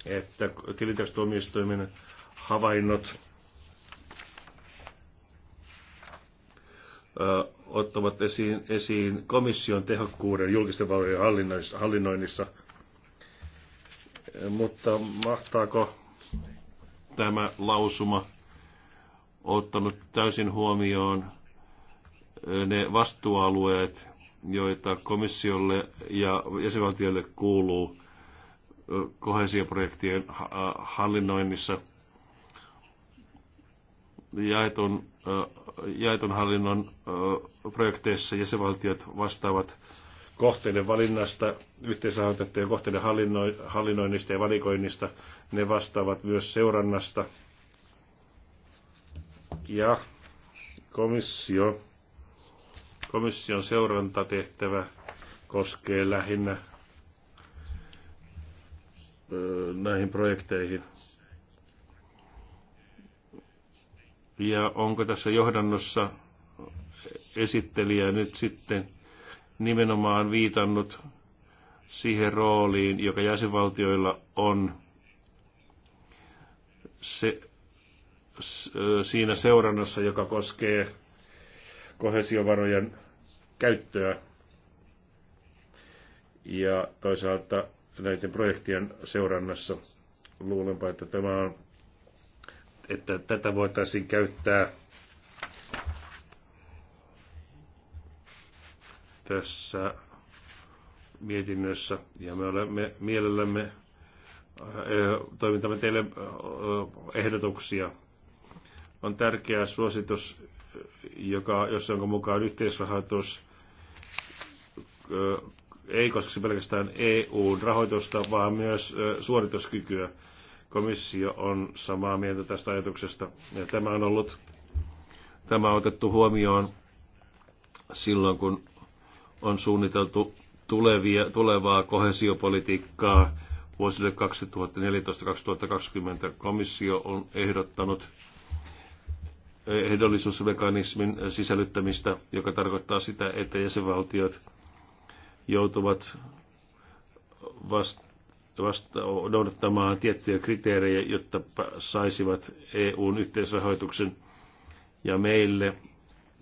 että tilintarkastustuomioistuimen havainnot ottavat esiin, esiin komission tehokkuuden julkisten varojen hallinnoinnissa. Mutta mahtaako tämä lausuma ottanut täysin huomioon ne vastuualueet, joita komissiolle ja jäsenvaltiolle kuuluu kohesioprojektien äh, hallinnoinnissa, jaetun, äh, jaetun hallinnon äh, projekteissa jäsenvaltiot vastaavat kohteiden valinnasta, yhteisrahoitettujen kohteiden hallinnoinnista ja valikoinnista. Ne vastaavat myös seurannasta. Ja komissio, komission seurantatehtävä koskee lähinnä näihin projekteihin. Ja onko tässä johdannossa esittelijä nyt sitten nimenomaan viitannut siihen rooliin, joka jäsenvaltioilla on se, siinä seurannassa, joka koskee kohesiovarojen käyttöä ja toisaalta näiden projektien seurannassa. Luulenpa, että, tämä on, että tätä voitaisiin käyttää tässä mietinnössä ja me olemme mielellämme eh, toimintamme teille eh, ehdotuksia. On tärkeä suositus, joka, jos jonka mukaan yhteisrahoitus eh, ei koske pelkästään eu rahoitusta, vaan myös suorituskykyä. Komissio on samaa mieltä tästä ajatuksesta. Ja tämä on ollut tämä on otettu huomioon silloin, kun on suunniteltu tulevia, tulevaa kohesiopolitiikkaa vuosille 2014-2020. Komissio on ehdottanut ehdollisuusmekanismin sisällyttämistä, joka tarkoittaa sitä, että jäsenvaltiot joutuvat vasta, vasta noudattamaan tiettyjä kriteerejä, jotta saisivat EUn yhteisrahoituksen. Ja meille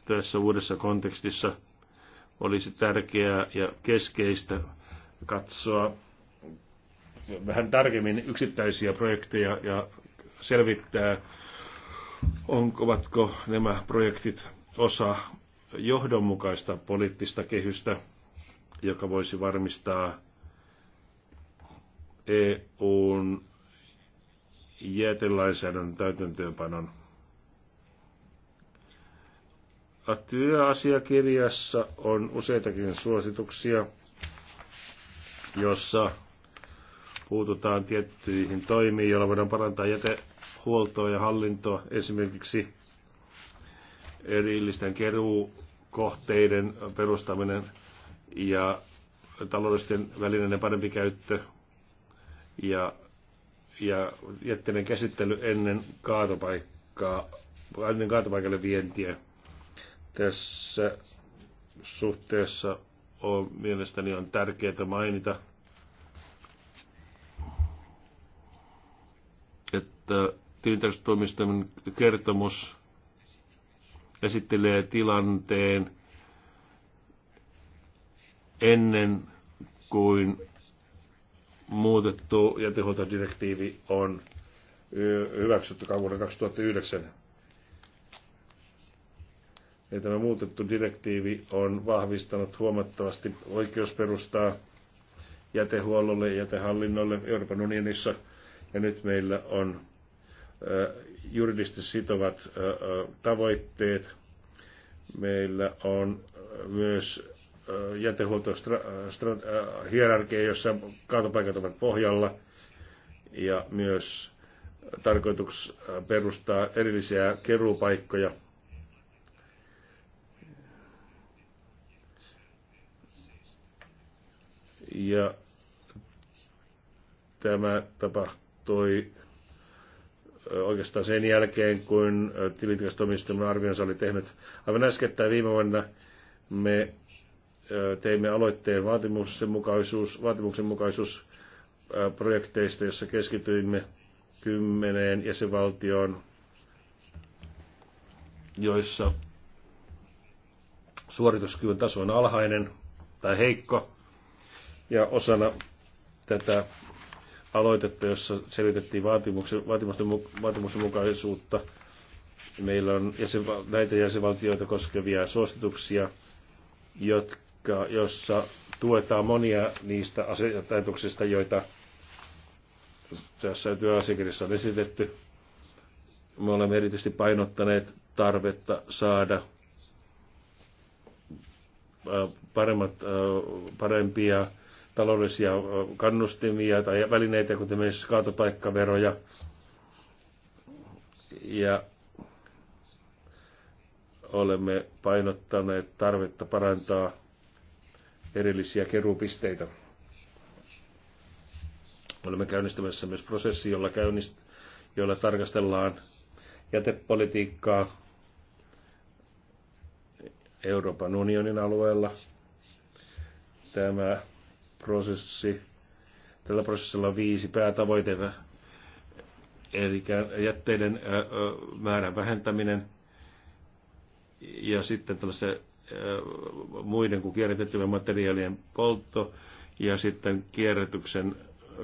tässä uudessa kontekstissa olisi tärkeää ja keskeistä katsoa vähän tarkemmin yksittäisiä projekteja ja selvittää, ovatko nämä projektit osa johdonmukaista poliittista kehystä, joka voisi varmistaa EUn jätelainsäädännön täytäntöönpanon. Työasiakirjassa on useitakin suosituksia, jossa puututaan tiettyihin toimiin, joilla voidaan parantaa jätehuoltoa ja hallintoa. Esimerkiksi erillisten keruukohteiden perustaminen ja taloudellisten välineiden parempi käyttö ja, ja jätteiden käsittely ennen kaatopaikkaa, ennen kaatopaikalle vientiä. Tässä suhteessa on, mielestäni on tärkeää mainita, että tilintarkastustoimiston kertomus esittelee tilanteen ennen kuin muutettu jätehuoltodirektiivi on hyväksytty vuonna 2009. Ja tämä muutettu direktiivi on vahvistanut huomattavasti oikeusperustaa jätehuollolle ja jätehallinnolle Euroopan unionissa. Ja nyt meillä on juridisesti sitovat tavoitteet. Meillä on myös jätehuoltohierarkia, jossa kaatopaikat ovat pohjalla ja myös tarkoituks perustaa erillisiä keruupaikkoja. Ja tämä tapahtui oikeastaan sen jälkeen, kun tilintarkastustoimistomme arvionsa oli tehnyt aivan äskettäin viime vuonna me teimme aloitteen vaatimuksen mukaisuus projekteista, jossa keskityimme kymmeneen jäsenvaltioon, joissa suorituskyvyn taso on alhainen tai heikko. Ja osana tätä aloitetta, jossa selvitettiin vaatimusten, vaatimusten mukaisuutta, meillä on jäsenval- näitä jäsenvaltioita koskevia suosituksia, jotka jotka, jossa tuetaan monia niistä ajatuksista, joita tässä työasiakirjassa on esitetty. Me olemme erityisesti painottaneet tarvetta saada paremmat, parempia taloudellisia kannustimia tai välineitä, kuten myös kaatopaikkaveroja. Ja olemme painottaneet tarvetta parantaa erillisiä keruupisteitä. Olemme käynnistämässä myös prosessi, jolla, käynnist- jolla tarkastellaan jätepolitiikkaa Euroopan unionin alueella. Tämä prosessi, tällä prosessilla on viisi päätavoitetta, eli jätteiden määrän vähentäminen ja sitten tällaisen Äh, muiden kuin kierrätettyjen materiaalien poltto ja sitten kierrätyksen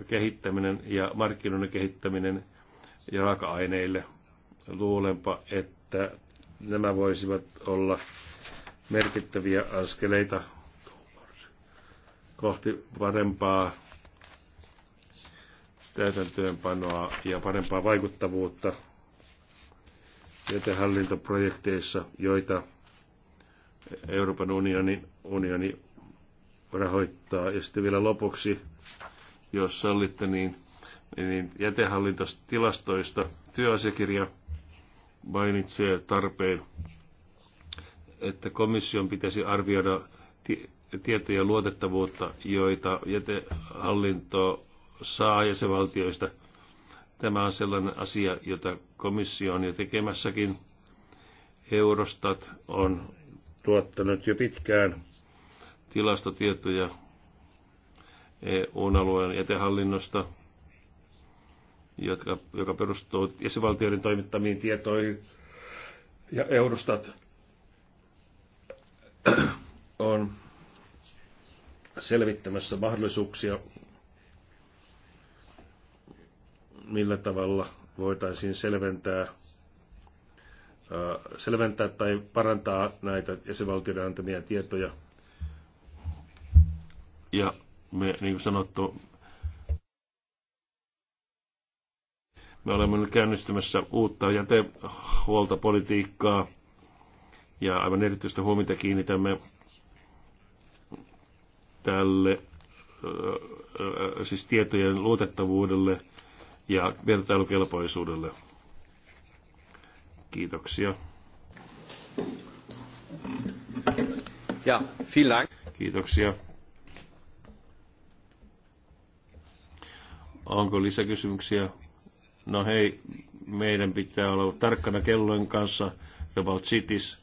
kehittäminen ja markkinoiden kehittäminen ja raaka-aineille. Luulenpa, että nämä voisivat olla merkittäviä askeleita kohti parempaa täytäntöönpanoa ja parempaa vaikuttavuutta jätehallintoprojekteissa, joita Euroopan unioni, unioni rahoittaa. Ja sitten vielä lopuksi, jos sallitte, niin, niin jätehallintatilastoista työasiakirja mainitsee tarpeen, että komission pitäisi arvioida tietoja luotettavuutta, joita jätehallinto saa jäsenvaltioista. Tämä on sellainen asia, jota komissio on jo tekemässäkin. Eurostat on tuottanut jo pitkään tilastotietoja EU-alueen jätehallinnosta, jotka, joka perustuu jäsenvaltioiden toimittamiin tietoihin. Ja Eurostat on selvittämässä mahdollisuuksia, millä tavalla voitaisiin selventää selventää tai parantaa näitä jäsenvaltioiden antamia tietoja. Ja me, niin kuin sanottu, me olemme nyt käynnistämässä uutta jätehuoltopolitiikkaa ja aivan erityistä huomiota kiinnitämme tälle siis tietojen luotettavuudelle ja vertailukelpoisuudelle. Kiitoksia. Ja, vielen Dank. Kiitoksia. Onko lisäkysymyksiä? No hei, meidän pitää olla tarkkana kellojen kanssa, about cities,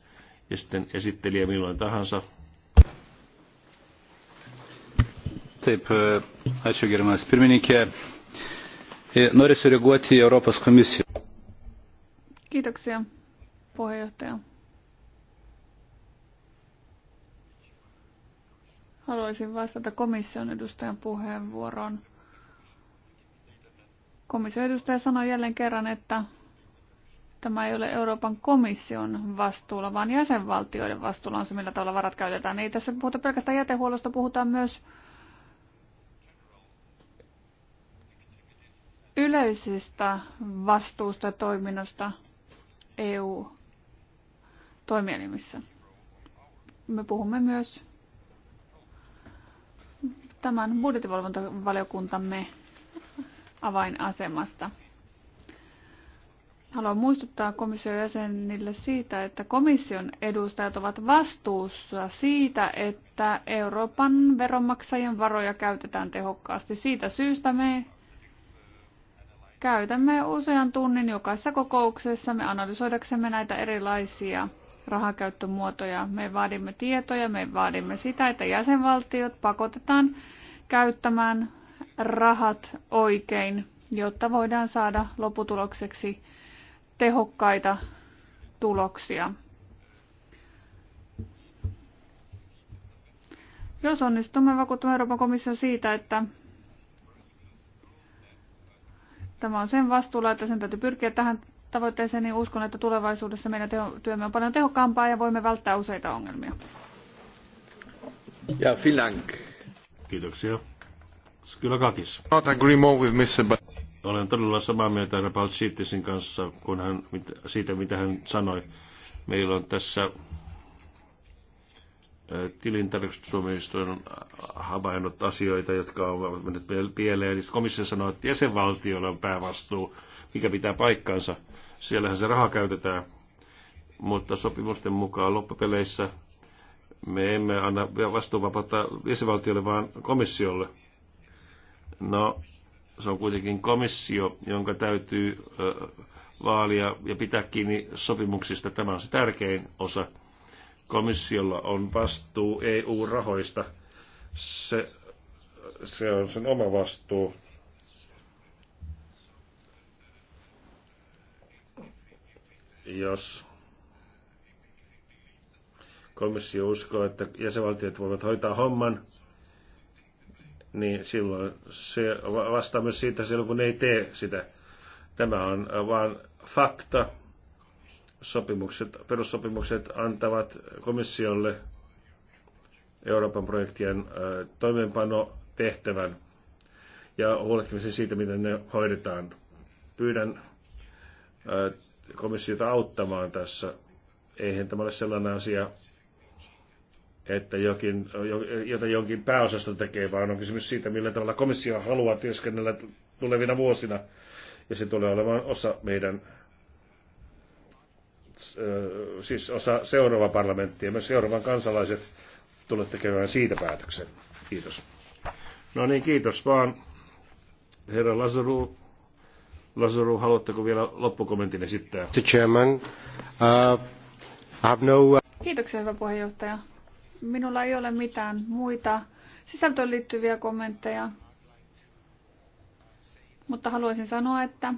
ja sitten esittelijä milloin tahansa. Taip, ačiū gerimas pirmininkė. E, noriu sureaguoti Europos komisiją. Kiitoksia, puheenjohtaja. Haluaisin vastata komission edustajan puheenvuoroon. Komission edustaja sanoi jälleen kerran, että tämä ei ole Euroopan komission vastuulla, vaan jäsenvaltioiden vastuulla on se, millä tavalla varat käytetään. Ei tässä puhuta pelkästään jätehuollosta, puhutaan myös yleisistä vastuusta toiminnasta – EU-toimielimissä. Me puhumme myös tämän budjettivalvontavaliokuntamme avainasemasta. Haluan muistuttaa komission jäsenille siitä, että komission edustajat ovat vastuussa siitä, että Euroopan veronmaksajien varoja käytetään tehokkaasti. Siitä syystä me käytämme usean tunnin jokaisessa kokouksessa me analysoidaksemme näitä erilaisia rahakäyttömuotoja. Me vaadimme tietoja, me vaadimme sitä, että jäsenvaltiot pakotetaan käyttämään rahat oikein, jotta voidaan saada loputulokseksi tehokkaita tuloksia. Jos onnistumme vakuuttamaan Euroopan komission siitä, että Tämä on sen vastuulla, että sen täytyy pyrkiä tähän tavoitteeseen, niin uskon, että tulevaisuudessa meidän teho- työmme on paljon tehokkaampaa ja voimme välttää useita ongelmia. Ja Filank. Kiitoksia. Skylakakis. Not agree more with Mr. But... Olen todella samaa mieltä Rabalchitisin kanssa kun hän, siitä, mitä hän sanoi. Meillä on tässä tilintarkastustuomioistuin on havainnut asioita, jotka ovat menneet pieleen. Niin komissio sanoi, että jäsenvaltioilla on päävastuu, mikä pitää paikkansa. Siellähän se raha käytetään, mutta sopimusten mukaan loppupeleissä me emme anna vastuuvapautta jäsenvaltiolle, vaan komissiolle. No, se on kuitenkin komissio, jonka täytyy vaalia ja pitää kiinni sopimuksista. Tämä on se tärkein osa Komissiolla on vastuu EU-rahoista. Se, se on sen oma vastuu. Jos komissio uskoo, että jäsenvaltiot voivat hoitaa homman, niin silloin se vastaa myös siitä silloin, kun ne ei tee sitä. Tämä on vain fakta, sopimukset, perussopimukset antavat komissiolle Euroopan projektien toimeenpanotehtävän ja huolehtimisen siitä, miten ne hoidetaan. Pyydän komissiota auttamaan tässä. Eihän tämä ole sellainen asia, että jokin, jota jonkin pääosasto tekee, vaan on kysymys siitä, millä tavalla komissio haluaa työskennellä tulevina vuosina. Ja se tulee olemaan osa meidän Äh, siis osa seuraava parlamentti ja myös seuraavan kansalaiset tulette tekemään siitä päätöksen. Kiitos. No niin, kiitos vaan. Herra Lazaru, Lazaru haluatteko vielä loppukommentin esittää? Mr. Chairman, uh, have no... Uh, Kiitoksia, hyvä puheenjohtaja. Minulla ei ole mitään muita sisältöön liittyviä kommentteja, mutta haluaisin sanoa, että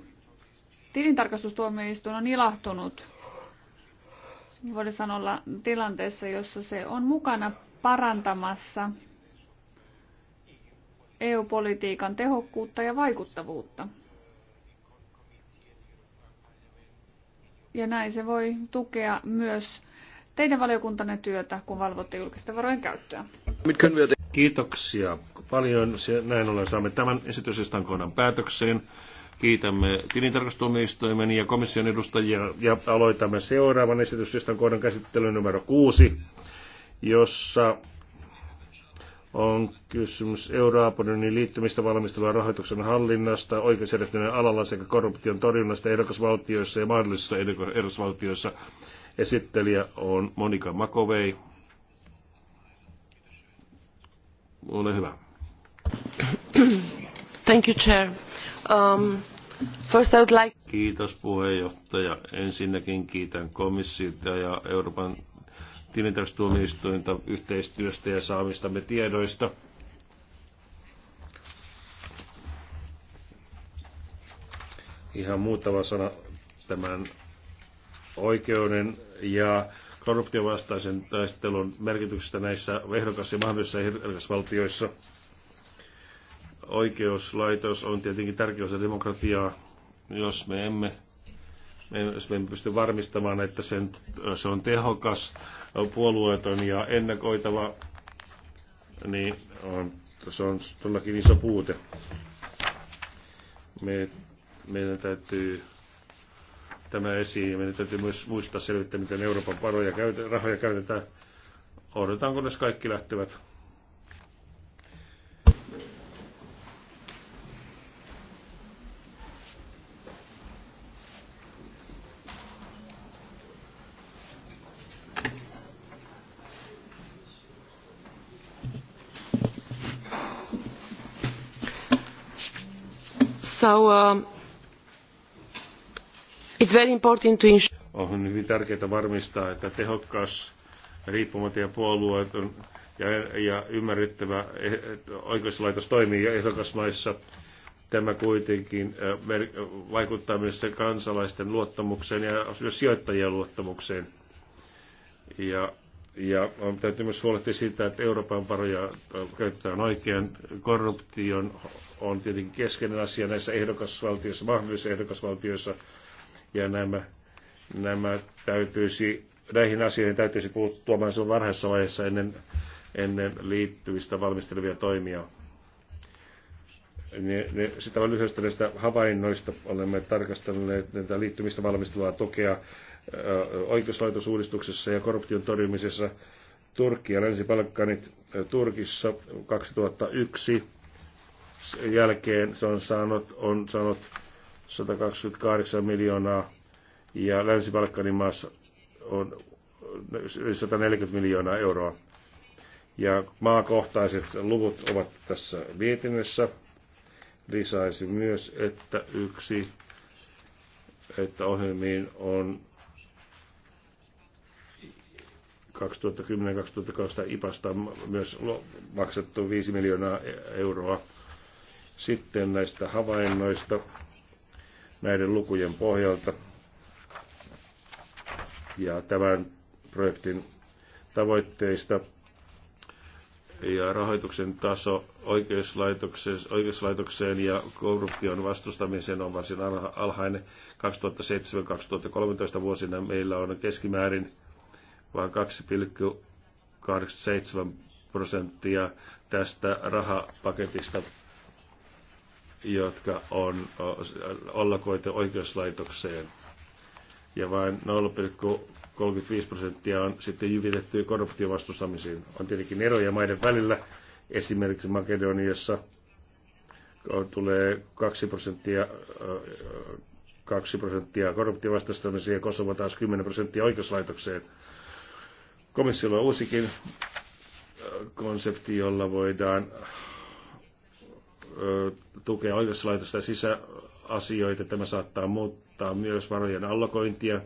tilintarkastustuomioistuin on ilahtunut voidaan sanoa tilanteessa, jossa se on mukana parantamassa EU-politiikan tehokkuutta ja vaikuttavuutta. Ja näin se voi tukea myös teidän valiokuntanne työtä, kun valvotte julkisten varojen käyttöä. Kiitoksia paljon. Näin ollen saamme tämän esityslistan kohdan päätökseen. Kiitämme tilintarkastustuomioistuimen ja komission edustajia ja aloitamme seuraavan esityslistan kohdan käsittelyn numero kuusi, jossa on kysymys Euroopan unionin liittymistä valmistelua rahoituksen hallinnasta, oikeusjärjestelmän alalla sekä korruption torjunnasta ehdokasvaltioissa ja mahdollisissa ehdokasvaltioissa. Esittelijä on Monika Makovei. Ole hyvä. Thank you, Chair. Um, first I would like... Kiitos puheenjohtaja. Ensinnäkin kiitän komissiota ja Euroopan tilintarkastustuomioistuinta yhteistyöstä ja saamistamme tiedoista. Ihan muutama sana tämän oikeuden ja korruptiovastaisen taistelun merkityksestä näissä ehdokas- ja mahdollisissa ehdokasvaltioissa. Oikeuslaitos on tietenkin tärkeä osa demokratiaa. Jos me emme jos me emme pysty varmistamaan, että sen, se on tehokas, puolueeton ja ennakoitava, niin on, se on todellakin iso puute. Me, meidän täytyy tämä esiin ja meidän täytyy myös muistaa selvittää, miten Euroopan varoja, rahoja käytetään. Odotan, kunnes kaikki lähtevät It's very important to ensure. On hyvin tärkeää varmistaa, että tehokas, riippumaton ja puolueeton ja, ja ymmärrettävä eh, oikeuslaitos toimii ehdokasmaissa. Tämä kuitenkin eh, vaikuttaa myös kansalaisten luottamukseen ja myös sijoittajien luottamukseen. Ja, ja on täytyy myös huolehtia siitä, että Euroopan varoja eh, käytetään oikein. Korruption on tietenkin keskeinen asia näissä ehdokasvaltioissa, mahdollisissa ehdokasvaltioissa ja nämä, nämä täytyisi, näihin asioihin täytyisi puuttua mahdollisimman varhaisessa vaiheessa ennen, ennen liittyvistä valmistelevia toimia. Ne, ne, sitä on lyhyestä näistä havainnoista olemme tarkastelleet näitä liittymistä valmistelua tukea oikeuslaitosuudistuksessa ja korruption torjumisessa Turkki ja Länsi-Balkanit Turkissa 2001 jälkeen se on saanut, on saanut 128 miljoonaa ja Länsi-Balkanin maassa on 140 miljoonaa euroa. Ja maakohtaiset luvut ovat tässä mietinnössä. Lisäisi myös, että yksi, että ohjelmiin on 2010-2012 IPasta myös maksettu 5 miljoonaa euroa. Sitten näistä havainnoista näiden lukujen pohjalta. Ja tämän projektin tavoitteista ja rahoituksen taso oikeuslaitokseen, oikeuslaitokseen ja korruption vastustamiseen on varsin alhainen. 2007-2013 vuosina meillä on keskimäärin vain 2,87 prosenttia tästä rahapaketista jotka on allakoitu oikeuslaitokseen. Ja vain 0,35 prosenttia on sitten jyvitetty korruptiovastustamisiin. On tietenkin eroja maiden välillä. Esimerkiksi Makedoniassa tulee 2 prosenttia 2 prosenttia korruptiovastustamisiin ja Kosovo taas 10 prosenttia oikeuslaitokseen. Komissiolla on uusikin konsepti, jolla voidaan tukea oikeuslaitosta ja sisäasioita. Tämä saattaa muuttaa myös varojen allokointia,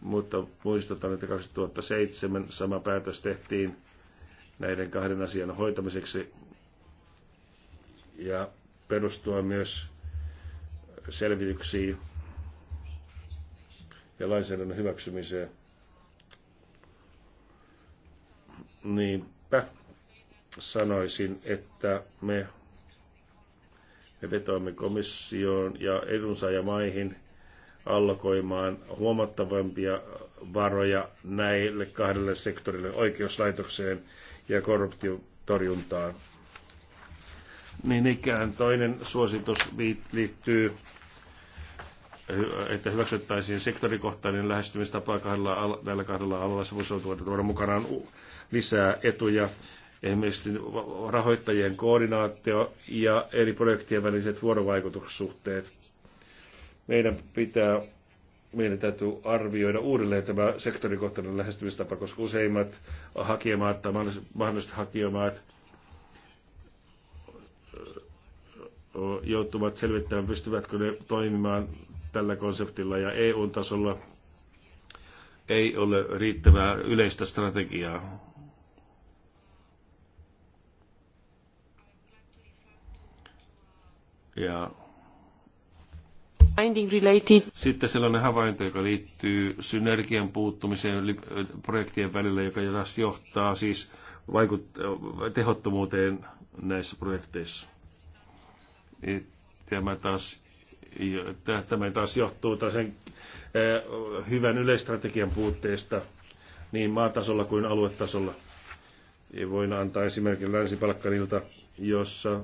mutta muistutan, että 2007 sama päätös tehtiin näiden kahden asian hoitamiseksi ja perustua myös selvityksiin ja lainsäädännön hyväksymiseen. Niinpä sanoisin, että me me vetoamme komissioon ja edunsaajamaihin allokoimaan huomattavampia varoja näille kahdelle sektorille, oikeuslaitokseen ja korruptiotorjuntaan. Niin ikään toinen suositus liittyy että hyväksyttäisiin sektorikohtainen lähestymistapa kahdella, näillä kahdella alalla. Se voisi tuoda mukanaan lisää etuja esimerkiksi rahoittajien koordinaatio ja eri projektien väliset vuorovaikutussuhteet. Meidän pitää meidän täytyy arvioida uudelleen tämä sektorikohtainen lähestymistapa, koska useimmat hakijamaat tai mahdolliset hakijamaat joutuvat selvittämään, pystyvätkö ne toimimaan tällä konseptilla ja eu tasolla ei ole riittävää yleistä strategiaa. Ja sitten sellainen havainto, joka liittyy synergian puuttumiseen projektien välillä, joka taas johtaa siis vaikut, tehottomuuteen näissä projekteissa. Tämä taas, tämä taas johtuu taas sen hyvän yleistrategian puutteesta niin maatasolla kuin aluetasolla. Voin antaa esimerkin Länsi-Palkkanilta, jossa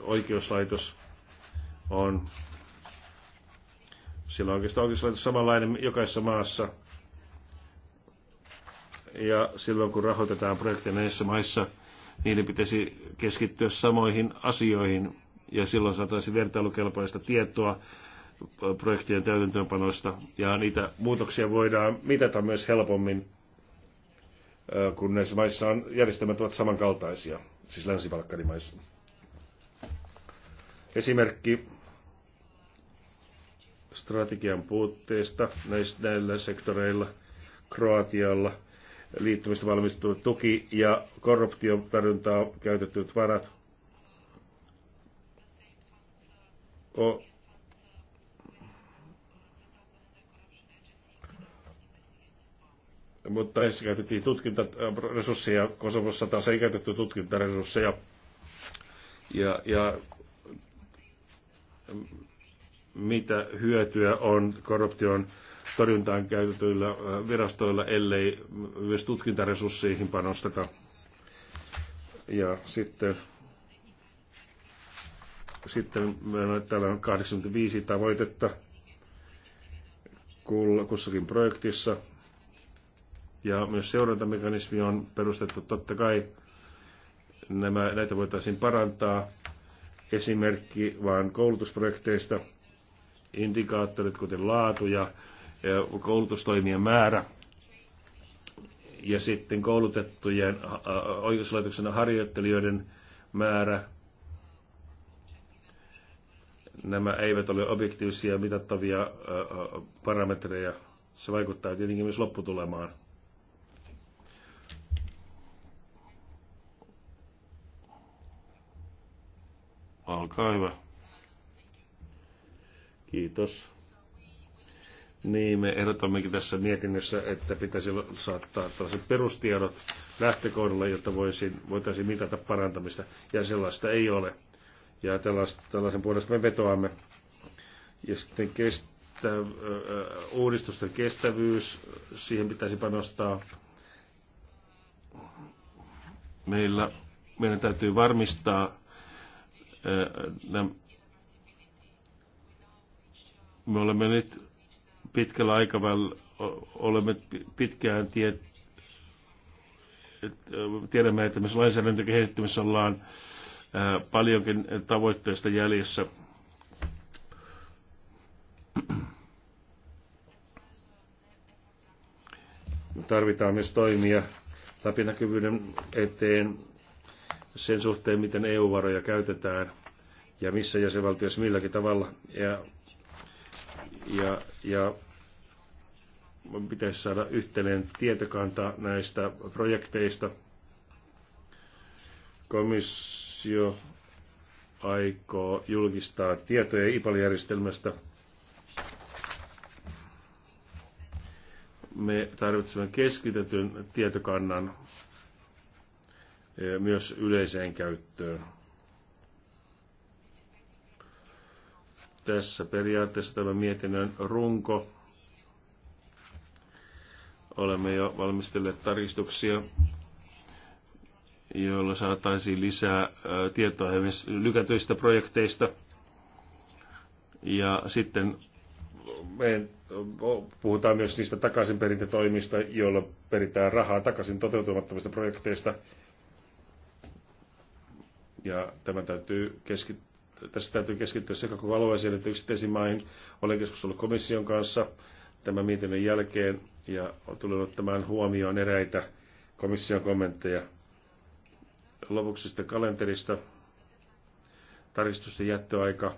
oikeuslaitos on sillä on oikeastaan oikeuslaitos samanlainen jokaisessa maassa. Ja silloin kun rahoitetaan projekteja näissä maissa, niiden pitäisi keskittyä samoihin asioihin ja silloin saataisiin vertailukelpoista tietoa projektien täytäntöönpanoista. ja niitä muutoksia voidaan mitata myös helpommin, äh, kun näissä maissa on järjestelmät ovat samankaltaisia, siis länsi maissa. Esimerkki strategian puutteesta näillä sektoreilla Kroatialla liittymistä valmistunut tuki ja korruption pärjyntää käytetyt varat. O- mutta ensin käytettiin tutkintaresursseja, Kosovossa taas ei käytetty tutkintaresursseja. Ja, ja mitä hyötyä on korruption torjuntaan käytetyillä virastoilla, ellei myös tutkintaresursseihin panosteta. Ja sitten, sitten meillä on, täällä on 85 tavoitetta kussakin projektissa. Ja myös seurantamekanismi on perustettu totta kai. Nämä, näitä voitaisiin parantaa esimerkki, vaan koulutusprojekteista indikaattorit, kuten laatu ja koulutustoimien määrä, ja sitten koulutettujen oikeuslaitoksena harjoittelijoiden määrä. Nämä eivät ole objektiivisia mitattavia parametreja. Se vaikuttaa tietenkin myös lopputulemaan. Olkaa hyvä. Kiitos. Niin, me ehdotammekin tässä mietinnössä, että pitäisi saattaa tällaiset perustiedot lähtökohdalle, jotta voisin, voitaisiin mitata parantamista, ja sellaista ei ole. Ja tällaisen puolesta me vetoamme. Ja sitten kestä, uudistusten kestävyys, siihen pitäisi panostaa. Meillä, meidän täytyy varmistaa, me olemme nyt pitkällä aikavälillä, olemme pitkään tie, tiedämme, että myös lainsäädäntökehittymissä ollaan paljonkin tavoitteista jäljessä. Tarvitaan myös toimia läpinäkyvyyden eteen sen suhteen, miten EU-varoja käytetään ja missä jäsenvaltioissa milläkin tavalla. Ja, ja, ja pitäisi saada yhteinen tietokanta näistä projekteista. Komissio aikoo julkistaa tietoja IPAL-järjestelmästä. Me tarvitsemme keskitetyn tietokannan E, myös yleiseen käyttöön. Tässä periaatteessa tämä mietinnön runko. Olemme jo valmistelleet tarkistuksia, joilla saataisiin lisää e, tietoa lykätyistä projekteista. Ja sitten me puhutaan myös niistä takaisinperintätoimista, joilla peritään rahaa takaisin toteutumattomista projekteista – ja tämä täytyy keskittyä tässä täytyy keskittyä sekä koko alueeseen että yksittäisiin maihin. Olen keskustellut komission kanssa tämän mietinnön jälkeen ja tulen ottamaan huomioon eräitä komission kommentteja. Lopuksi sitten kalenterista. Tarkistusten jättöaika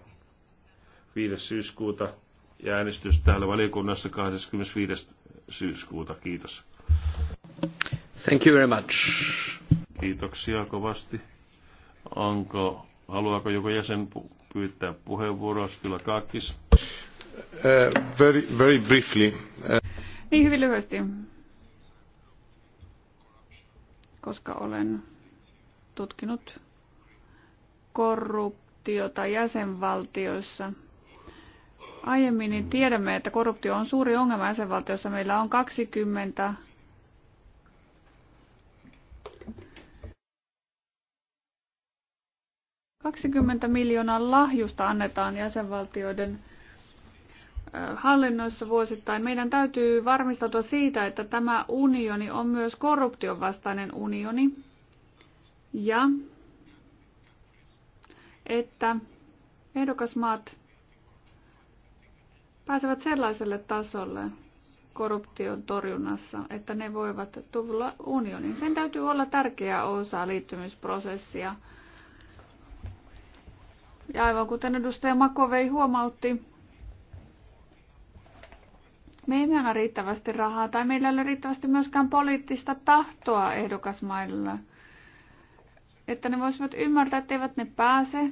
5. syyskuuta ja äänestys täällä valiokunnassa 25. syyskuuta. Kiitos. Thank you very much. Kiitoksia kovasti. Onko, haluaako joku jäsen pyytää puheenvuoroa? Kyllä Kaakis. Uh, very, very briefly. Uh... Niin hyvin lyhyesti, koska olen tutkinut korruptiota jäsenvaltioissa. Aiemmin niin tiedämme, että korruptio on suuri ongelma jäsenvaltioissa. Meillä on 20 20 miljoonaa lahjusta annetaan jäsenvaltioiden hallinnoissa vuosittain. Meidän täytyy varmistautua siitä, että tämä unioni on myös korruption vastainen unioni ja että ehdokasmaat pääsevät sellaiselle tasolle korruption torjunnassa, että ne voivat tulla unioniin. Sen täytyy olla tärkeä osa liittymisprosessia ja aivan kuten edustaja Makovei huomautti, me ei anna riittävästi rahaa tai meillä ei ole riittävästi myöskään poliittista tahtoa ehdokasmailla, että ne voisivat ymmärtää, että eivät ne pääse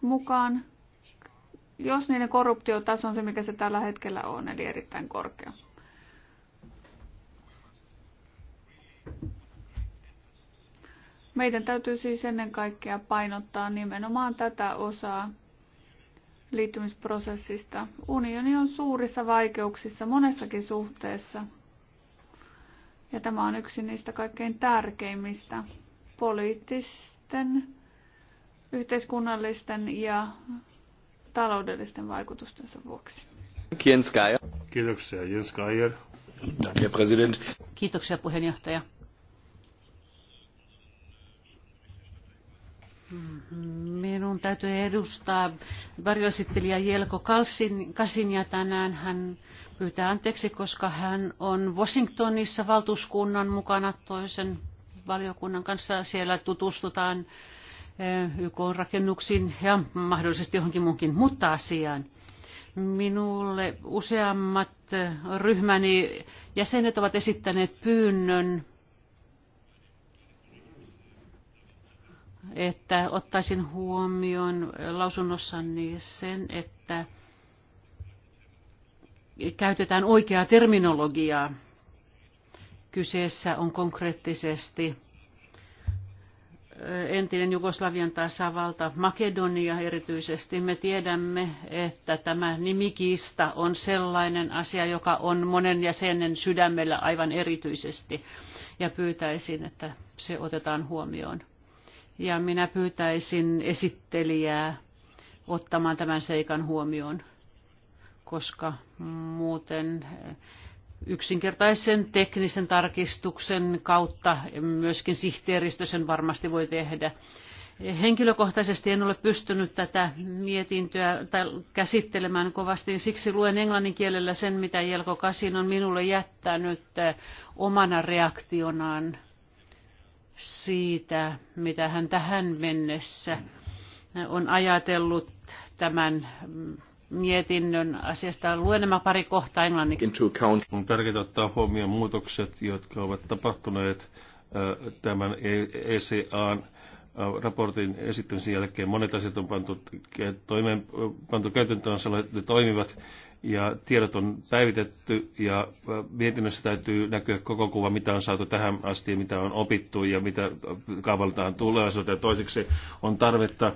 mukaan, jos niiden korruptiotaso on se, mikä se tällä hetkellä on, eli erittäin korkea. Meidän täytyy siis ennen kaikkea painottaa nimenomaan tätä osaa liittymisprosessista. Unioni on suurissa vaikeuksissa monessakin suhteessa. Ja tämä on yksi niistä kaikkein tärkeimmistä poliittisten, yhteiskunnallisten ja taloudellisten vaikutustensa vuoksi. Kiitoksia Jens Geier. Kiitoksia puheenjohtaja. Minun täytyy edustaa varjoesittelijä Jelko Kalsin, ja tänään. Hän pyytää anteeksi, koska hän on Washingtonissa valtuuskunnan mukana toisen valiokunnan kanssa. Siellä tutustutaan eh, YK-rakennuksiin ja mahdollisesti johonkin muunkin, mutta asiaan. Minulle useammat eh, ryhmäni jäsenet ovat esittäneet pyynnön että ottaisin huomioon lausunnossani sen, että käytetään oikeaa terminologiaa. Kyseessä on konkreettisesti entinen Jugoslavian tasavalta Makedonia erityisesti. Me tiedämme, että tämä nimikiista on sellainen asia, joka on monen jäsenen sydämellä aivan erityisesti. Ja pyytäisin, että se otetaan huomioon ja minä pyytäisin esittelijää ottamaan tämän seikan huomioon, koska muuten yksinkertaisen teknisen tarkistuksen kautta myöskin sihteeristö sen varmasti voi tehdä. Henkilökohtaisesti en ole pystynyt tätä mietintöä tai käsittelemään kovasti, siksi luen englannin kielellä sen, mitä Jelko Kasin on minulle jättänyt omana reaktionaan siitä, mitä hän tähän mennessä on ajatellut tämän mietinnön asiasta. Luen nämä pari kohtaa englanniksi. On tärkeää ottaa huomioon muutokset, jotka ovat tapahtuneet äh, tämän ECAn e äh, raportin esittämisen jälkeen monet asiat on pantu, toimeen, pantu käytäntöön, ne toimivat ja tiedot on päivitetty ja äh, mietinnössä täytyy näkyä koko kuva, mitä on saatu tähän asti, mitä on opittu ja mitä äh, kavaltaan Ja Toiseksi on tarvetta äh,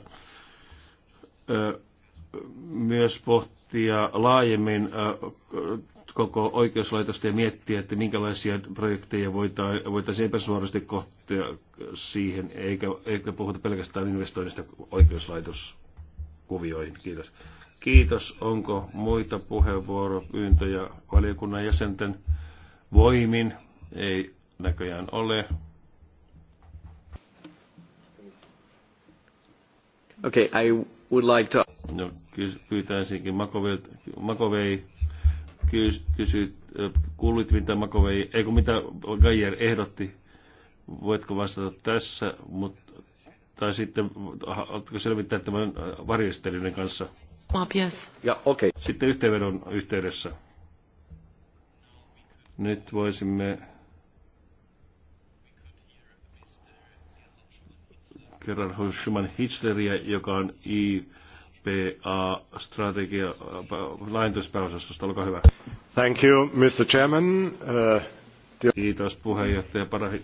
myös pohtia laajemmin koko oikeuslaitosta ja miettiä, että minkälaisia projekteja voitaisiin epäsuorasti kohtia siihen, eikä, eikä puhuta pelkästään investoinnista oikeuslaitoskuvioihin. Kiitos. Kiitos. Onko muita puheenvuoropyyntöjä valiokunnan jäsenten voimin? Ei näköjään ole. Okay, I would like to... No, pyytäisinkin Makovei, Makovei kys, kysyt, kuulit mitä Makovei, eikö mitä Gajer ehdotti, voitko vastata tässä, mutta tai sitten oletko selvittää tämän varjostelinen kanssa? Mapias. Ja okei. Okay. Sitten yhteenvedon yhteydessä. Nyt voisimme kerran Schumann Hitleriä, joka on IPA-strategia laajentumispääosastosta. Olkaa hyvä. Thank you, Mr. Chairman. Uh, Kiitos puheenjohtaja Parahi.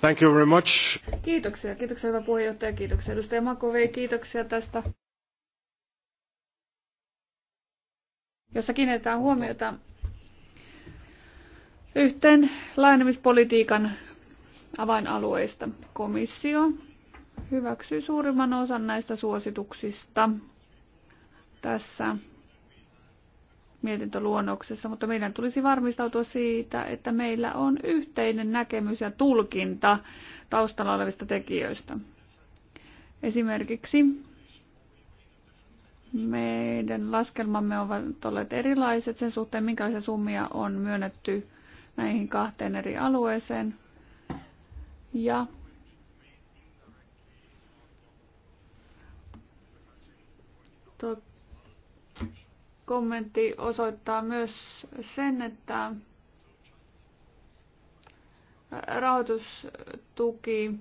Thank you very much. Kiitoksia, kiitoksia hyvä puheenjohtaja, kiitoksia edustaja Makovei, kiitoksia tästä jossa kiinnitetään huomiota yhteen laajenemispolitiikan avainalueista. Komissio hyväksyy suurimman osan näistä suosituksista tässä mietintöluonnoksessa, mutta meidän tulisi varmistautua siitä, että meillä on yhteinen näkemys ja tulkinta taustalla olevista tekijöistä. Esimerkiksi meidän laskelmamme ovat olleet erilaiset sen suhteen, minkälaisia summia on myönnetty näihin kahteen eri alueeseen. Ja tuo kommentti osoittaa myös sen, että rahoitustuki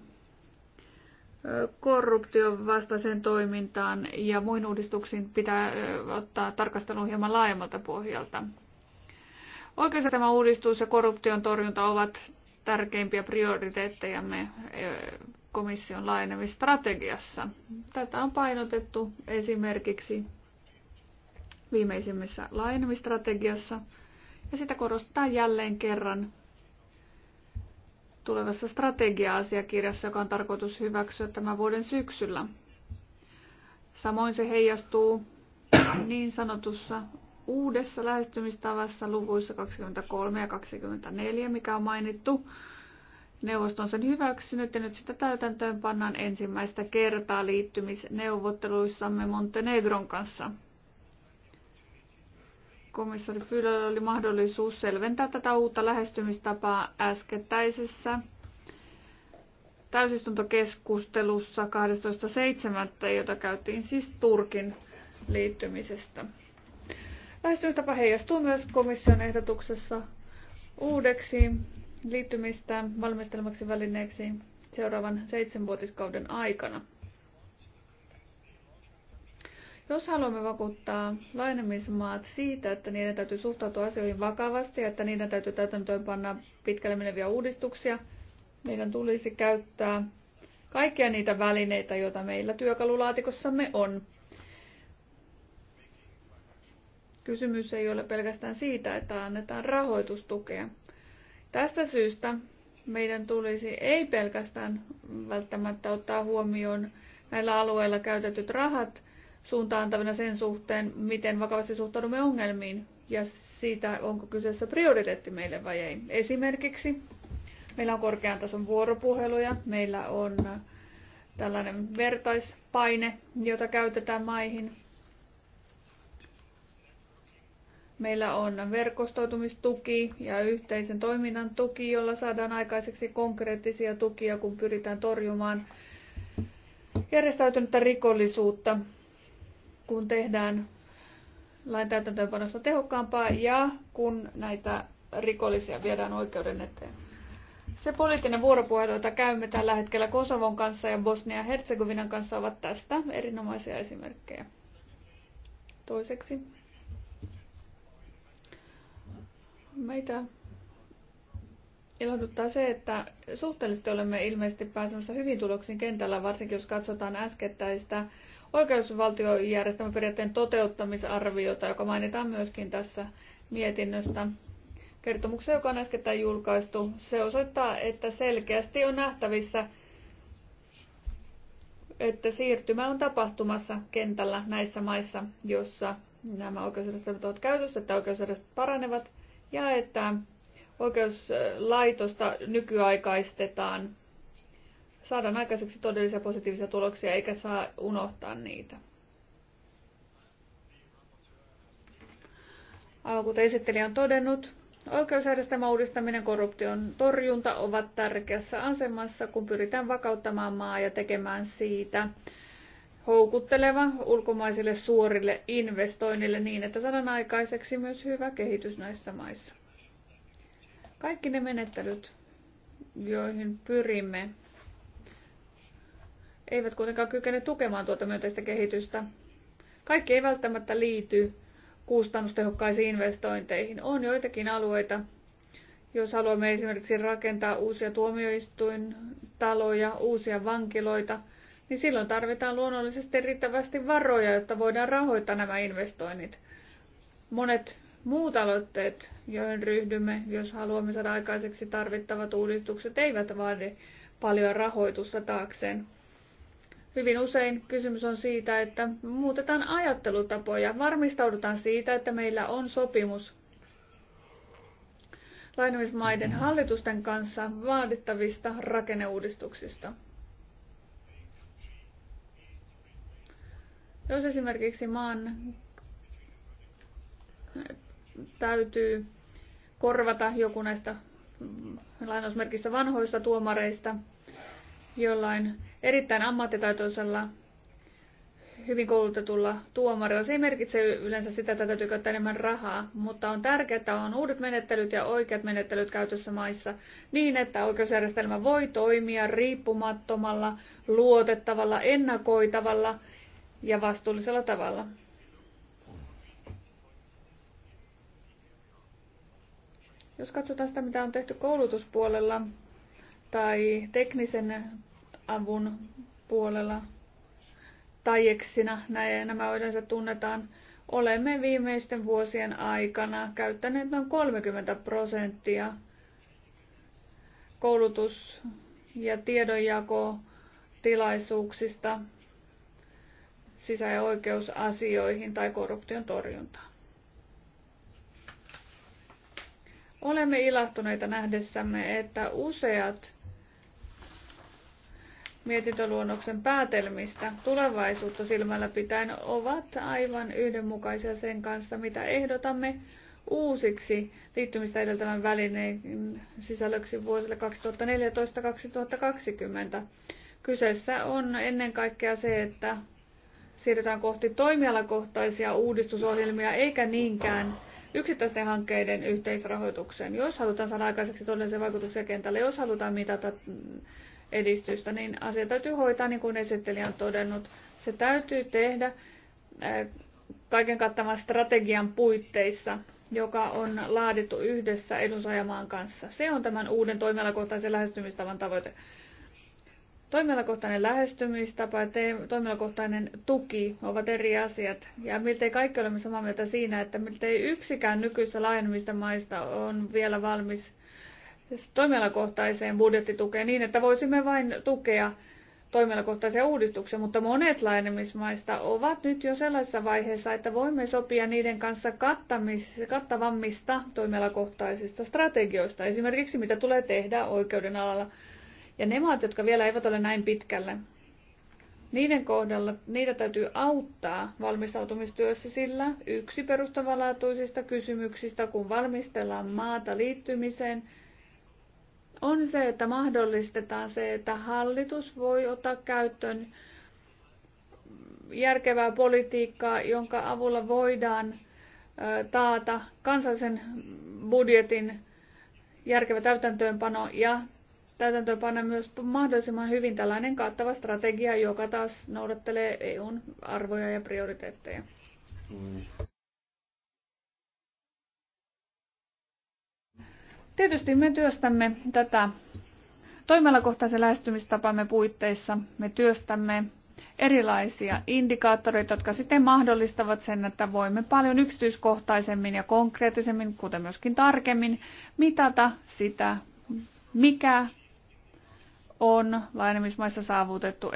korruption vastaiseen toimintaan ja muihin uudistuksiin pitää ottaa tarkastelu hieman laajemmalta pohjalta. Oikeastaan tämä uudistus ja korruption torjunta ovat tärkeimpiä prioriteettejamme komission laajenemistrategiassa. Tätä on painotettu esimerkiksi viimeisimmässä laajenemistrategiassa ja sitä korostetaan jälleen kerran tulevassa strategia-asiakirjassa, joka on tarkoitus hyväksyä tämän vuoden syksyllä. Samoin se heijastuu niin sanotussa uudessa lähestymistavassa luvuissa 23 ja 24, mikä on mainittu. Neuvosto on sen hyväksynyt ja nyt sitä täytäntöön pannaan ensimmäistä kertaa liittymisneuvotteluissamme Montenegron kanssa – komissaari Fylöllä oli mahdollisuus selventää tätä uutta lähestymistapaa äskettäisessä täysistuntokeskustelussa 12.7., jota käytiin siis Turkin liittymisestä. Lähestymistapa heijastuu myös komission ehdotuksessa uudeksi liittymistä valmistelmaksi välineeksi seuraavan seitsemänvuotiskauden aikana. Jos haluamme vakuuttaa lainamismaat siitä, että niiden täytyy suhtautua asioihin vakavasti ja että niiden täytyy täytäntöönpanna pitkälle meneviä uudistuksia, meidän tulisi käyttää kaikkia niitä välineitä, joita meillä työkalulaatikossamme on. Kysymys ei ole pelkästään siitä, että annetaan rahoitustukea. Tästä syystä meidän tulisi ei pelkästään välttämättä ottaa huomioon näillä alueilla käytetyt rahat, suuntaantavina sen suhteen, miten vakavasti suhtaudumme ongelmiin ja siitä, onko kyseessä prioriteetti meille vai ei. Esimerkiksi meillä on korkean tason vuoropuheluja, meillä on tällainen vertaispaine, jota käytetään maihin. Meillä on verkostoitumistuki ja yhteisen toiminnan tuki, jolla saadaan aikaiseksi konkreettisia tukia, kun pyritään torjumaan järjestäytynyttä rikollisuutta kun tehdään lain täytäntöönpanosta tehokkaampaa ja kun näitä rikollisia viedään oikeuden eteen. Se poliittinen vuoropuhelu, jota käymme tällä hetkellä Kosovon kanssa ja Bosnia-Herzegovinan kanssa, ovat tästä erinomaisia esimerkkejä. Toiseksi. Meitä ilahduttaa se, että suhteellisesti olemme ilmeisesti pääsemässä hyvin tuloksiin kentällä, varsinkin jos katsotaan äskettäistä oikeusvaltiojärjestelmän periaatteen toteuttamisarviota, joka mainitaan myöskin tässä mietinnöstä. Kertomuksessa, joka on äskettäin julkaistu, se osoittaa, että selkeästi on nähtävissä, että siirtymä on tapahtumassa kentällä näissä maissa, joissa nämä oikeusjärjestelmät ovat käytössä, että oikeusjärjestelmät paranevat ja että oikeuslaitosta nykyaikaistetaan saadaan aikaiseksi todellisia positiivisia tuloksia eikä saa unohtaa niitä. Aivan kuten esittelijä on todennut, oikeusjärjestelmän uudistaminen ja korruption torjunta ovat tärkeässä asemassa, kun pyritään vakauttamaan maa ja tekemään siitä houkutteleva ulkomaisille suorille investoinnille niin, että saadaan aikaiseksi myös hyvä kehitys näissä maissa. Kaikki ne menettelyt, joihin pyrimme eivät kuitenkaan kykene tukemaan tuota myönteistä kehitystä. Kaikki ei välttämättä liity kustannustehokkaisiin investointeihin. On joitakin alueita, jos haluamme esimerkiksi rakentaa uusia tuomioistuintaloja, uusia vankiloita, niin silloin tarvitaan luonnollisesti riittävästi varoja, jotta voidaan rahoittaa nämä investoinnit. Monet muut aloitteet, joihin ryhdymme, jos haluamme saada aikaiseksi tarvittavat uudistukset, eivät vaadi paljon rahoitusta taakseen. Hyvin usein kysymys on siitä, että muutetaan ajattelutapoja, varmistaudutaan siitä, että meillä on sopimus lainomismaiden mm-hmm. hallitusten kanssa vaadittavista rakenneuudistuksista. Jos esimerkiksi maan täytyy korvata joku näistä lainausmerkissä vanhoista tuomareista jollain erittäin ammattitaitoisella, hyvin koulutetulla tuomarilla. Se ei merkitse yleensä sitä, että täytyy käyttää enemmän rahaa, mutta on tärkeää, että on uudet menettelyt ja oikeat menettelyt käytössä maissa niin, että oikeusjärjestelmä voi toimia riippumattomalla, luotettavalla, ennakoitavalla ja vastuullisella tavalla. Jos katsotaan sitä, mitä on tehty koulutuspuolella tai teknisen avun puolella tajeksina, näin nämä yleensä tunnetaan, olemme viimeisten vuosien aikana käyttäneet noin 30 prosenttia koulutus- ja tiedonjakotilaisuuksista sisä- ja oikeusasioihin tai korruption torjuntaan. Olemme ilahtuneita nähdessämme, että useat mietintöluonnoksen päätelmistä tulevaisuutta silmällä pitäen ovat aivan yhdenmukaisia sen kanssa, mitä ehdotamme uusiksi liittymistä edeltävän välineen sisällöksi vuosille 2014-2020. Kyseessä on ennen kaikkea se, että siirrytään kohti toimialakohtaisia uudistusohjelmia eikä niinkään yksittäisten hankkeiden yhteisrahoitukseen. Jos halutaan saada aikaiseksi todellisia vaikutuksia kentälle, jos halutaan mitata edistystä, niin asia täytyy hoitaa niin kuin esittelijä on todennut. Se täytyy tehdä äh, kaiken kattavan strategian puitteissa, joka on laadittu yhdessä edunsaajamaan kanssa. Se on tämän uuden toimialakohtaisen lähestymistavan tavoite. Toimialakohtainen lähestymistapa ja toimialakohtainen tuki ovat eri asiat. Ja miltei kaikki olemme samaa mieltä siinä, että miltei yksikään nykyistä laajenemista maista on vielä valmis toimialakohtaiseen budjettitukeen niin, että voisimme vain tukea toimialakohtaisia uudistuksia, mutta monet laajenemismaista ovat nyt jo sellaisessa vaiheessa, että voimme sopia niiden kanssa kattavammista toimialakohtaisista strategioista, esimerkiksi mitä tulee tehdä oikeuden alalla. Ja ne maat, jotka vielä eivät ole näin pitkällä, niiden kohdalla niitä täytyy auttaa valmistautumistyössä, sillä yksi perustavanlaatuisista kysymyksistä, kun valmistellaan maata liittymiseen, on se, että mahdollistetaan se, että hallitus voi ottaa käyttöön järkevää politiikkaa, jonka avulla voidaan taata kansallisen budjetin järkevä täytäntöönpano ja täytäntöönpano myös mahdollisimman hyvin tällainen kattava strategia, joka taas noudattelee EUn arvoja ja prioriteetteja. Mm. Tietysti me työstämme tätä toimialakohtaisen lähestymistapamme puitteissa. Me työstämme erilaisia indikaattoreita, jotka sitten mahdollistavat sen, että voimme paljon yksityiskohtaisemmin ja konkreettisemmin, kuten myöskin tarkemmin, mitata sitä, mikä on laajenemismaissa saavutettu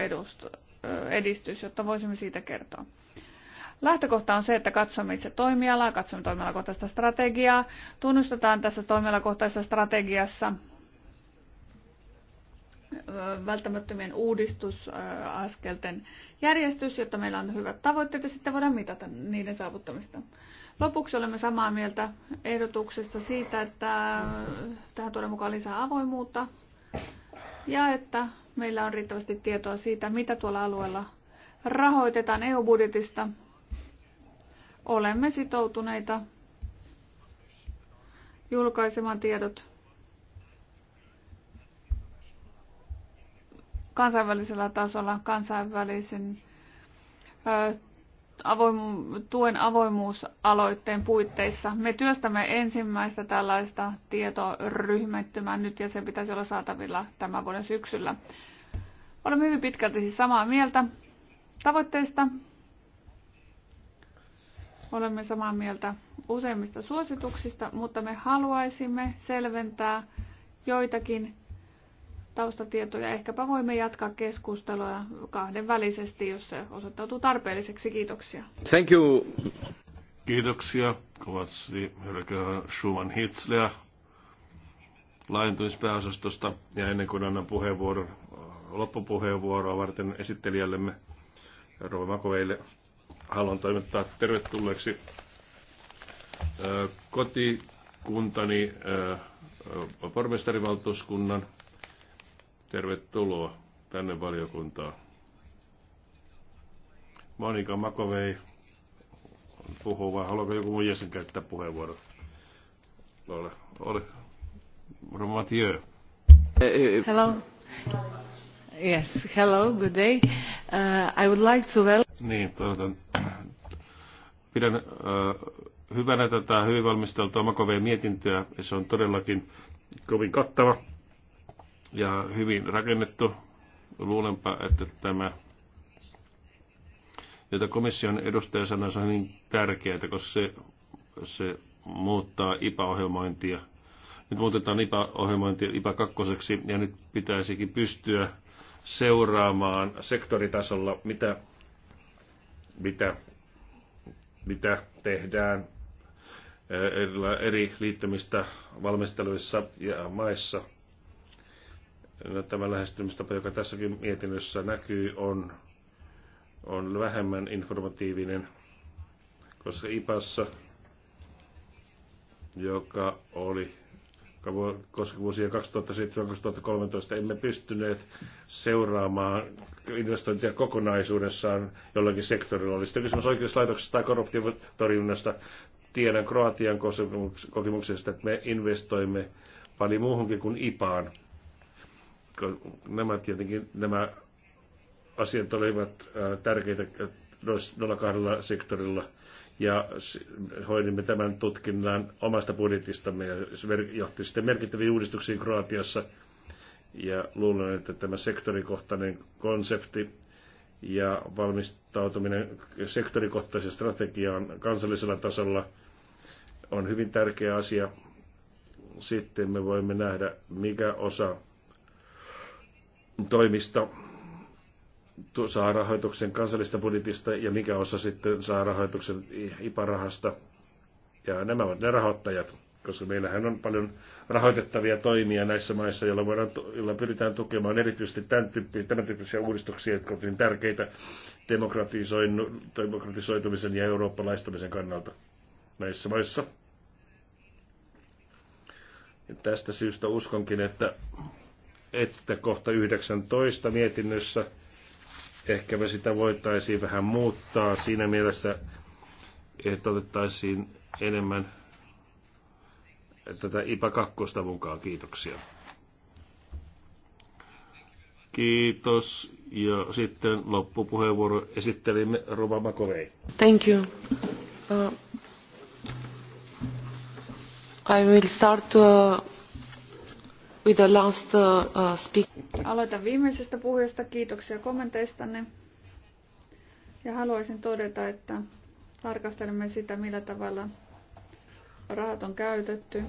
edistys, jotta voisimme siitä kertoa. Lähtökohta on se, että katsomme itse toimialaa, katsomme toimialakohtaista strategiaa, tunnustetaan tässä toimialakohtaisessa strategiassa välttämättömien uudistusaskelten järjestys, jotta meillä on hyvät tavoitteet ja sitten voidaan mitata niiden saavuttamista. Lopuksi olemme samaa mieltä ehdotuksesta siitä, että tähän tuodaan mukaan lisää avoimuutta ja että meillä on riittävästi tietoa siitä, mitä tuolla alueella rahoitetaan EU-budjetista olemme sitoutuneita julkaisemaan tiedot kansainvälisellä tasolla kansainvälisen ö, avoimu, tuen avoimuusaloitteen puitteissa. Me työstämme ensimmäistä tällaista tietoryhmittymää nyt ja sen pitäisi olla saatavilla tämän vuoden syksyllä. Olemme hyvin pitkälti siis samaa mieltä tavoitteista, Olemme samaa mieltä useimmista suosituksista, mutta me haluaisimme selventää joitakin taustatietoja. Ehkäpä voimme jatkaa keskustelua kahden välisesti, jos se osoittautuu tarpeelliseksi. Kiitoksia. Thank you. Kiitoksia kovasti Helga Schumann Hitzleä laajentumispääosastosta. Ja ennen kuin annan puheenvuoron, loppupuheenvuoroa varten esittelijällemme Rova Makoveille, haluan toimittaa tervetulleeksi kotikuntani pormestarivaltuuskunnan. Tervetuloa tänne valiokuntaan. Monika Makovei puhuu, vai haluaako joku muu jäsen käyttää puheenvuoron? Ole, ole. Mathieu. Hello. Yes, hello, good day. Uh, I would like to welcome... Niin, toivotan Pidän äh, hyvänä tätä hyvin valmisteltua Makoveen mietintöä. Se on todellakin kovin kattava ja hyvin rakennettu. Luulenpa, että tämä, jota komission edustaja sanoi, on niin tärkeää, koska se, se muuttaa IPA-ohjelmointia. Nyt muutetaan ipa ohjelmointia IPA kakkoseksi ja nyt pitäisikin pystyä seuraamaan sektoritasolla, mitä, mitä mitä tehdään eri liittymistä valmisteluissa ja maissa. No, tämä lähestymistapa, joka tässäkin mietinnössä näkyy, on, on vähemmän informatiivinen, koska IPassa, joka oli koska vuosia 2007-2013 emme pystyneet seuraamaan investointia kokonaisuudessaan jollakin sektorilla. Oli sitten kysymys oikeuslaitoksesta tai korruptiotorjunnasta. Tiedän Kroatian kokemuksesta, että me investoimme paljon muuhunkin kuin IPAan. Nämä tietenkin nämä asiat olivat äh, tärkeitä äh, noilla kahdella sektorilla – ja hoidimme tämän tutkinnan omasta budjetistamme ja se johti sitten merkittäviin uudistuksiin Kroatiassa. Ja luulen, että tämä sektorikohtainen konsepti ja valmistautuminen sektorikohtaisen strategiaan kansallisella tasolla on hyvin tärkeä asia. Sitten me voimme nähdä, mikä osa toimista saa rahoituksen kansallista budjetista ja mikä osa sitten saa rahoituksen IPA-rahasta. Ja nämä ovat ne rahoittajat, koska meillähän on paljon rahoitettavia toimia näissä maissa, joilla, voidaan, joilla pyritään tukemaan erityisesti tämän, tyyppi, tämän tyyppisiä uudistuksia, jotka ovat niin tärkeitä demokratisoitumisen ja eurooppalaistumisen kannalta näissä maissa. Ja tästä syystä uskonkin, että, että kohta 19 mietinnössä – Ehkä me sitä voitaisiin vähän muuttaa siinä mielessä, että otettaisiin enemmän tätä IPA 2 mukaan. Kiitoksia. Kiitos. Ja sitten loppupuheenvuoro esittelimme Rova Makovei. Thank you. Uh, I will start uh, with the last uh, uh speaker. Aloitan viimeisestä puhujasta. Kiitoksia kommenteistanne. Ja haluaisin todeta, että tarkastelemme sitä, millä tavalla rahat on käytetty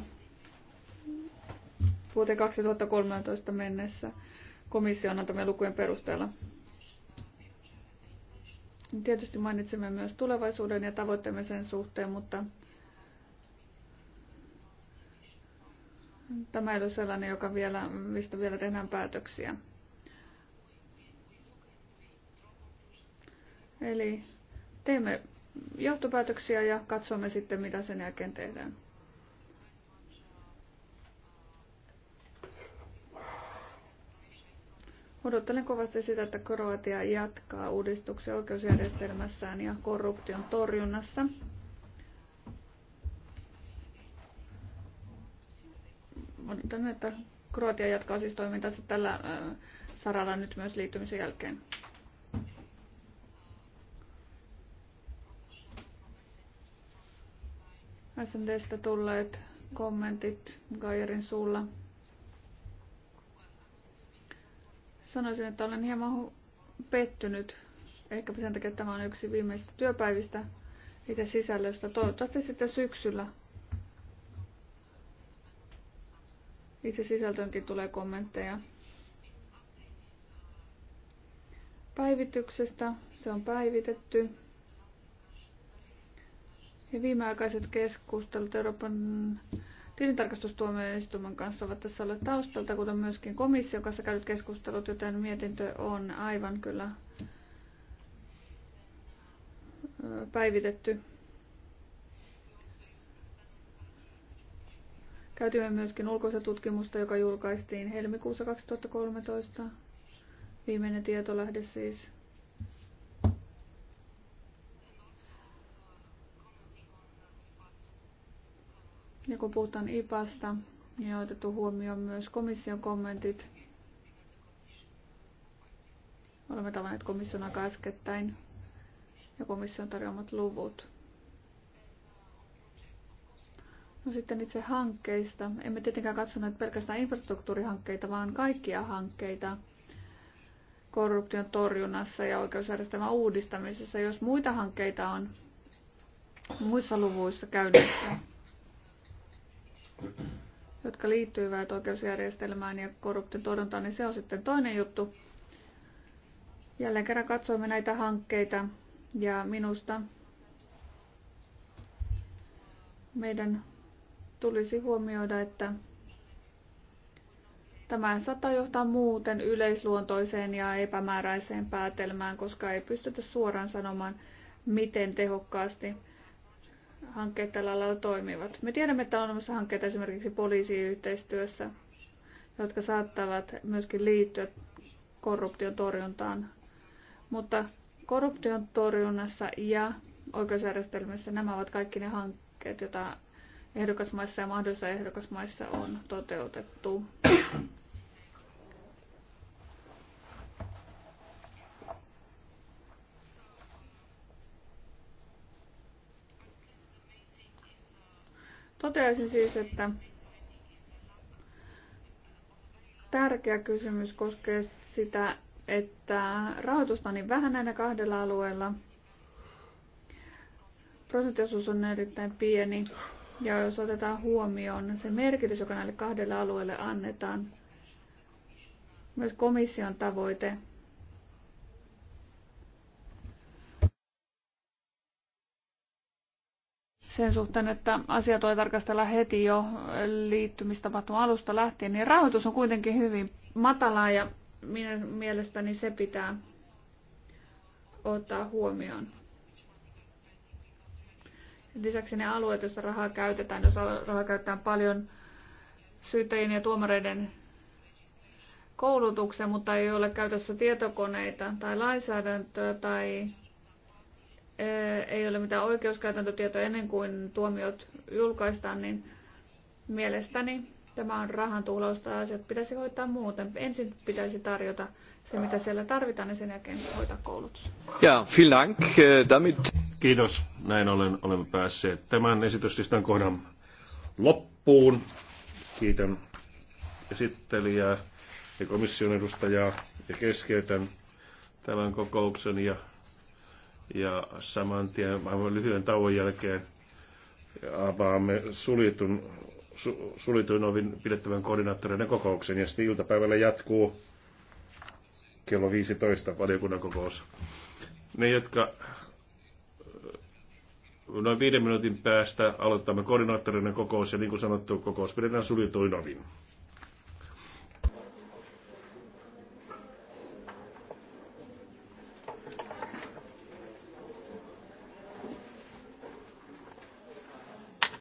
vuoteen 2013 mennessä komission antamien lukujen perusteella. Tietysti mainitsemme myös tulevaisuuden ja tavoitteemme sen suhteen, mutta Tämä ei ole sellainen, joka vielä, mistä vielä tehdään päätöksiä. Eli teemme johtopäätöksiä ja katsomme sitten, mitä sen jälkeen tehdään. Odottelen kovasti sitä, että Kroatia jatkaa uudistuksia oikeusjärjestelmässään ja korruption torjunnassa. tänne, että Kroatia jatkaa siis toimintansa tällä saralla nyt myös liittymisen jälkeen. SMDstä tulleet kommentit Gajerin suulla. Sanoisin, että olen hieman pettynyt. Ehkäpä sen takia, että tämä on yksi viimeistä työpäivistä itse sisällöstä. Toivottavasti sitten syksyllä Itse sisältöönkin tulee kommentteja. Päivityksestä se on päivitetty. Ja viimeaikaiset keskustelut Euroopan tilintarkastustuomioistuimen kanssa ovat tässä olleet taustalta, kuten myöskin komissio kanssa käydyt keskustelut, joten mietintö on aivan kyllä päivitetty. Käytimme myöskin ulkoista tutkimusta, joka julkaistiin helmikuussa 2013. Viimeinen tietolähde siis. Ja kun puhutaan IPAsta, niin on otettu huomioon myös komission kommentit. Olemme tavanneet komission aika äskettäin ja komission tarjoamat luvut. No sitten itse hankkeista. Emme tietenkään katsoneet pelkästään infrastruktuurihankkeita, vaan kaikkia hankkeita korruption torjunnassa ja oikeusjärjestelmän uudistamisessa. Jos muita hankkeita on muissa luvuissa käynnissä, jotka liittyvät oikeusjärjestelmään ja korruption torjuntaan, niin se on sitten toinen juttu. Jälleen kerran katsoimme näitä hankkeita ja minusta meidän tulisi huomioida, että Tämä saattaa johtaa muuten yleisluontoiseen ja epämääräiseen päätelmään, koska ei pystytä suoraan sanomaan, miten tehokkaasti hankkeet tällä lailla toimivat. Me tiedämme, että on olemassa hankkeita esimerkiksi poliisiyhteistyössä, jotka saattavat myöskin liittyä korruption torjuntaan. Mutta korruption torjunnassa ja oikeusjärjestelmässä nämä ovat kaikki ne hankkeet, joita ehdokasmaissa ja mahdollisissa ehdokasmaissa on toteutettu. Toteaisin siis, että tärkeä kysymys koskee sitä, että rahoitusta on niin vähän näillä kahdella alueella. Prosenttiosuus on erittäin pieni ja jos otetaan huomioon se merkitys, joka näille kahdelle alueelle annetaan, myös komission tavoite sen suhteen, että asia tulee tarkastella heti jo liittymistapahtuman alusta lähtien, niin rahoitus on kuitenkin hyvin matalaa ja minä, mielestäni se pitää ottaa huomioon. Lisäksi ne alueet, joissa rahaa käytetään, jos rahaa käytetään paljon syyttäjien ja tuomareiden koulutukseen, mutta ei ole käytössä tietokoneita tai lainsäädäntöä tai e, ei ole mitään oikeuskäytäntötietoa ennen kuin tuomiot julkaistaan, niin mielestäni tämä on rahan tuhlausta ja asiat pitäisi hoitaa muuten. Ensin pitäisi tarjota se, mitä siellä tarvitaan ja sen jälkeen hoitaa koulutus. Ja, vielen Dank. Äh, damit... Kiitos. Näin olen olemme päässeet tämän esityslistan kohdan loppuun. Kiitän esittelijää ja komission edustajaa ja keskeytän tämän kokouksen ja, ja saman tien aivan lyhyen tauon jälkeen avaamme suljetun, su, suljetun ovin pidettävän koordinaattoreiden kokouksen ja sitten iltapäivällä jatkuu kello 15 valiokunnan kokous. Ne, jotka Noin viiden minuutin päästä aloitamme koordinaattorinen kokous ja niin kuin sanottu, kokous pidetään suljetuin ovin.